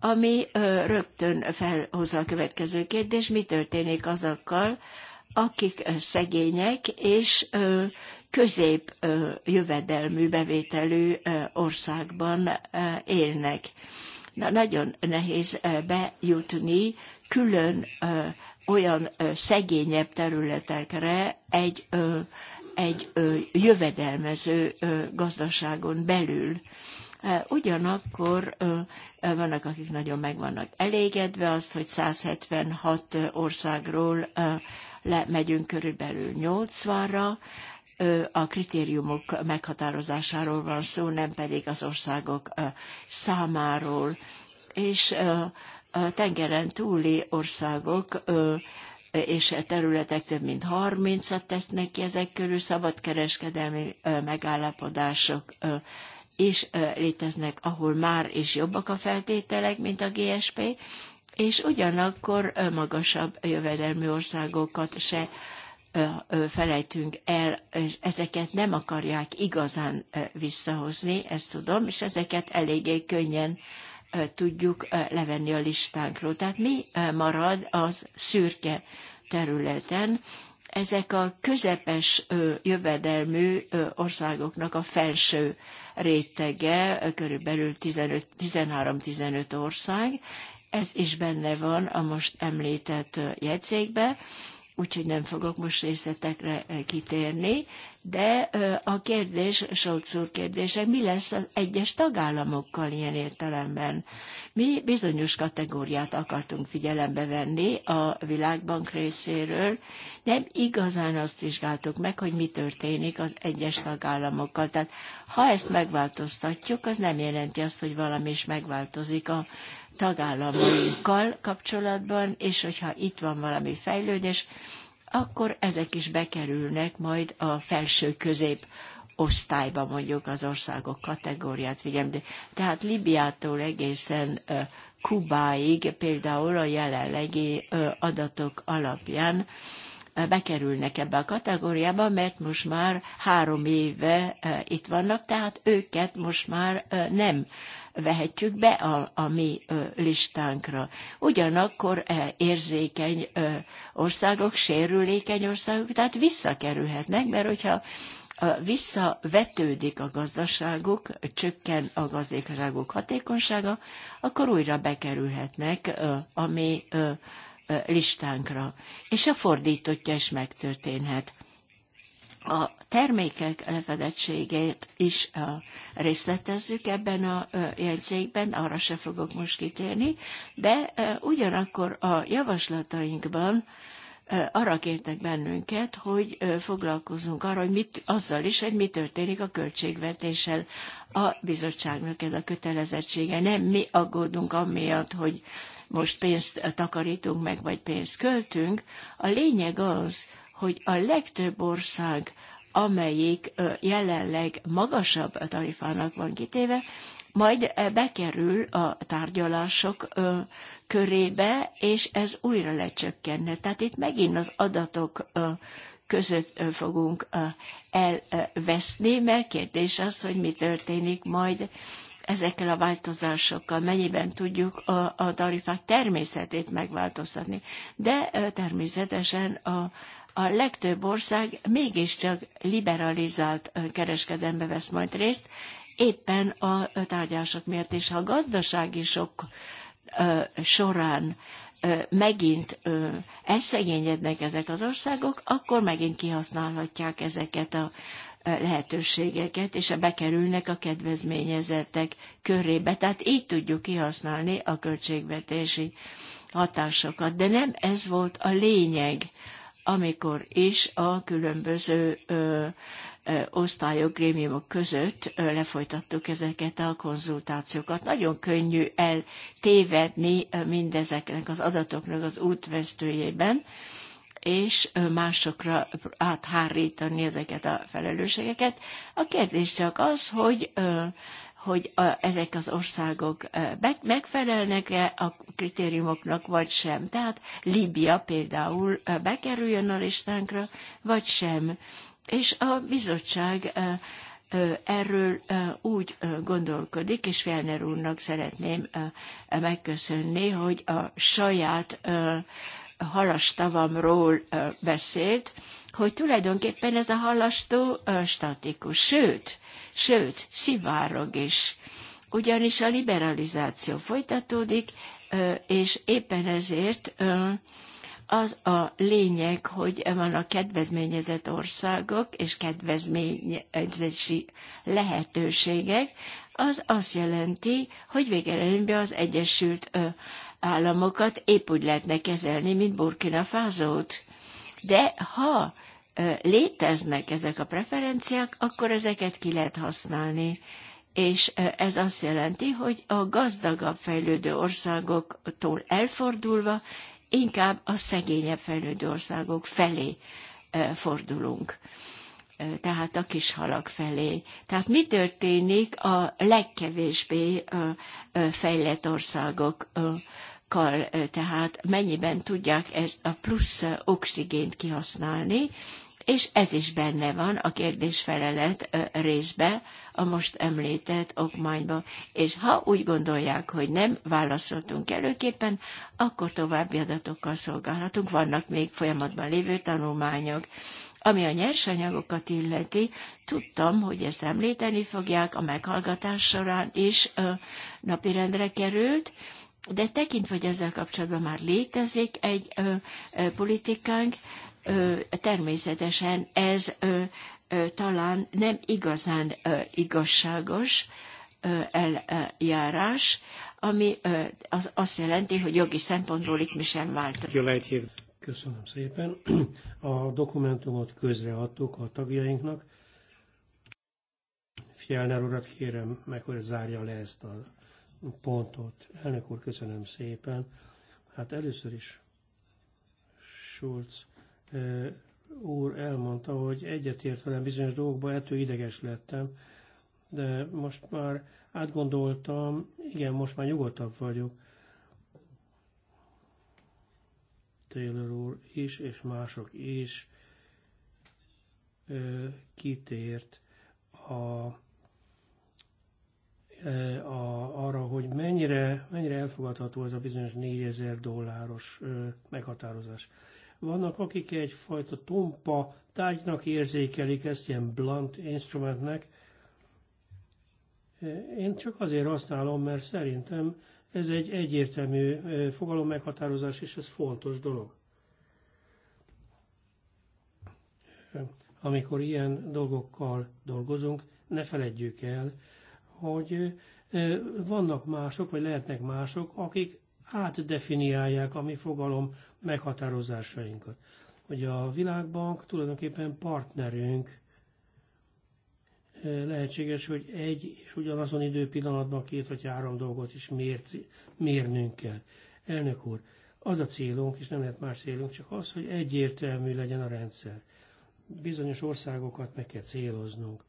ami rögtön felhozza a következő kérdés, mi történik azokkal, akik szegények és közép jövedelmű bevételű országban élnek. Na, nagyon nehéz bejutni külön olyan szegényebb területekre egy, egy jövedelmező gazdaságon belül. Ugyanakkor vannak, akik nagyon meg vannak elégedve azt, hogy 176 országról lemegyünk körülbelül 80-ra, a kritériumok meghatározásáról van szó, nem pedig az országok számáról. És a tengeren túli országok és területek több mint 30-at tesznek ki ezek körül szabadkereskedelmi megállapodások is léteznek, ahol már is jobbak a feltételek, mint a GSP, és ugyanakkor magasabb jövedelmi országokat se felejtünk el, és ezeket nem akarják igazán visszahozni, ezt tudom, és ezeket eléggé könnyen tudjuk levenni a listánkról. Tehát mi marad az szürke területen? Ezek a közepes jövedelmű országoknak a felső rétege körülbelül 13-15 ország. Ez is benne van a most említett jegyzékben úgyhogy nem fogok most részletekre kitérni, de a kérdés, Solc úr kérdése, mi lesz az egyes tagállamokkal ilyen értelemben? Mi bizonyos kategóriát akartunk figyelembe venni a Világbank részéről, nem igazán azt vizsgáltuk meg, hogy mi történik az egyes tagállamokkal. Tehát ha ezt megváltoztatjuk, az nem jelenti azt, hogy valami is megváltozik a tagállamokkal kapcsolatban, és hogyha itt van valami fejlődés, akkor ezek is bekerülnek majd a felső közép osztályba mondjuk az országok kategóriát figyelm. De, tehát Libiától egészen Kubáig például a jelenlegi adatok alapján bekerülnek ebbe a kategóriába, mert most már három éve itt vannak, tehát őket most már nem vehetjük be a, a mi listánkra. Ugyanakkor érzékeny országok, sérülékeny országok, tehát visszakerülhetnek, mert hogyha visszavetődik a gazdaságuk, csökken a gazdaságok hatékonysága, akkor újra bekerülhetnek a mi listánkra. És a fordítottja is megtörténhet a termékek elfedettségét is részletezzük ebben a jegyzékben, arra se fogok most kitérni, de ugyanakkor a javaslatainkban arra kértek bennünket, hogy foglalkozunk arra, hogy mit, azzal is, hogy mi történik a költségvetéssel. A bizottságnak ez a kötelezettsége. Nem mi aggódunk amiatt, hogy most pénzt takarítunk meg, vagy pénzt költünk. A lényeg az, hogy a legtöbb ország, amelyik jelenleg magasabb tarifának van kitéve, majd bekerül a tárgyalások körébe, és ez újra lecsökkenne. Tehát itt megint az adatok között fogunk elveszni, mert kérdés az, hogy mi történik majd ezekkel a változásokkal, mennyiben tudjuk a, tarifák természetét megváltoztatni. De természetesen a, a legtöbb ország mégiscsak liberalizált kereskedelembe vesz majd részt, éppen a tárgyások miatt, is, ha a gazdasági sok során megint elszegényednek ezek az országok, akkor megint kihasználhatják ezeket a lehetőségeket, és bekerülnek a kedvezményezettek körébe. Tehát így tudjuk kihasználni a költségvetési hatásokat. De nem ez volt a lényeg amikor is a különböző ö, ö, osztályok, grémiumok között ö, lefolytattuk ezeket a konzultációkat. Nagyon könnyű eltévedni mindezeknek az adatoknak az útvesztőjében, és másokra áthárítani ezeket a felelősségeket. A kérdés csak az, hogy ö, hogy a, ezek az országok megfelelnek-e a kritériumoknak, vagy sem. Tehát Líbia például bekerüljön a listánkra, vagy sem. És a bizottság erről úgy gondolkodik, és Fjellner úrnak szeretném megköszönni, hogy a saját halastavamról beszélt, hogy tulajdonképpen ez a halastó statikus. Sőt, sőt, szivárog is. Ugyanis a liberalizáció folytatódik, és éppen ezért az a lényeg, hogy van a kedvezményezett országok és kedvezményezési lehetőségek, az azt jelenti, hogy végeredményben az Egyesült Államokat épp úgy lehetne kezelni, mint Burkina Fázót. De ha léteznek ezek a preferenciák, akkor ezeket ki lehet használni. És ez azt jelenti, hogy a gazdagabb fejlődő országoktól elfordulva inkább a szegényebb fejlődő országok felé fordulunk tehát a kis halak felé. Tehát mi történik a legkevésbé fejlett országokkal, tehát mennyiben tudják ezt a plusz oxigént kihasználni, és ez is benne van a kérdésfelelet részbe, a most említett okmányba. És ha úgy gondolják, hogy nem válaszoltunk előképpen, akkor további adatokkal szolgálhatunk. Vannak még folyamatban lévő tanulmányok. Ami a nyersanyagokat illeti, tudtam, hogy ezt említeni fogják, a meghallgatás során is ö, napirendre került, de tekintve, hogy ezzel kapcsolatban már létezik egy ö, ö, politikánk, természetesen ez talán nem igazán igazságos eljárás, ami az azt jelenti, hogy jogi szempontból itt mi sem vált. Köszönöm szépen. A dokumentumot közreadtuk a tagjainknak. Fjellner urat kérem meg, hogy zárja le ezt a pontot. Elnök úr, köszönöm szépen. Hát először is Schulz úr elmondta, hogy egyetért velem bizonyos dolgokba, ettől ideges lettem, de most már átgondoltam, igen, most már nyugodtabb vagyok. Taylor úr is, és mások is kitért a, a, arra, hogy mennyire, mennyire elfogadható ez a bizonyos 4000 dolláros meghatározás. Vannak, akik egyfajta tompa tárgynak érzékelik ezt, ilyen blunt instrumentnek. Én csak azért használom, mert szerintem ez egy egyértelmű fogalom meghatározás, és ez fontos dolog. Amikor ilyen dolgokkal dolgozunk, ne feledjük el, hogy vannak mások, vagy lehetnek mások, akik átdefiniálják a mi fogalom meghatározásainkat. Hogy a Világbank tulajdonképpen partnerünk, lehetséges, hogy egy és ugyanazon időpillanatban két vagy három dolgot is mért, mérnünk kell. Elnök úr, az a célunk, és nem lehet más célunk, csak az, hogy egyértelmű legyen a rendszer. Bizonyos országokat meg kell céloznunk.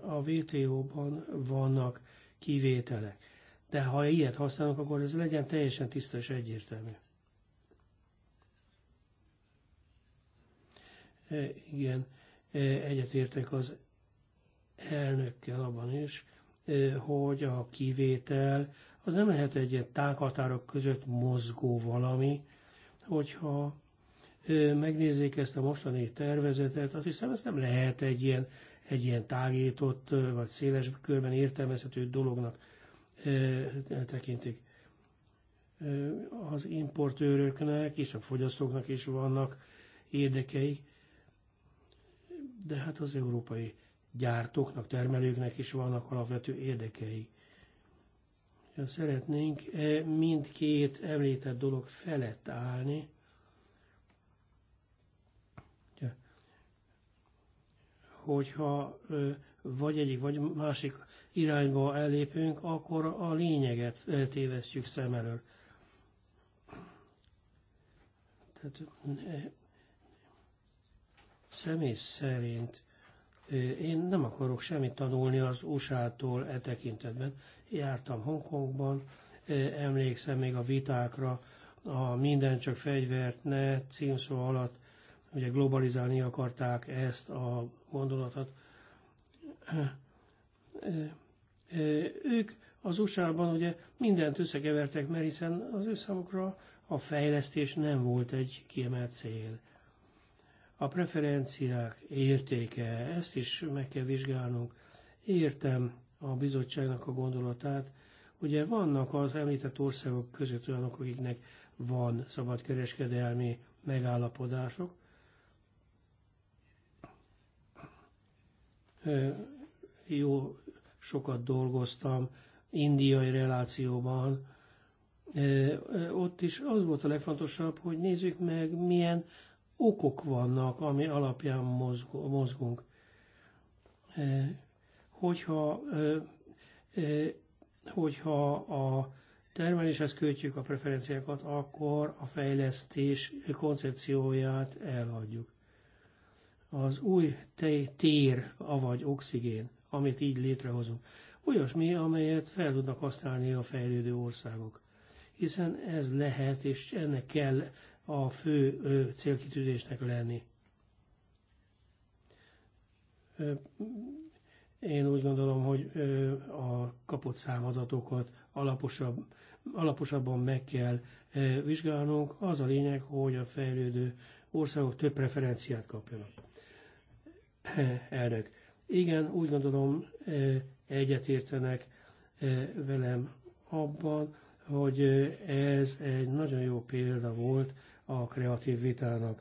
A WTO-ban vannak kivételek de ha ilyet használunk, akkor ez legyen teljesen tiszta és egyértelmű. E, igen, e, egyetértek az elnökkel abban is, e, hogy a kivétel az nem lehet egy ilyen tághatárok között mozgó valami, hogyha e, megnézzék ezt a mostani tervezetet, azt hiszem ez nem lehet egy ilyen, egy ilyen tágított vagy széles körben értelmezhető dolognak tekintik. Az importőröknek és a fogyasztóknak is vannak érdekei, de hát az európai gyártóknak, termelőknek is vannak alapvető érdekei. Szeretnénk e mindkét említett dolog felett állni, hogyha vagy egyik, vagy másik irányba ellépünk, akkor a lényeget eh, tévesztjük szem elől. Tehát eh, személy szerint eh, én nem akarok semmit tanulni az USA-tól e tekintetben. Jártam Hongkongban, emlékszem még a vitákra, a minden csak fegyvert ne címszó alatt, ugye globalizálni akarták ezt a gondolatot, ők az USA-ban ugye mindent összekevertek, mert hiszen az ő számukra a fejlesztés nem volt egy kiemelt cél. A preferenciák értéke, ezt is meg kell vizsgálnunk. Értem a bizottságnak a gondolatát, ugye vannak az említett országok között olyanok, akiknek van szabadkereskedelmi megállapodások jó sokat dolgoztam indiai relációban, ott is az volt a legfontosabb, hogy nézzük meg, milyen okok vannak, ami alapján mozgunk. Hogyha, hogyha a termeléshez kötjük a preferenciákat, akkor a fejlesztés koncepcióját eladjuk. Az új tér, avagy oxigén amit így létrehozunk. Olyasmi, amelyet fel tudnak használni a fejlődő országok. Hiszen ez lehet, és ennek kell a fő célkitűzésnek lenni. Én úgy gondolom, hogy a kapott számadatokat alaposabb, alaposabban meg kell vizsgálnunk. Az a lényeg, hogy a fejlődő országok több preferenciát kapjanak. Elnök, igen, úgy gondolom egyetértenek velem abban, hogy ez egy nagyon jó példa volt a kreatív vitának.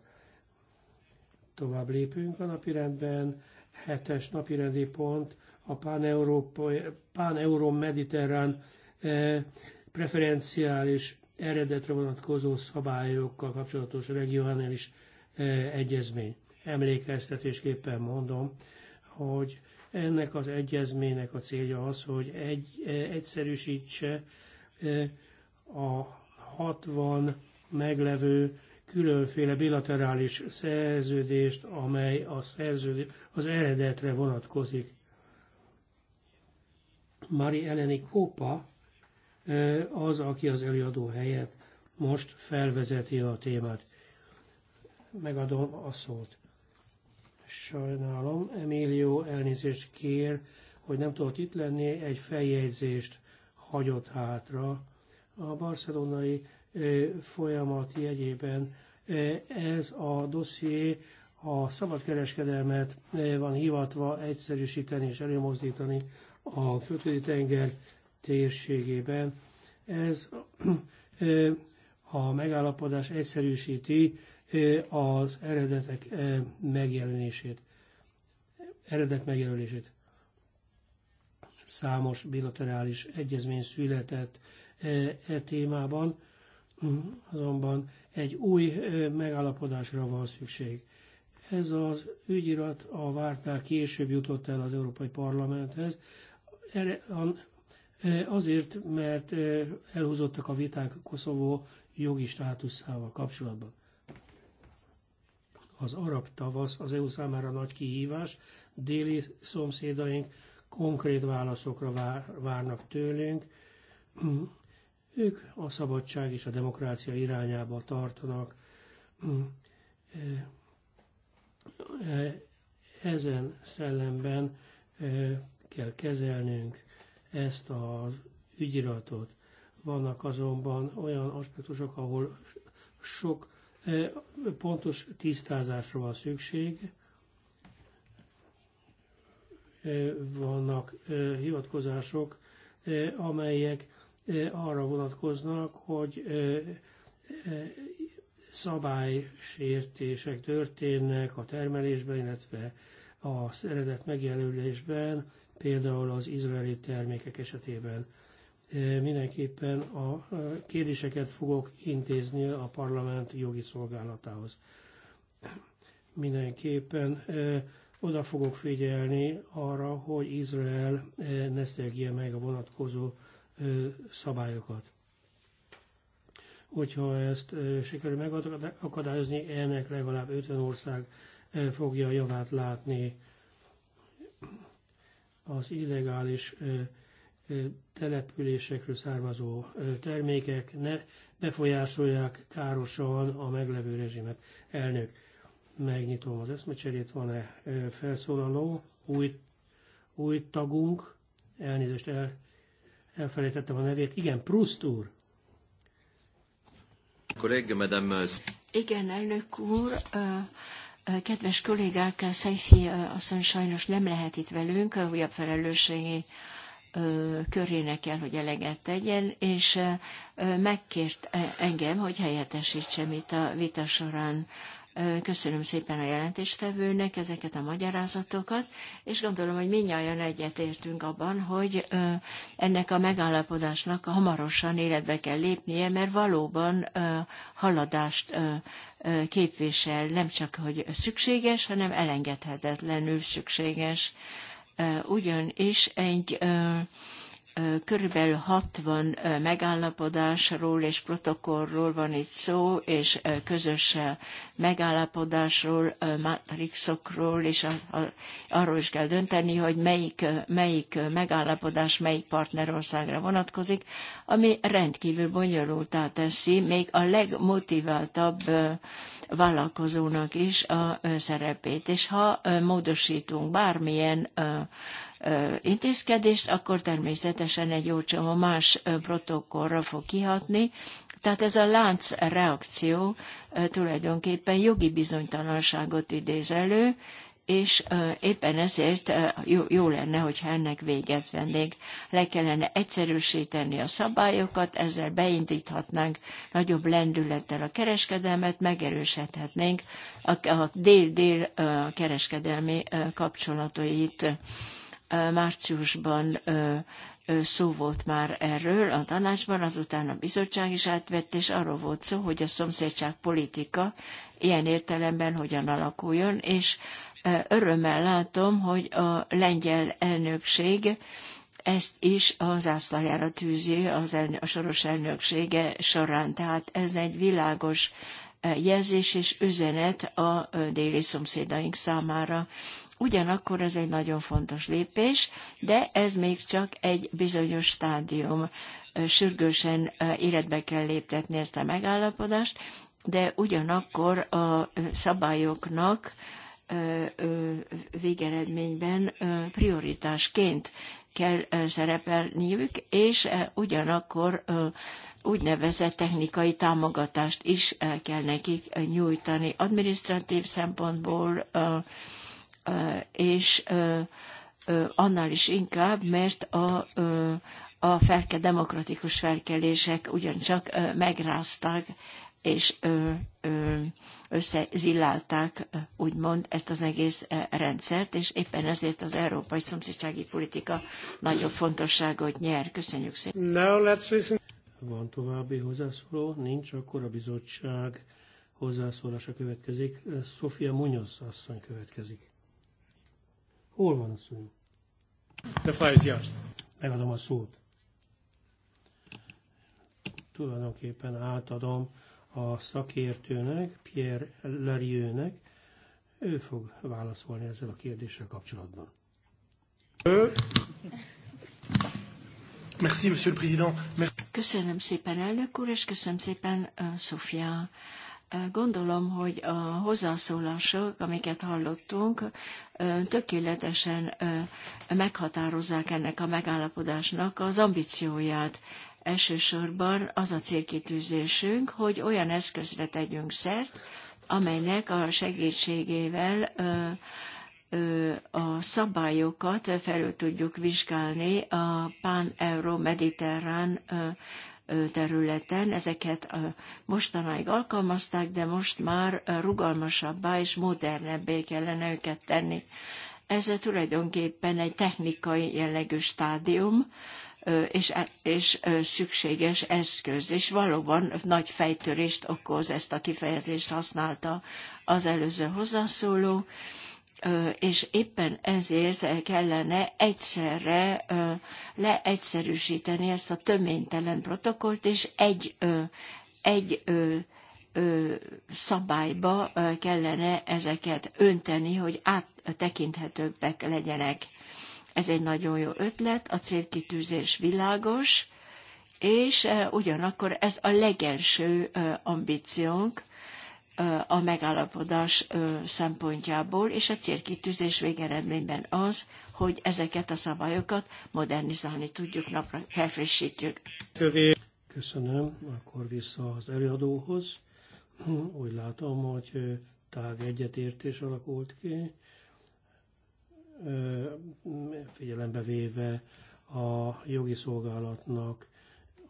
Tovább lépünk a napirendben. Hetes napirendi pont a pán-euró-mediterrán preferenciális eredetre vonatkozó szabályokkal kapcsolatos regionális egyezmény. Emlékeztetésképpen mondom, hogy ennek az egyezménynek a célja az, hogy egy, eh, egyszerűsítse eh, a 60 meglevő különféle bilaterális szerződést, amely a szerződés, az eredetre vonatkozik. Mari Eleni Kópa eh, az, aki az előadó helyett most felvezeti a témát. Megadom a szót. Sajnálom, Emilio elnézést kér, hogy nem tudott itt lenni, egy feljegyzést hagyott hátra. A barcelonai folyamat jegyében ez a dosszié a szabadkereskedelmet van hivatva egyszerűsíteni és előmozdítani a földközi tenger térségében. Ez a megállapodás egyszerűsíti az eredetek megjelenését, eredet megjelölését. Számos bilaterális egyezmény született e témában, azonban egy új megállapodásra van szükség. Ez az ügyirat a vártnál később jutott el az Európai Parlamenthez, azért, mert elhúzottak a viták Koszovó jogi státuszával kapcsolatban. Az arab tavasz az EU számára nagy kihívás, déli szomszédaink konkrét válaszokra várnak tőlünk. Ők a szabadság és a demokrácia irányába tartanak. Ezen szellemben e, kell kezelnünk ezt az ügyiratot. Vannak azonban olyan aspektusok, ahol sok Pontos tisztázásra van szükség. Vannak eh, hivatkozások, eh, amelyek eh, arra vonatkoznak, hogy szabálysértések történnek a termelésben, illetve a eredet megjelölésben, például az izraeli termékek esetében mindenképpen a kérdéseket fogok intézni a parlament jogi szolgálatához. Mindenképpen oda fogok figyelni arra, hogy Izrael ne szegje meg a vonatkozó szabályokat. Hogyha ezt sikerül megakadályozni, ennek legalább 50 ország fogja a javát látni. Az illegális településekről származó termékek ne befolyásolják károsan a meglevő rezsimet. Elnök, megnyitom az eszmecserét, van-e felszólaló, új, új tagunk, elnézést el, elfelejtettem a nevét, igen, Pruszt úr. Igen, elnök úr, kedves kollégák, Szejfi asszony sajnos nem lehet itt velünk, újabb felelősségi körének kell, hogy eleget tegyen, és megkért engem, hogy helyettesítsem itt a vita során. Köszönöm szépen a jelentéstevőnek ezeket a magyarázatokat, és gondolom, hogy minnyáján egyetértünk abban, hogy ennek a megállapodásnak hamarosan életbe kell lépnie, mert valóban haladást képvisel, nem csak hogy szükséges, hanem elengedhetetlenül szükséges ugyanis egy körülbelül 60 megállapodásról és protokollról van itt szó, és közös megállapodásról, matrixokról, és arról is kell dönteni, hogy melyik, melyik megállapodás melyik partnerországra vonatkozik, ami rendkívül bonyolultá teszi még a legmotiváltabb vállalkozónak is a szerepét. És ha módosítunk bármilyen intézkedést, akkor természetesen egy jó csomó más protokollra fog kihatni. Tehát ez a lánc reakció tulajdonképpen jogi bizonytalanságot idéz elő, és éppen ezért jó, jó lenne, hogyha ennek véget vennék, Le kellene egyszerűsíteni a szabályokat, ezzel beindíthatnánk nagyobb lendülettel a kereskedelmet, megerősíthetnénk a dél-dél kereskedelmi kapcsolatait márciusban szó volt már erről a tanácsban, azután a bizottság is átvett, és arról volt szó, hogy a szomszédság politika ilyen értelemben hogyan alakuljon, és örömmel látom, hogy a lengyel elnökség ezt is az zászlajára tűzi az elnök, a soros elnöksége során. Tehát ez egy világos jelzés és üzenet a déli szomszédaink számára, Ugyanakkor ez egy nagyon fontos lépés, de ez még csak egy bizonyos stádium. Sürgősen életbe kell léptetni ezt a megállapodást, de ugyanakkor a szabályoknak végeredményben prioritásként kell szerepelniük, és ugyanakkor úgynevezett technikai támogatást is kell nekik nyújtani. Adminisztratív szempontból és annál is inkább, mert a, a felke, demokratikus felkelések ugyancsak megrázták és összezillálták, úgymond, ezt az egész rendszert, és éppen ezért az európai szomszédsági politika nagyobb fontosságot nyer. Köszönjük szépen. Now let's listen. Van további hozzászóló? Nincs, akkor a bizottság hozzászólása következik. Sofia Munoz asszony következik. Hol van a szó? Te fájsz, is Megadom a szót. Tulajdonképpen átadom a szakértőnek, Pierre Lerieux-nek. ő fog válaszolni ezzel a kérdéssel kapcsolatban. Merci, Monsieur le Président. Merci. Köszönöm szépen, elnök úr, és köszönöm szépen, Sofia Gondolom, hogy a hozzászólások, amiket hallottunk, tökéletesen meghatározzák ennek a megállapodásnak az ambícióját. Elsősorban az a célkitűzésünk, hogy olyan eszközre tegyünk szert, amelynek a segítségével a szabályokat felül tudjuk vizsgálni a pán-euró-mediterrán területen. Ezeket mostanáig alkalmazták, de most már rugalmasabbá és modernebbé kellene őket tenni. Ez tulajdonképpen egy technikai jellegű stádium, és, e, és szükséges eszköz, és valóban nagy fejtörést okoz, ezt a kifejezést használta az előző hozzászóló és éppen ezért kellene egyszerre leegyszerűsíteni ezt a töménytelen protokollt, és egy, egy szabályba kellene ezeket önteni, hogy áttekinthetőbbek legyenek. Ez egy nagyon jó ötlet, a célkitűzés világos, és ugyanakkor ez a legelső ambíciónk, a megállapodás szempontjából, és a célkitűzés végeredményben az, hogy ezeket a szabályokat modernizálni tudjuk, napra felfrissítjük. Köszönöm, akkor vissza az előadóhoz. Úgy látom, hogy tág egyetértés alakult ki, figyelembe véve a jogi szolgálatnak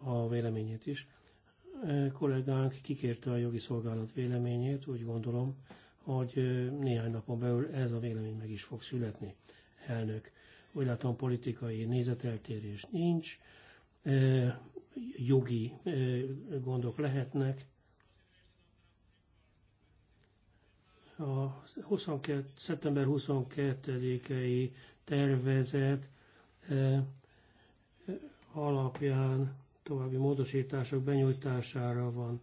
a véleményét is kollégánk kikérte a jogi szolgálat véleményét, úgy gondolom, hogy néhány napon belül ez a vélemény meg is fog születni. Elnök, úgy látom politikai nézeteltérés nincs, jogi gondok lehetnek. A 22, szeptember 22-i tervezet alapján további módosítások benyújtására van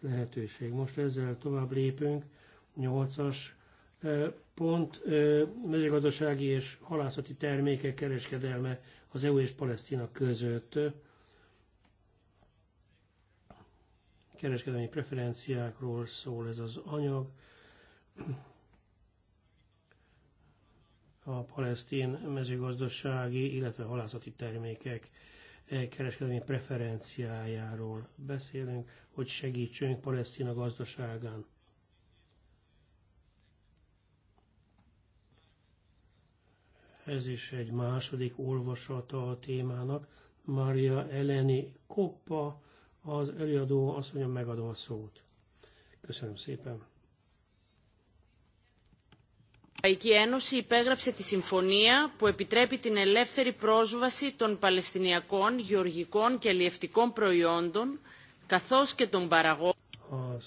lehetőség. Most ezzel tovább lépünk, 8-as pont mezőgazdasági és halászati termékek kereskedelme az EU és Palesztina között. Kereskedelmi preferenciákról szól ez az anyag. A palesztin mezőgazdasági, illetve halászati termékek kereskedelmi preferenciájáról beszélünk, hogy segítsünk Palesztina gazdaságán. Ez is egy második olvasata a témának. Maria Eleni Koppa, az előadó mondja, megadom a szót. Köszönöm szépen. Ευρωπαϊκή Ένωση υπέγραψε τη συμφωνία που επιτρέπει την ελεύθερη πρόσβαση των Παλαιστινιακών, γεωργικών και αλλιευτικών προϊόντων, καθώς και των παραγόντων. Az,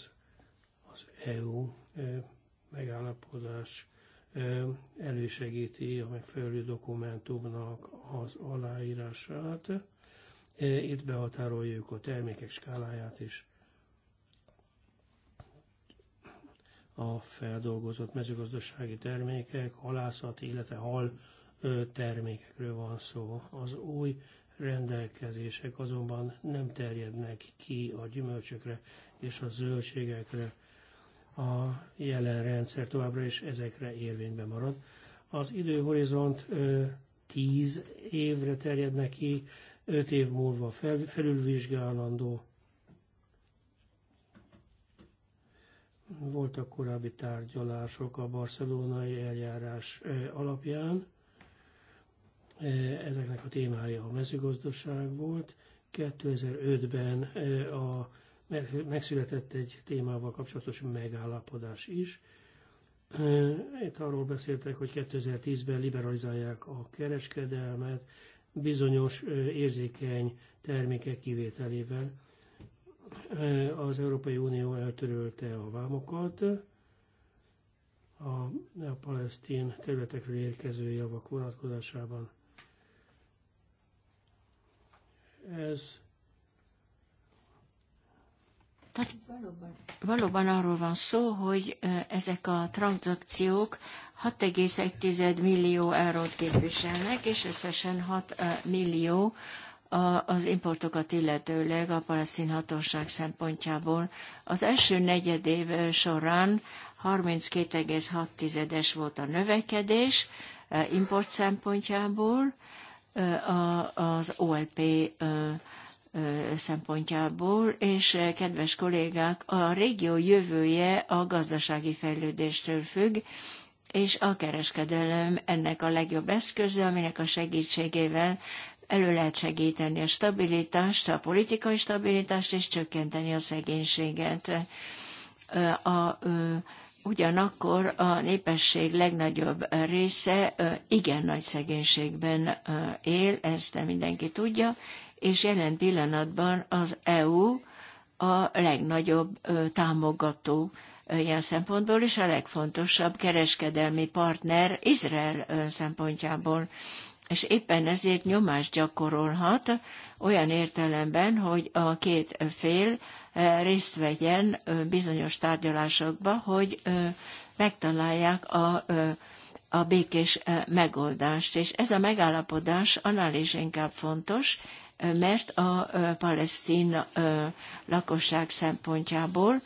az EU megállapodás elősegíti a megfelelő dokumentumnak az aláírását. Itt behatároljuk a termékek skáláját is. a feldolgozott mezőgazdasági termékek, halászat, illetve hal termékekről van szó. Az új rendelkezések azonban nem terjednek ki a gyümölcsökre és a zöldségekre. A jelen rendszer továbbra is ezekre érvényben marad. Az időhorizont 10 évre terjednek ki, 5 év múlva felülvizsgálandó voltak korábbi tárgyalások a barcelonai eljárás alapján. Ezeknek a témája a mezőgazdaság volt. 2005-ben a, megszületett egy témával kapcsolatos megállapodás is. Itt arról beszéltek, hogy 2010-ben liberalizálják a kereskedelmet bizonyos érzékeny termékek kivételével. Eh, az Európai Unió eltörölte a vámokat, a, a palesztin területekről érkező javak vonatkozásában. Ez tehát valóban, valóban arról van szó, hogy eh, ezek a tranzakciók 6,1 millió eurót képviselnek, és összesen 6 eh, millió a, az importokat illetőleg a palesztin hatóság szempontjából. Az első év során 32,6-es volt a növekedés import szempontjából, az OLP szempontjából, és kedves kollégák, a régió jövője a gazdasági fejlődéstől függ, és a kereskedelem ennek a legjobb eszköze, aminek a segítségével elő lehet segíteni a stabilitást, a politikai stabilitást, és csökkenteni a szegénységet. A, Ugyanakkor a népesség legnagyobb része igen nagy szegénységben él, ezt mindenki tudja, és jelen pillanatban az EU a legnagyobb támogató ilyen szempontból, és a legfontosabb kereskedelmi partner Izrael szempontjából és éppen ezért nyomást gyakorolhat olyan értelemben, hogy a két fél eh, részt vegyen bizonyos tárgyalásokba, hogy megtalálják a, a békés eh, megoldást. És ez a megállapodás annál is inkább fontos, eh, mert a palesztin lakosság szempontjából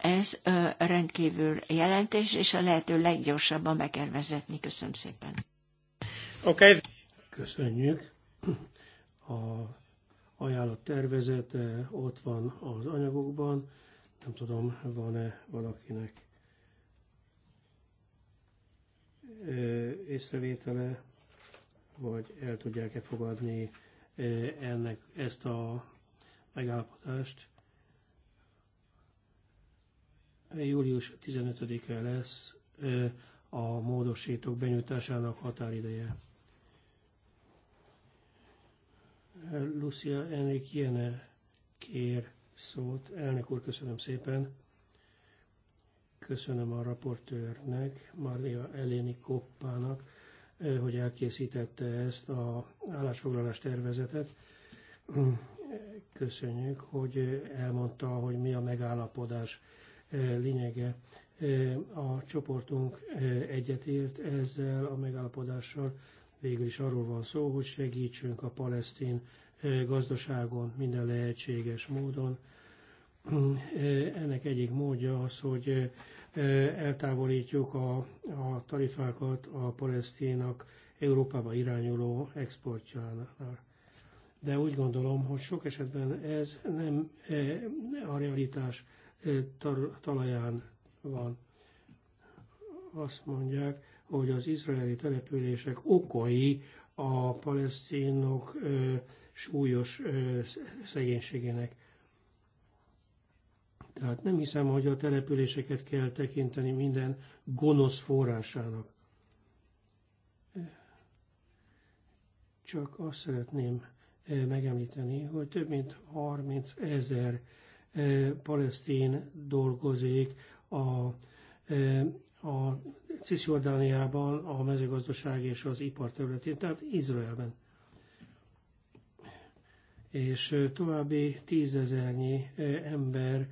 ez rendkívül jelentés, és a lehető leggyorsabban meg kell vezetni. Köszönöm szépen. Okay. Köszönjük. A ajánlott tervezet eh, ott van az anyagokban. Nem tudom, van-e valakinek eh, észrevétele, vagy el tudják-e fogadni eh, ennek ezt a megállapodást. Július 15-e lesz a módosítók benyújtásának határideje. Lucia Enrik kér szót. Elnök úr, köszönöm szépen. Köszönöm a raportőrnek, Maria Eléni Koppának, hogy elkészítette ezt a állásfoglalás tervezetet. Köszönjük, hogy elmondta, hogy mi a megállapodás lényege. A csoportunk egyetért ezzel a megállapodással, Végül is arról van szó, hogy segítsünk a palesztin eh, gazdaságon minden lehetséges módon. Eh, ennek egyik módja az, hogy eh, eltávolítjuk a, a tarifákat a palesztinak Európába irányuló exportjánál. De úgy gondolom, hogy sok esetben ez nem a realitás talaján van. Azt mondják, hogy az izraeli települések okai a palesztinok súlyos szegénységének. Tehát nem hiszem, hogy a településeket kell tekinteni minden gonosz forrásának. Csak azt szeretném megemlíteni, hogy több mint 30 ezer palesztin dolgozik a, a Cisjordániában, a mezőgazdaság és az ipar területén, tehát Izraelben. És további tízezernyi ember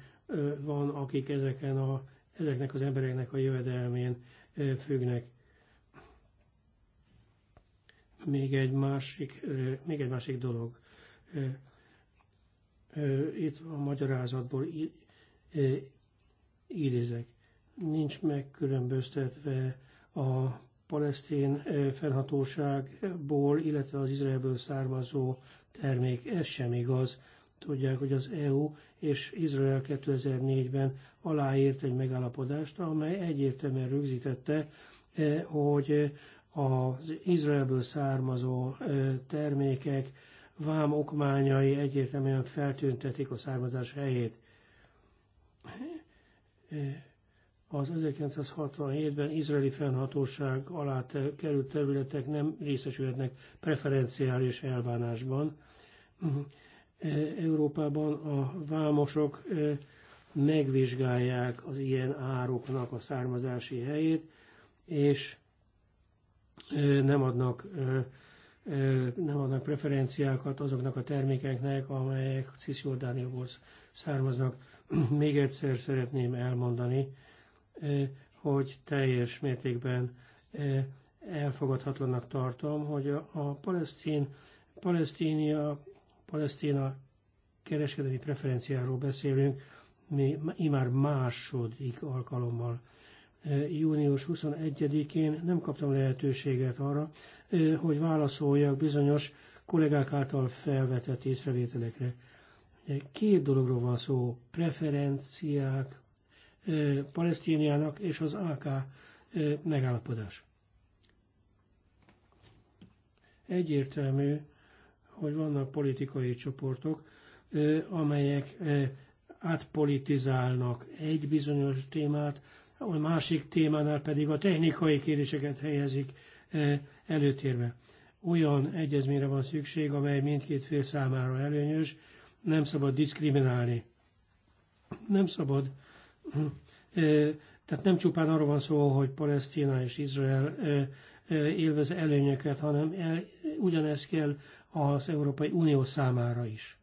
van, akik ezeken a, ezeknek az embereknek a jövedelmén függnek. Még egy másik, még egy másik dolog. Itt a magyarázatból idézek nincs megkülönböztetve a palesztin eh, felhatóságból, illetve az Izraelből származó termék. Ez sem igaz. Tudják, hogy az EU és Izrael 2004-ben aláírt egy megállapodást, amely egyértelműen rögzítette, eh, hogy az Izraelből származó eh, termékek vám okmányai egyértelműen feltüntetik a származás helyét az 1967-ben izraeli fennhatóság alá került területek nem részesülhetnek preferenciális elbánásban. Mhm. E, Európában a vámosok e, megvizsgálják az ilyen ároknak a származási helyét, és e, nem adnak, nem adnak preferenciákat azoknak a termékeknek, amelyek Cisjordániából származnak. Még egyszer szeretném elmondani, hogy teljes mértékben elfogadhatlanak tartom, hogy a palesztin, palesztínia, palesztina kereskedelmi preferenciáról beszélünk, mi imár második alkalommal. Június 21-én nem kaptam lehetőséget arra, hogy válaszoljak bizonyos kollégák által felvetett észrevételekre. Két dologról van szó, preferenciák Palesztíniának és az AK megállapodás. Egyértelmű, hogy vannak politikai csoportok, amelyek átpolitizálnak egy bizonyos témát, a másik témánál pedig a technikai kérdéseket helyezik előtérbe. Olyan egyezményre van szükség, amely mindkét fél számára előnyös, nem szabad diszkriminálni. Nem szabad Hm. Tehát nem csupán arról van szó, hogy Palesztina és Izrael élvez előnyöket, hanem el, ugyanez kell az Európai Unió számára is.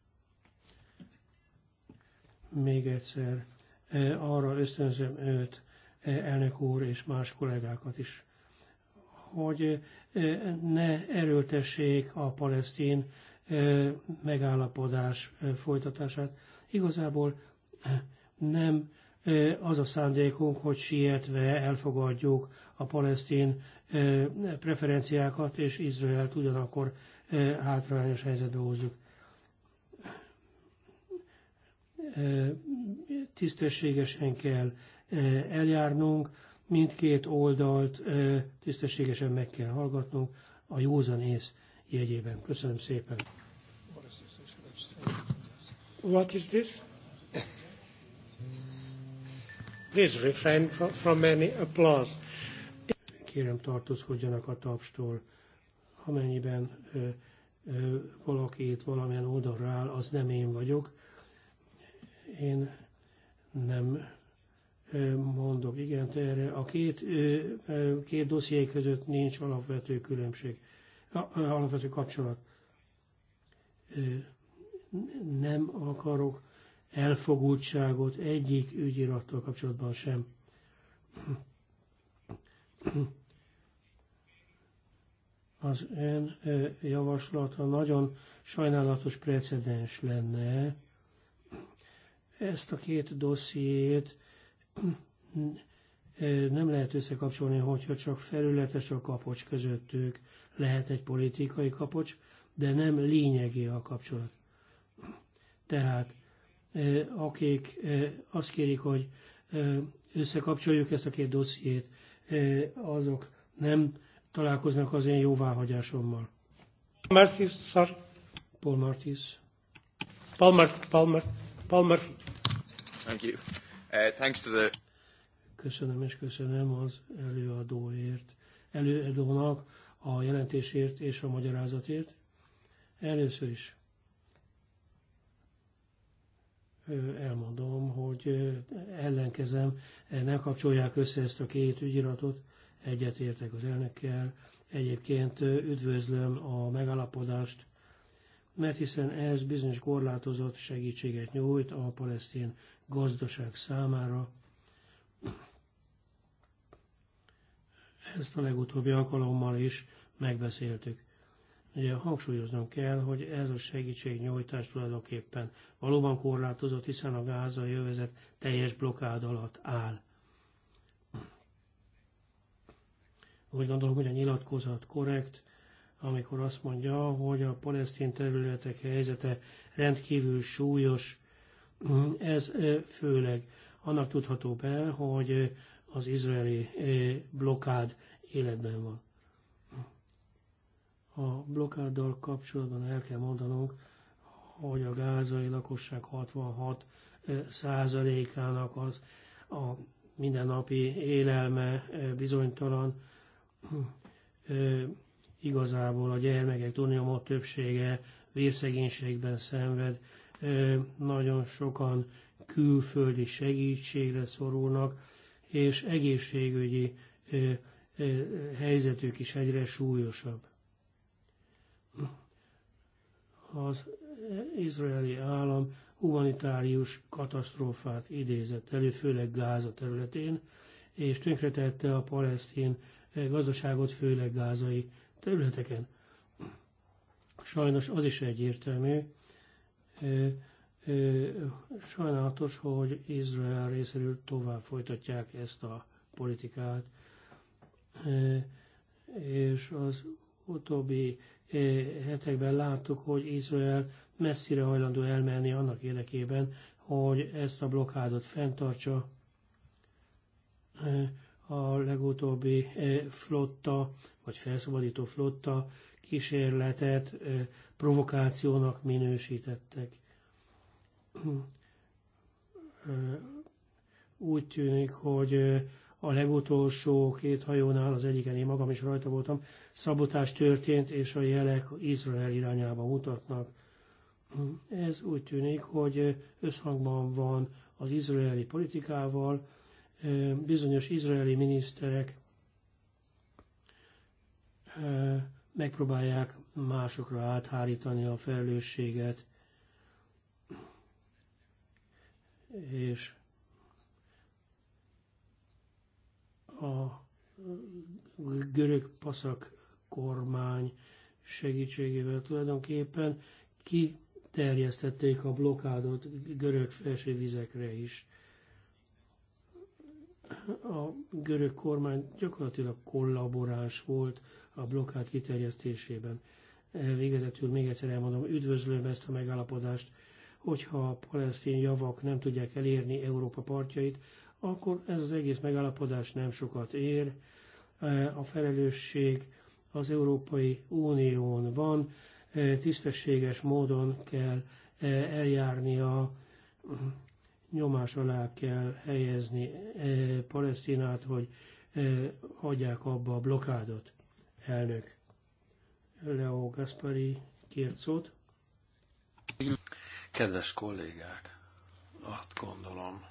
Még egyszer arra ösztönzöm őt, elnök úr és más kollégákat is, hogy ne erőltessék a palesztin megállapodás folytatását. Igazából nem az a szándékunk, hogy sietve elfogadjuk a palesztin preferenciákat, és Izraelt ugyanakkor hátrányos helyzetbe hozzuk. Tisztességesen kell eljárnunk, mindkét oldalt tisztességesen meg kell hallgatnunk a józan ész jegyében. Köszönöm szépen. What is this? Please refrain from any applause. Kérem tartózkodjanak a tapstól. Amennyiben ö, ö, valakit valamilyen oldalra áll, az nem én vagyok. Én nem ö, mondok igent erre. A két, ö, ö, két dosszié között nincs alapvető különbség, alapvető kapcsolat. Ö, nem akarok elfogultságot egyik ügyirattal kapcsolatban sem. Az ön e javaslata nagyon sajnálatos precedens lenne. Ezt a két dossziét nem lehet összekapcsolni, hogyha csak felületes a kapocs közöttük. Lehet egy politikai kapocs, de nem lényegé a kapcsolat. Tehát akik azt kérik, hogy összekapcsoljuk ezt a két dossziét, azok nem találkoznak az én jóváhagyásommal. Martis, sir. Paul Martis. Paul Murphy, Paul Murphy, Paul Thank you. Uh, thanks to the... Köszönöm és köszönöm az előadóért, előadónak a jelentésért és a magyarázatért. Először is elmondom, hogy ellenkezem, ne kapcsolják össze ezt a két ügyiratot, egyetértek az elnökkel, egyébként üdvözlöm a megalapodást, mert hiszen ez bizonyos korlátozott segítséget nyújt a palesztin gazdaság számára. Ezt a legutóbbi alkalommal is megbeszéltük. Ugye hangsúlyoznom kell, hogy ez a segítségnyújtás tulajdonképpen valóban korlátozott, hiszen a gázai övezet teljes blokád alatt áll. Úgy gondolom, hogy a nyilatkozat korrekt, amikor azt mondja, hogy a palesztin területek helyzete rendkívül súlyos. Ez főleg annak tudható be, hogy az izraeli blokád életben van. A blokkáddal kapcsolatban el kell mondanunk, hogy a gázai lakosság 66 eh, százalékának az a mindennapi élelme eh, bizonytalan. Eh, igazából a gyermekek túlnyomó többsége vérszegénységben szenved, nagyon sokan külföldi segítségre szorulnak, és egészségügyi helyzetük is egyre súlyosabb az izraeli állam humanitárius katasztrófát idézett elő, főleg Gáza területén, és tönkretette a palesztin eh, gazdaságot, főleg gázai területeken. Sajnos az is egyértelmű, eh, eh, sajnálatos, hogy Izrael részéről tovább folytatják ezt a politikát, és az utóbbi eh, hetekben láttuk, hogy Izrael messzire hajlandó elmenni annak érdekében, hogy ezt a blokádot fenntartsa. Eh, a legutóbbi eh, flotta, vagy felszabadító flotta kísérletet provokációnak minősítettek. Úgy tűnik, hogy a legutolsó két hajónál, az egyiken én magam is rajta voltam, szabotás történt, és a jelek Izrael irányába mutatnak. Ez úgy tűnik, hogy összhangban van az izraeli politikával, bizonyos izraeli miniszterek eh, megpróbálják másokra áthárítani a felelősséget, és a görög paszak kormány segítségével tulajdonképpen kiterjesztették a blokádot görög felső vizekre is. A görög kormány gyakorlatilag kollaboráns volt a blokád kiterjesztésében. Végezetül még egyszer elmondom, üdvözlöm ezt a megállapodást, hogyha a palesztin javak nem tudják elérni Európa partjait, akkor ez az egész megállapodás nem sokat ér. E, a felelősség az Európai Unión van, e, tisztességes módon kell e, eljárnia, nyomás alá kell helyezni Palesztinát, hogy hagyják abba a blokádot. Elnök Leo Gaspari kért szót. Kedves kollégák, azt gondolom,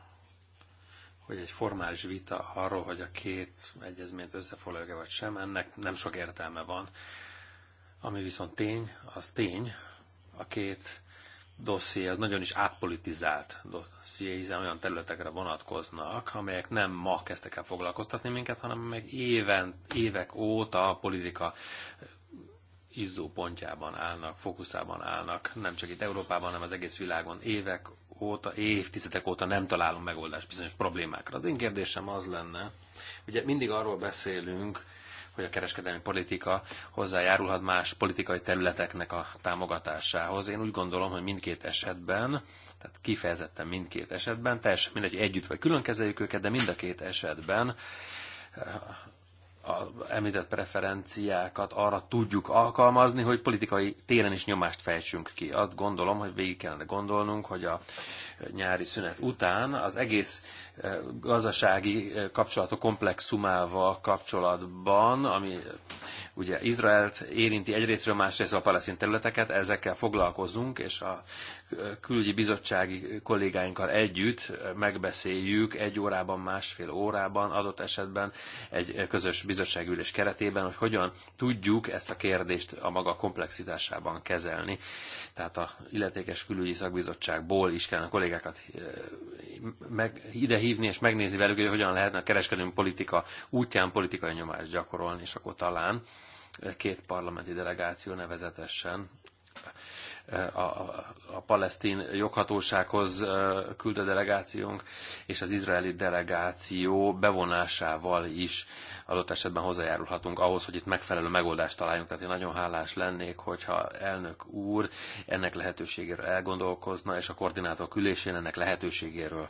hogy egy formális vita arról, hogy a két egyezményt összefoglalja vagy sem, ennek nem sok értelme van. Ami viszont tény, az tény, a két dosszié az nagyon is átpolitizált dosszié, hiszen olyan területekre vonatkoznak, amelyek nem ma kezdtek el foglalkoztatni minket, hanem meg éven, évek óta a politika izzó pontjában állnak, fókuszában állnak, nem csak itt Európában, hanem az egész világon évek óta, évtizedek óta nem találunk megoldást bizonyos problémákra. Az én kérdésem az lenne, ugye mindig arról beszélünk, hogy a kereskedelmi politika hozzájárulhat más politikai területeknek a támogatásához. Én úgy gondolom, hogy mindkét esetben, tehát kifejezetten mindkét esetben, teljesen mindegy, együtt vagy külön kezeljük őket, de mind a két esetben a említett preferenciákat arra tudjuk alkalmazni, hogy politikai téren is nyomást fejtsünk ki. Azt gondolom, hogy végig kellene gondolnunk, hogy a nyári szünet után az egész gazdasági eh, kapcsolatok komplexumával kapcsolatban, ami eh, ugye Izraelt érinti egyrésztről, másrészt a palesztin területeket, ezekkel foglalkozunk, és a eh, külügyi bizottsági kollégáinkkal együtt megbeszéljük egy órában, másfél órában, adott esetben egy közös bizottságülés keretében, hogy hogyan tudjuk ezt a kérdést a maga komplexitásában kezelni. Tehát a illetékes külügyi szakbizottságból is kellene a kollégákat meg, ide hívni, és megnézni velük, hogy hogyan lehetne a kereskedelmi politika útján politikai nyomást gyakorolni, és akkor talán két parlamenti delegáció nevezetesen a, a, a palesztin joghatósághoz küld a delegációnk, és az izraeli delegáció bevonásával is adott esetben hozzájárulhatunk ahhoz, hogy itt megfelelő megoldást találjunk. Tehát én nagyon hálás lennék, hogyha elnök úr ennek lehetőségéről elgondolkozna, és a koordinátor ülésén ennek lehetőségéről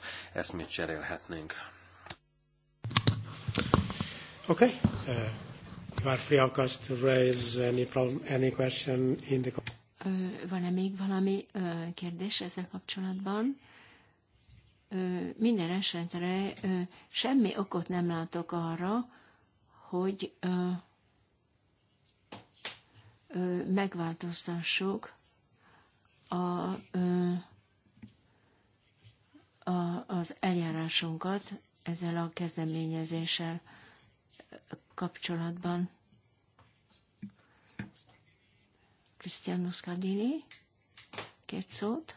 mit cserélhetnénk. Okay. Uh, you are free, of course, to raise any problem, any question in the van-e még valami kérdés ezzel kapcsolatban? Minden esetre semmi okot nem látok arra, hogy megváltoztassuk a, a, az eljárásunkat ezzel a kezdeményezéssel kapcsolatban. Cristiano Scardini, kétszót. szót.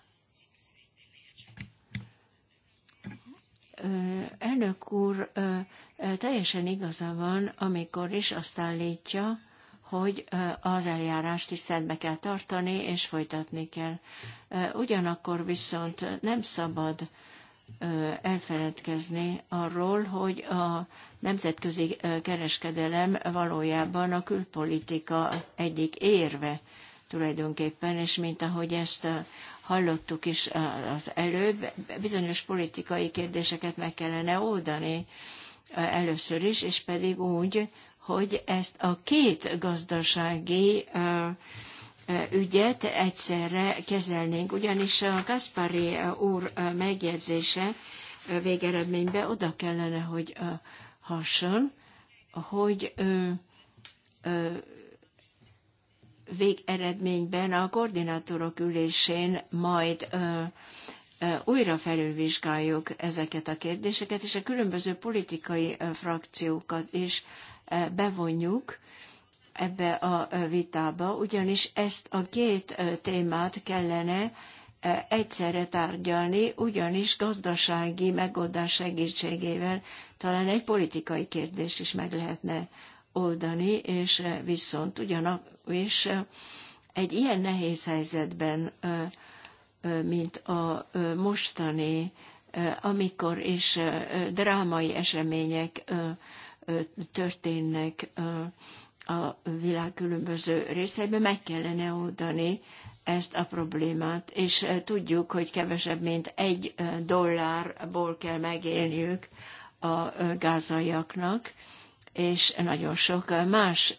Elnök úr, teljesen igaza van, amikor is azt állítja, hogy az eljárást tiszteletbe kell tartani, és folytatni kell. Ugyanakkor viszont nem szabad elfeledkezni arról, hogy a nemzetközi kereskedelem valójában a külpolitika egyik érve tulajdonképpen, és mint ahogy ezt hallottuk is az előbb, bizonyos politikai kérdéseket meg kellene oldani először is, és pedig úgy, hogy ezt a két gazdasági ügyet egyszerre kezelnénk, ugyanis a Kaspari úr megjegyzése végeredményben oda kellene, hogy hasson, hogy végeredményben a koordinátorok ülésén majd ö, újra felülvizsgáljuk ezeket a kérdéseket, és a különböző politikai frakciókat is bevonjuk ebbe a vitába, ugyanis ezt a két témát kellene egyszerre tárgyalni, ugyanis gazdasági megoldás segítségével talán egy politikai kérdés is meg lehetne oldani, és viszont ugyanak és egy ilyen nehéz helyzetben, mint a mostani, amikor is drámai események történnek a világ különböző részeiben, meg kellene oldani ezt a problémát, és tudjuk, hogy kevesebb, mint egy dollárból kell megélniük a gázaiaknak, és nagyon sok más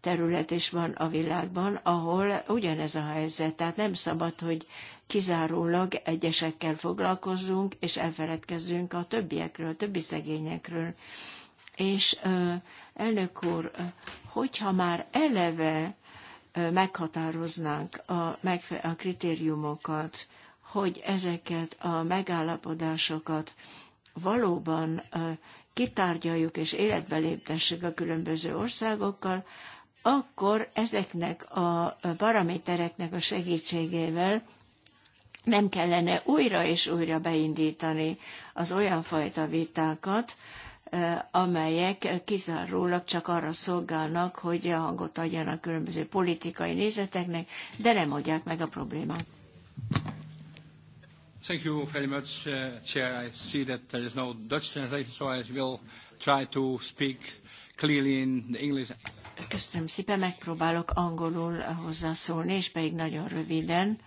terület is van a világban, ahol ugyanez a helyzet. Tehát nem szabad, hogy kizárólag egyesekkel foglalkozzunk, és elfeledkezzünk a többiekről, a többi szegényekről. És elnök úr, hogyha már eleve meghatároznánk a, a kritériumokat, hogy ezeket a megállapodásokat valóban kitárgyaljuk és életbe léptessük a különböző országokkal, akkor ezeknek a paramétereknek a segítségével nem kellene újra és újra beindítani az olyan fajta vitákat, amelyek kizárólag csak arra szolgálnak, hogy hangot adjanak különböző politikai nézeteknek, de nem adják meg a problémát. Thank you very much, uh, Chair. I see that there is no Dutch translation, so I will try to speak clearly in the English. Köszönöm szépen, megpróbálok angolul hozzászólni, és pedig nagyon röviden.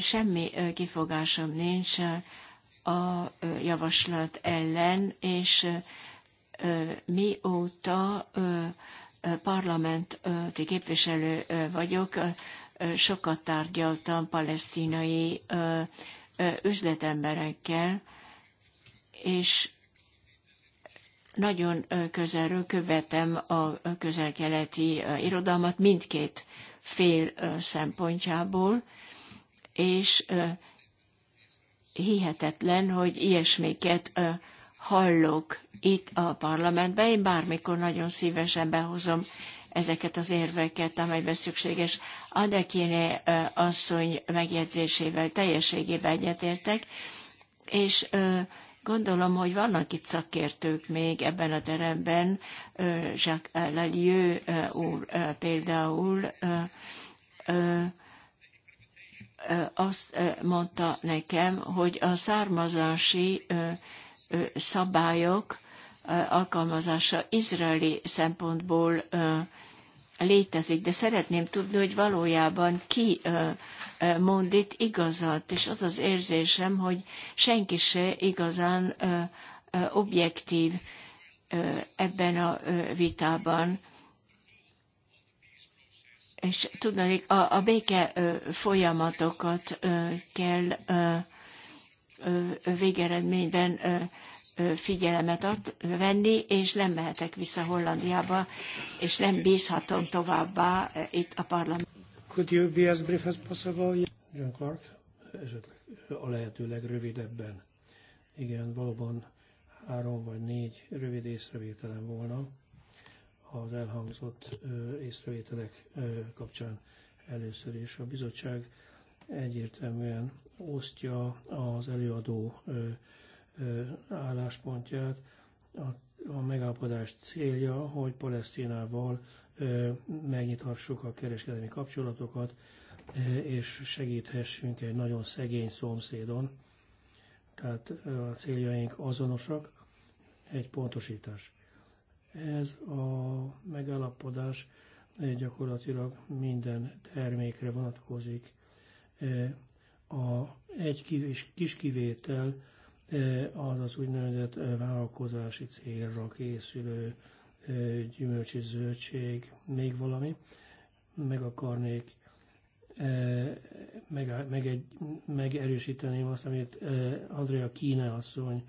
Semmi kifogásom nincs a javaslat ellen, és mióta parlamenti képviselő vagyok, sokat tárgyaltam palesztinai üzletemberekkel, és nagyon közelről követem a közelkeleti irodalmat mindkét fél szempontjából, és hihetetlen, hogy ilyesmiket hallok itt a parlamentben. Én bármikor nagyon szívesen behozom ezeket az érveket, amelyben szükséges. Adekiné asszony megjegyzésével teljességében egyetértek, és Gondolom, hogy vannak itt szakértők még ebben a teremben, Jacques Lalieu úr például azt mondta nekem, hogy a származási szabályok alkalmazása izraeli szempontból létezik, de szeretném tudni, hogy valójában ki mond itt igazat, és az az érzésem, hogy senki se igazán objektív ebben a vitában. És tudnék, a, a béke folyamatokat kell végeredményben figyelemet ad, venni, és nem mehetek vissza Hollandiába, és nem bízhatom továbbá itt a parlament. Could you be as brief as possible? John Clark, esetleg a lehető legrövidebben. Igen, valóban három vagy négy rövid észrevételem volna az elhangzott észrevételek kapcsán először is. A bizottság egyértelműen osztja az előadó álláspontját. A, a megállapodás célja, hogy Palesztinával megnyithassuk a kereskedelmi kapcsolatokat, és segíthessünk egy nagyon szegény szomszédon. Tehát a céljaink azonosak. Egy pontosítás. Ez a megállapodás gyakorlatilag minden termékre vonatkozik. A egy kis kivétel E, az az úgynevezett e, vállalkozási célra készülő e, gyümölcsi zöldség, még valami, meg akarnék meg, meg egy, megerősíteném azt, amit Andrea Kína asszony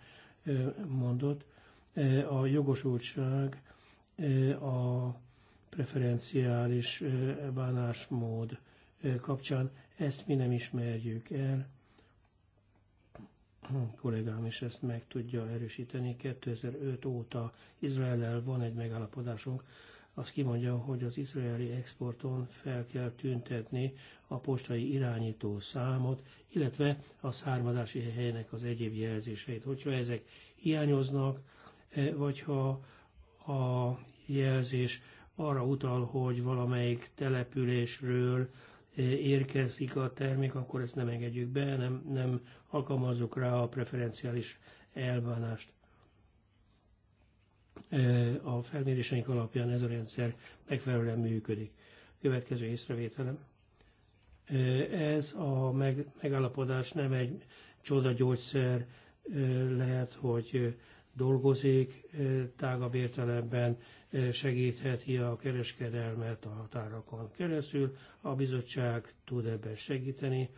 mondott. A jogosultság a preferenciális bánásmód kapcsán ezt mi nem ismerjük el, kollégám is ezt meg tudja erősíteni. 2005 óta Izraellel van egy megállapodásunk, az kimondja, hogy az izraeli exporton fel kell tüntetni a postai irányító számot, illetve a származási helynek az egyéb jelzéseit. Hogyha ezek hiányoznak, e, vagy ha a jelzés arra utal, hogy valamelyik településről érkezik a termék, akkor ezt nem engedjük be, nem, nem alkalmazzuk rá a preferenciális elbánást. E, a felméréseink alapján ez a rendszer megfelelően működik. Következő észrevételem. E, ez a megállapodás nem egy csoda gyógyszer, e, lehet, hogy dolgozik, tágabb értelemben segítheti a kereskedelmet a határokon keresztül. A bizottság tud ebben segíteni.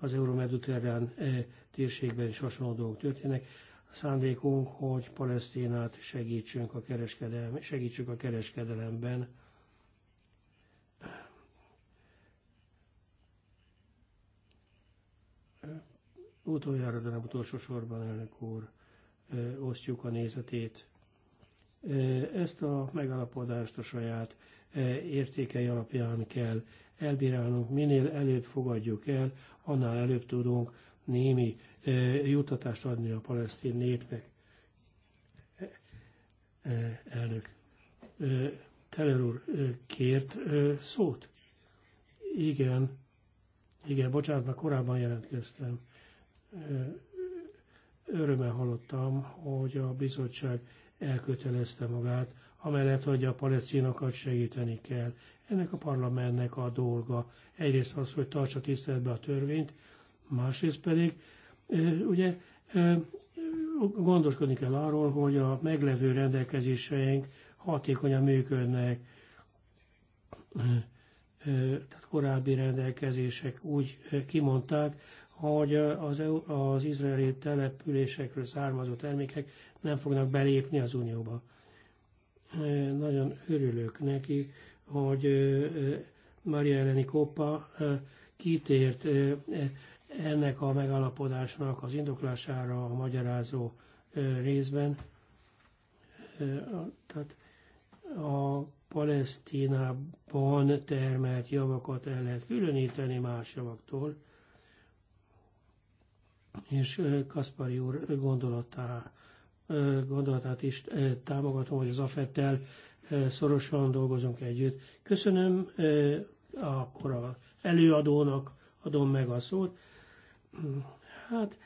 Az Euromediterrán térségben is hasonló dolgok történnek. A szándékunk, hogy Palesztinát segítsünk a, kereskedelem, segítsük a kereskedelemben. Utoljára, de nem utolsó sorban, elnök úr osztjuk a nézetét. Ezt a megalapodást a saját értékei alapján kell elbírálnunk, minél előbb fogadjuk el, annál előbb tudunk némi juttatást adni a palesztin népnek. Elnök. Teller úr kért szót? Igen. Igen, bocsánat, már korábban jelentkeztem. Örömmel hallottam, hogy a bizottság elkötelezte magát, amellett, hogy a palesztinokat segíteni kell. Ennek a parlamentnek a dolga egyrészt az, hogy tartsa tiszteletbe a törvényt, másrészt pedig ugye gondoskodni kell arról, hogy a meglevő rendelkezéseink hatékonyan működnek. Tehát korábbi rendelkezések úgy kimondták, hogy az, EU, az izraeli településekről származó termékek nem fognak belépni az Unióba. Nagyon örülök neki, hogy Maria Eleni Koppa kitért ennek a megalapodásnak az indoklására a magyarázó részben. Tehát a Palesztinában termelt javakat el lehet különíteni más javaktól, és Kaspari úr gondolatá, gondolatát is támogatom, hogy az AFET-tel szorosan dolgozunk együtt. Köszönöm akkor az előadónak adom meg a szót. Hát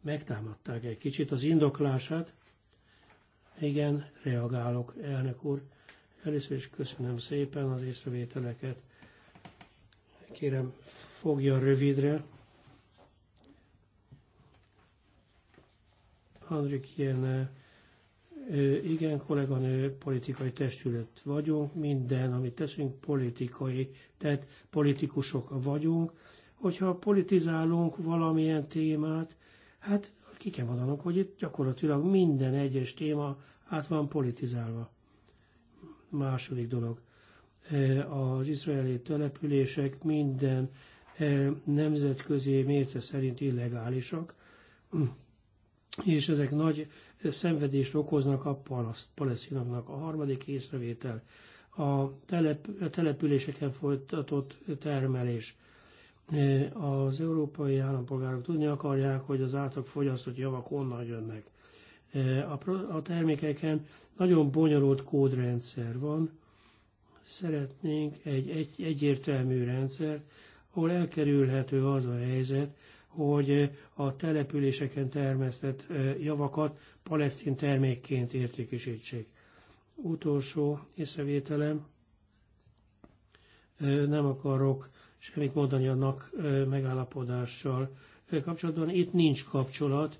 megtámadták egy kicsit az indoklását. Igen, reagálok, elnök úr. Először is köszönöm szépen az észrevételeket. Kérem, fogja rövidre. Andrik Jene, igen, kolléganő, politikai testület vagyunk, minden, amit teszünk, politikai, tehát politikusok vagyunk. Hogyha politizálunk valamilyen témát, hát ki kell mondanunk, hogy itt gyakorlatilag minden egyes téma át van politizálva. Második dolog. Az izraeli települések minden nemzetközi mérce szerint illegálisak és ezek nagy szenvedést okoznak a palesztinoknak. A harmadik észrevétel a, telep, a településeken folytatott termelés. E, az európai állampolgárok tudni akarják, hogy az átlag fogyasztott javak honnan jönnek. E, a, a termékeken nagyon bonyolult kódrendszer van. Szeretnénk egy, egy egyértelmű rendszert, ahol elkerülhető az a helyzet, hogy eh, a településeken termesztett eh, javakat palesztin termékként értékesítsék. Utolsó észrevételem, eh, nem akarok semmit mondani annak megállapodással kapcsolatban. Itt nincs kapcsolat,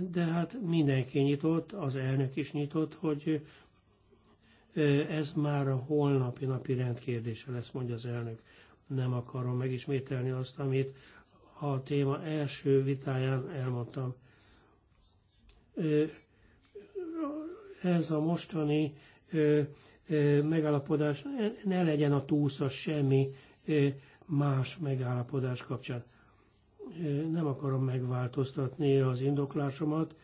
de hát mindenki nyitott, az elnök is nyitott, hogy ez már a holnapi napi rendkérdése lesz, mondja az elnök. Nem akarom megismételni azt, amit a téma első vitáján elmondtam. Ez a mostani megállapodás ne legyen a túlsza semmi más megállapodás kapcsán. Nem akarom megváltoztatni az indoklásomat.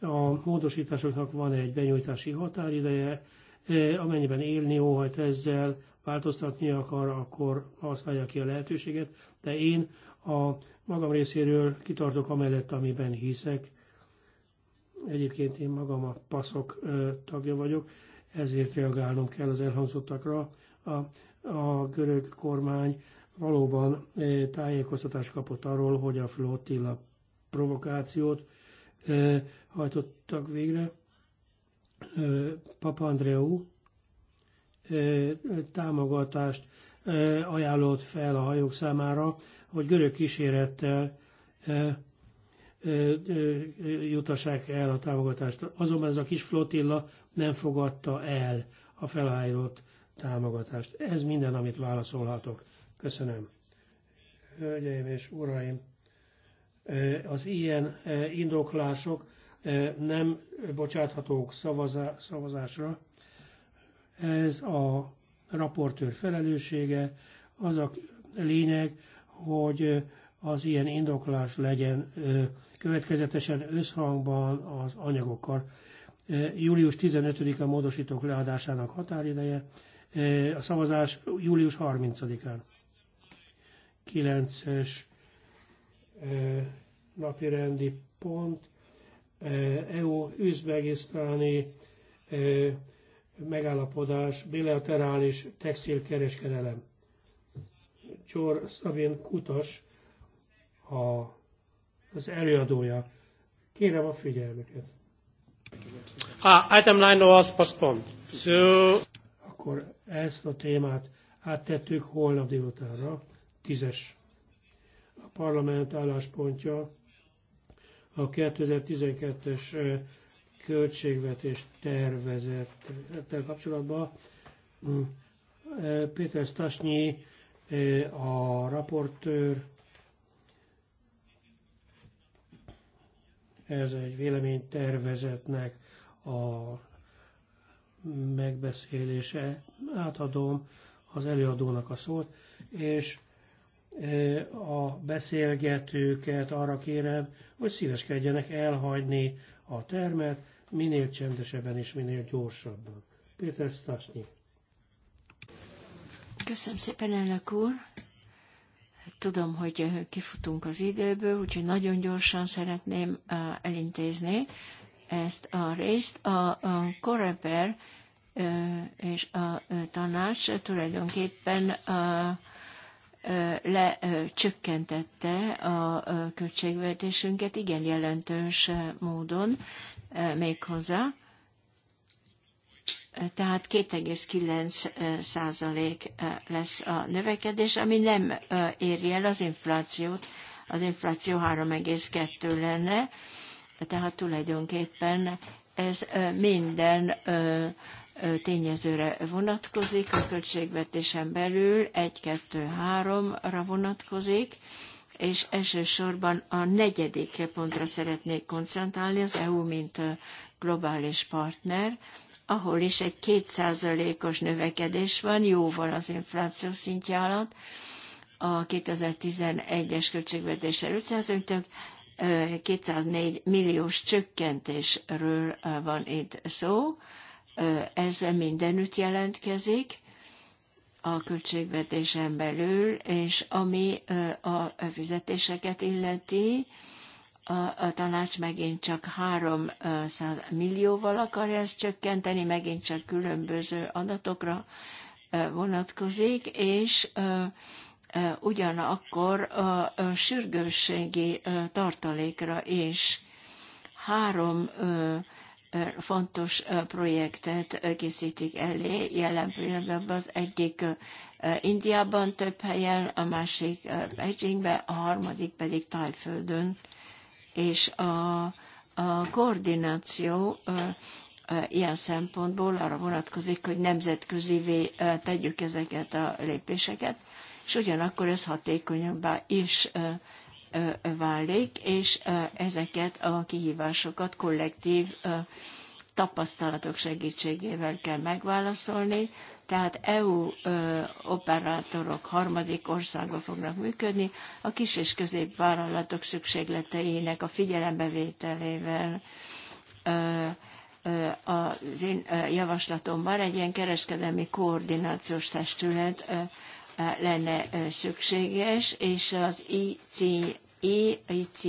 A módosításoknak van egy benyújtási határideje, amennyiben élni óhajt ezzel, változtatni akar, akkor használja ki a lehetőséget, de én a magam részéről kitartok amellett, amiben hiszek. Egyébként én magam a PASZOK tagja vagyok, ezért reagálnom kell az elhangzottakra. A, a görög kormány valóban tájékoztatást kapott arról, hogy a flottilla provokációt hajtottak végre. Papandreou támogatást ajánlott fel a hajók számára, hogy görög kísérettel jutassák el a támogatást. Azonban ez a kis flotilla nem fogadta el a felajánlott támogatást. Ez minden, amit válaszolhatok. Köszönöm. Hölgyeim és uraim, az ilyen indoklások nem bocsáthatók szavazásra. Ez a raportőr felelőssége, az a lényeg, hogy az ilyen indoklás legyen következetesen összhangban az anyagokkal. Július 15-a módosítók leadásának határideje, a szavazás július 30-án. 9-es rendi pont, EU üzbegisztáni megállapodás, bilaterális textilkereskedelem. Csor Szabin Kutas a, az előadója. Kérem a figyelmüket. Ah, item 9 was postponed. So... Akkor ezt a témát áttettük holnap délutánra, tízes. A parlament álláspontja a 2012-es költségvetés tervezettel kapcsolatban Péter Stasnyi eh, a raportőr, ez egy véleménytervezetnek a megbeszélése. Átadom az előadónak a szót, és a beszélgetőket arra kérem, hogy szíveskedjenek elhagyni a termet, minél csendesebben és minél gyorsabban. Péter Stasnyi. Köszönöm szépen, elnök úr. Tudom, hogy kifutunk az időből, úgyhogy nagyon gyorsan szeretném elintézni ezt a részt. A, a Koreper és a tanács tulajdonképpen a, lecsökkentette a költségvetésünket igen jelentős módon méghozzá. Tehát 2,9 százalék lesz a növekedés, ami nem éri el az inflációt. Az infláció 3,2 lenne, tehát tulajdonképpen ez minden tényezőre vonatkozik, a költségvetésen belül 1-2-3-ra vonatkozik, és elsősorban a negyedik pontra szeretnék koncentrálni, az EU, mint globális partner, ahol is egy kétszázalékos növekedés van, jóval az infláció szintje alatt, a 2011-es költségvetés előtt 204 milliós csökkentésről van itt szó, ez mindenütt jelentkezik a költségvetésen belül, és ami a fizetéseket illeti, a, a tanács megint csak 300 millióval akarja ezt csökkenteni, megint csak különböző adatokra vonatkozik, és ugyanakkor a sürgősségi tartalékra is három fontos projektet készítik elé, jelen pillanatban az egyik Indiában több helyen, a másik Beijingben, a harmadik pedig Tájföldön, és a, a koordináció ilyen szempontból arra vonatkozik, hogy nemzetközivé tegyük ezeket a lépéseket, és ugyanakkor ez hatékonyabbá is válik, és ezeket a kihívásokat kollektív tapasztalatok segítségével kell megválaszolni, tehát EU operátorok harmadik országba fognak működni, a kis és középvállalatok szükségleteinek a figyelembevételével az én javaslatomban egy ilyen kereskedelmi koordinációs testület lenne szükséges, és az ICE, ICE,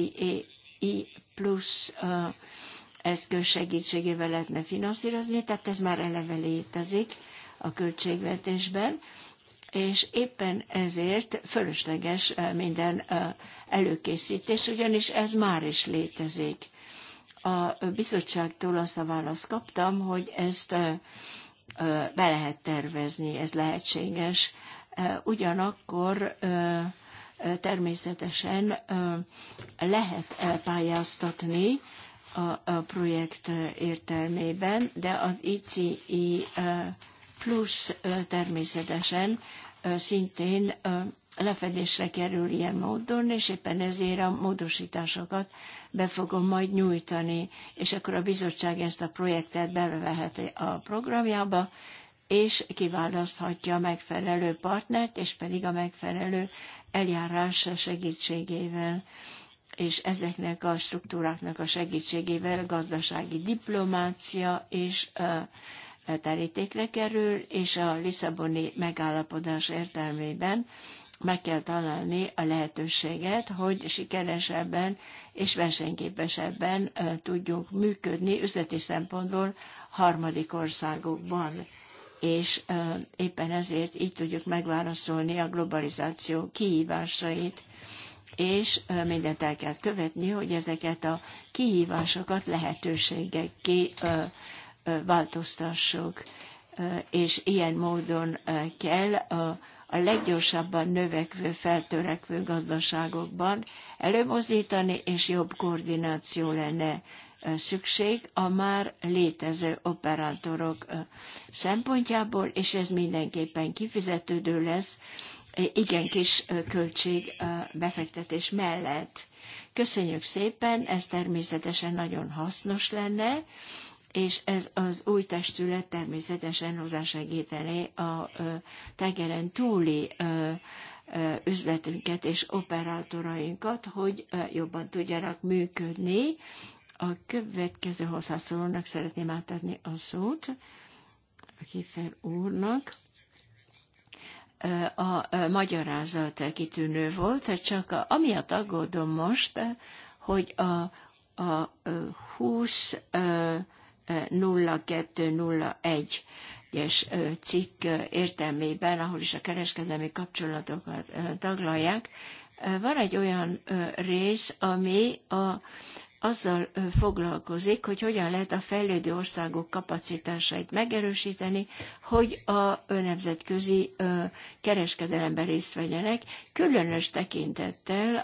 I plusz eszköz segítségével lehetne finanszírozni, tehát ez már eleve létezik a költségvetésben, és éppen ezért fölösleges minden előkészítés, ugyanis ez már is létezik. A bizottságtól azt a választ kaptam, hogy ezt be lehet tervezni, ez lehetséges Ugyanakkor természetesen lehet pályáztatni a projekt értelmében, de az ICI plusz természetesen szintén lefedésre kerül ilyen módon, és éppen ezért a módosításokat be fogom majd nyújtani, és akkor a bizottság ezt a projektet beleveheti a programjába, és kiválaszthatja a megfelelő partnert, és pedig a megfelelő eljárás segítségével és ezeknek a struktúráknak a segítségével gazdasági diplomácia és terítékre kerül, és a Lisszaboni megállapodás értelmében meg kell találni a lehetőséget, hogy sikeresebben és versenyképesebben tudjunk működni üzleti szempontból harmadik országokban és éppen ezért így tudjuk megválaszolni a globalizáció kihívásait, és mindent el kell követni, hogy ezeket a kihívásokat ki változtassuk, és ilyen módon kell a a leggyorsabban növekvő, feltörekvő gazdaságokban előmozdítani, és jobb koordináció lenne szükség a már létező operátorok szempontjából, és ez mindenképpen kifizetődő lesz igen kis költség befektetés mellett. Köszönjük szépen, ez természetesen nagyon hasznos lenne, és ez az új testület természetesen hozzásegítené a tengeren túli üzletünket és operátorainkat, hogy jobban tudjanak működni a következő hozzászólónak szeretném átadni a szót, a Kiffer úrnak. A magyarázat kitűnő volt, csak amiatt aggódom most, hogy a, a 20 0201 cikk értelmében, ahol is a kereskedelmi kapcsolatokat taglalják, van egy olyan rész, ami a azzal foglalkozik, hogy hogyan lehet a fejlődő országok kapacitásait megerősíteni, hogy a nemzetközi kereskedelemben részt vegyenek, különös tekintettel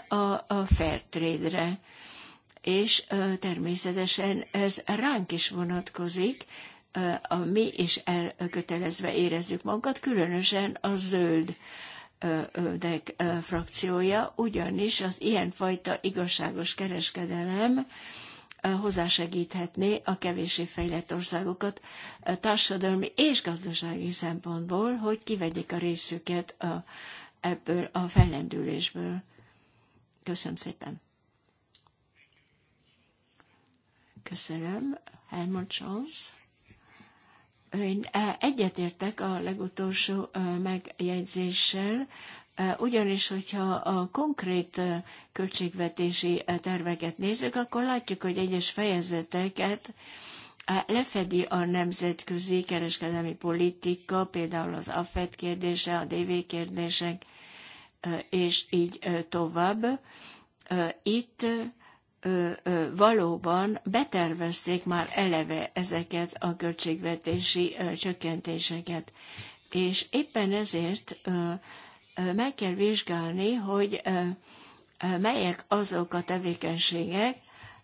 a, fair trade-re. És természetesen ez ránk is vonatkozik, a mi is elkötelezve érezzük magunkat, különösen a zöld zöldek frakciója, ugyanis az ilyenfajta igazságos kereskedelem hozzásegíthetné a kevéssé fejlett országokat társadalmi és gazdasági szempontból, hogy kivegyék a részüket a, ebből a fellendülésből. Köszönöm szépen. Köszönöm. Helmut Scholz. Én e, egyetértek a legutolsó e, megjegyzéssel, e, ugyanis, hogyha a konkrét költségvetési terveket nézzük, akkor látjuk, hogy egyes fejezeteket lefedi a nemzetközi kereskedelmi politika, például az AFET kérdése, a DV kérdések, és így tovább. Itt valóban betervezték már eleve ezeket a költségvetési csökkentéseket. És éppen ezért meg kell vizsgálni, hogy melyek azok a tevékenységek,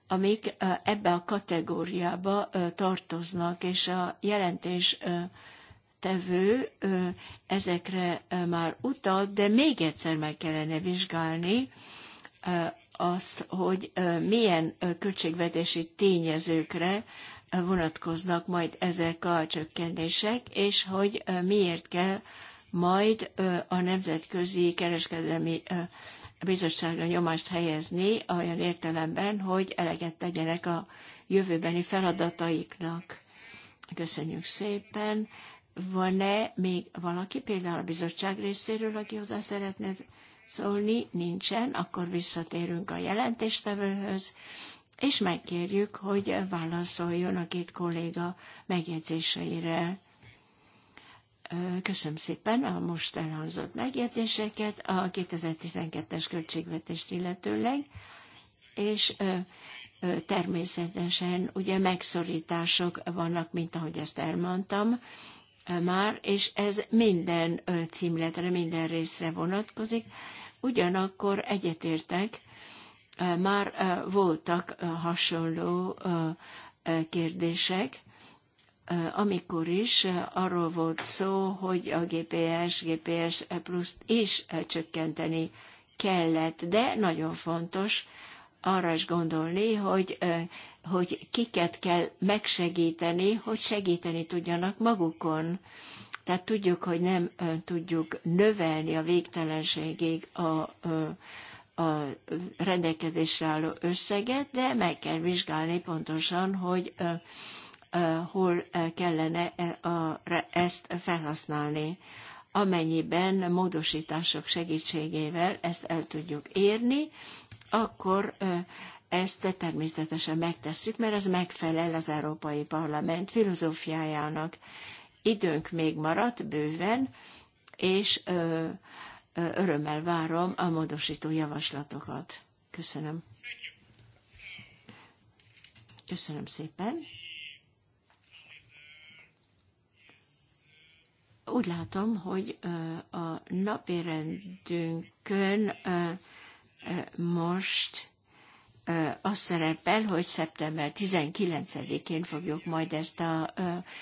amik ebbe a kategóriába tartoznak, és a jelentés tevő ezekre már utalt, de még egyszer meg kellene vizsgálni azt, hogy milyen költségvetési tényezőkre vonatkoznak majd ezek a csökkentések, és hogy miért kell majd a Nemzetközi Kereskedelmi Bizottságra nyomást helyezni olyan értelemben, hogy eleget tegyenek a jövőbeni feladataiknak. Köszönjük szépen! Van-e még valaki, például a bizottság részéről, aki hozzá szeretne szólni nincsen, akkor visszatérünk a jelentéstevőhöz, és megkérjük, hogy válaszoljon a két kolléga megjegyzéseire. Köszönöm szépen a most elhangzott megjegyzéseket a 2012-es költségvetést illetőleg, és természetesen ugye megszorítások vannak, mint ahogy ezt elmondtam, már, és ez minden címletre, minden részre vonatkozik. Ugyanakkor egyetértek, már voltak hasonló kérdések, amikor is arról volt szó, hogy a GPS, GPS pluszt is csökkenteni kellett, de nagyon fontos, arra is gondolni, hogy hogy kiket kell megsegíteni, hogy segíteni tudjanak magukon. Tehát tudjuk, hogy nem tudjuk növelni a végtelenségig a, a rendelkezésre álló összeget, de meg kell vizsgálni pontosan, hogy hol kellene ezt felhasználni. Amennyiben módosítások segítségével ezt el tudjuk érni, akkor ezt természetesen megtesszük, mert ez megfelel az Európai Parlament filozófiájának. Időnk még maradt bőven, és örömmel várom a módosító javaslatokat. Köszönöm. Köszönöm szépen. Úgy látom, hogy a napirendünkön most az szerepel, hogy szeptember 19-én fogjuk majd ezt a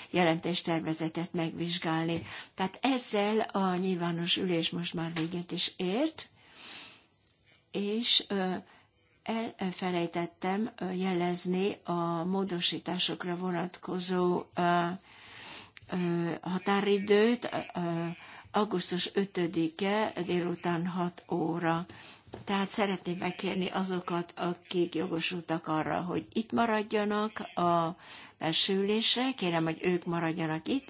jelentéstervezetet megvizsgálni. Tehát ezzel a nyilvános ülés most már véget is ért, és elfelejtettem jelezni a módosításokra vonatkozó határidőt, augusztus 5-e délután 6 óra. Tehát szeretném megkérni azokat, akik jogosultak arra, hogy itt maradjanak a belsőülésre, kérem, hogy ők maradjanak itt,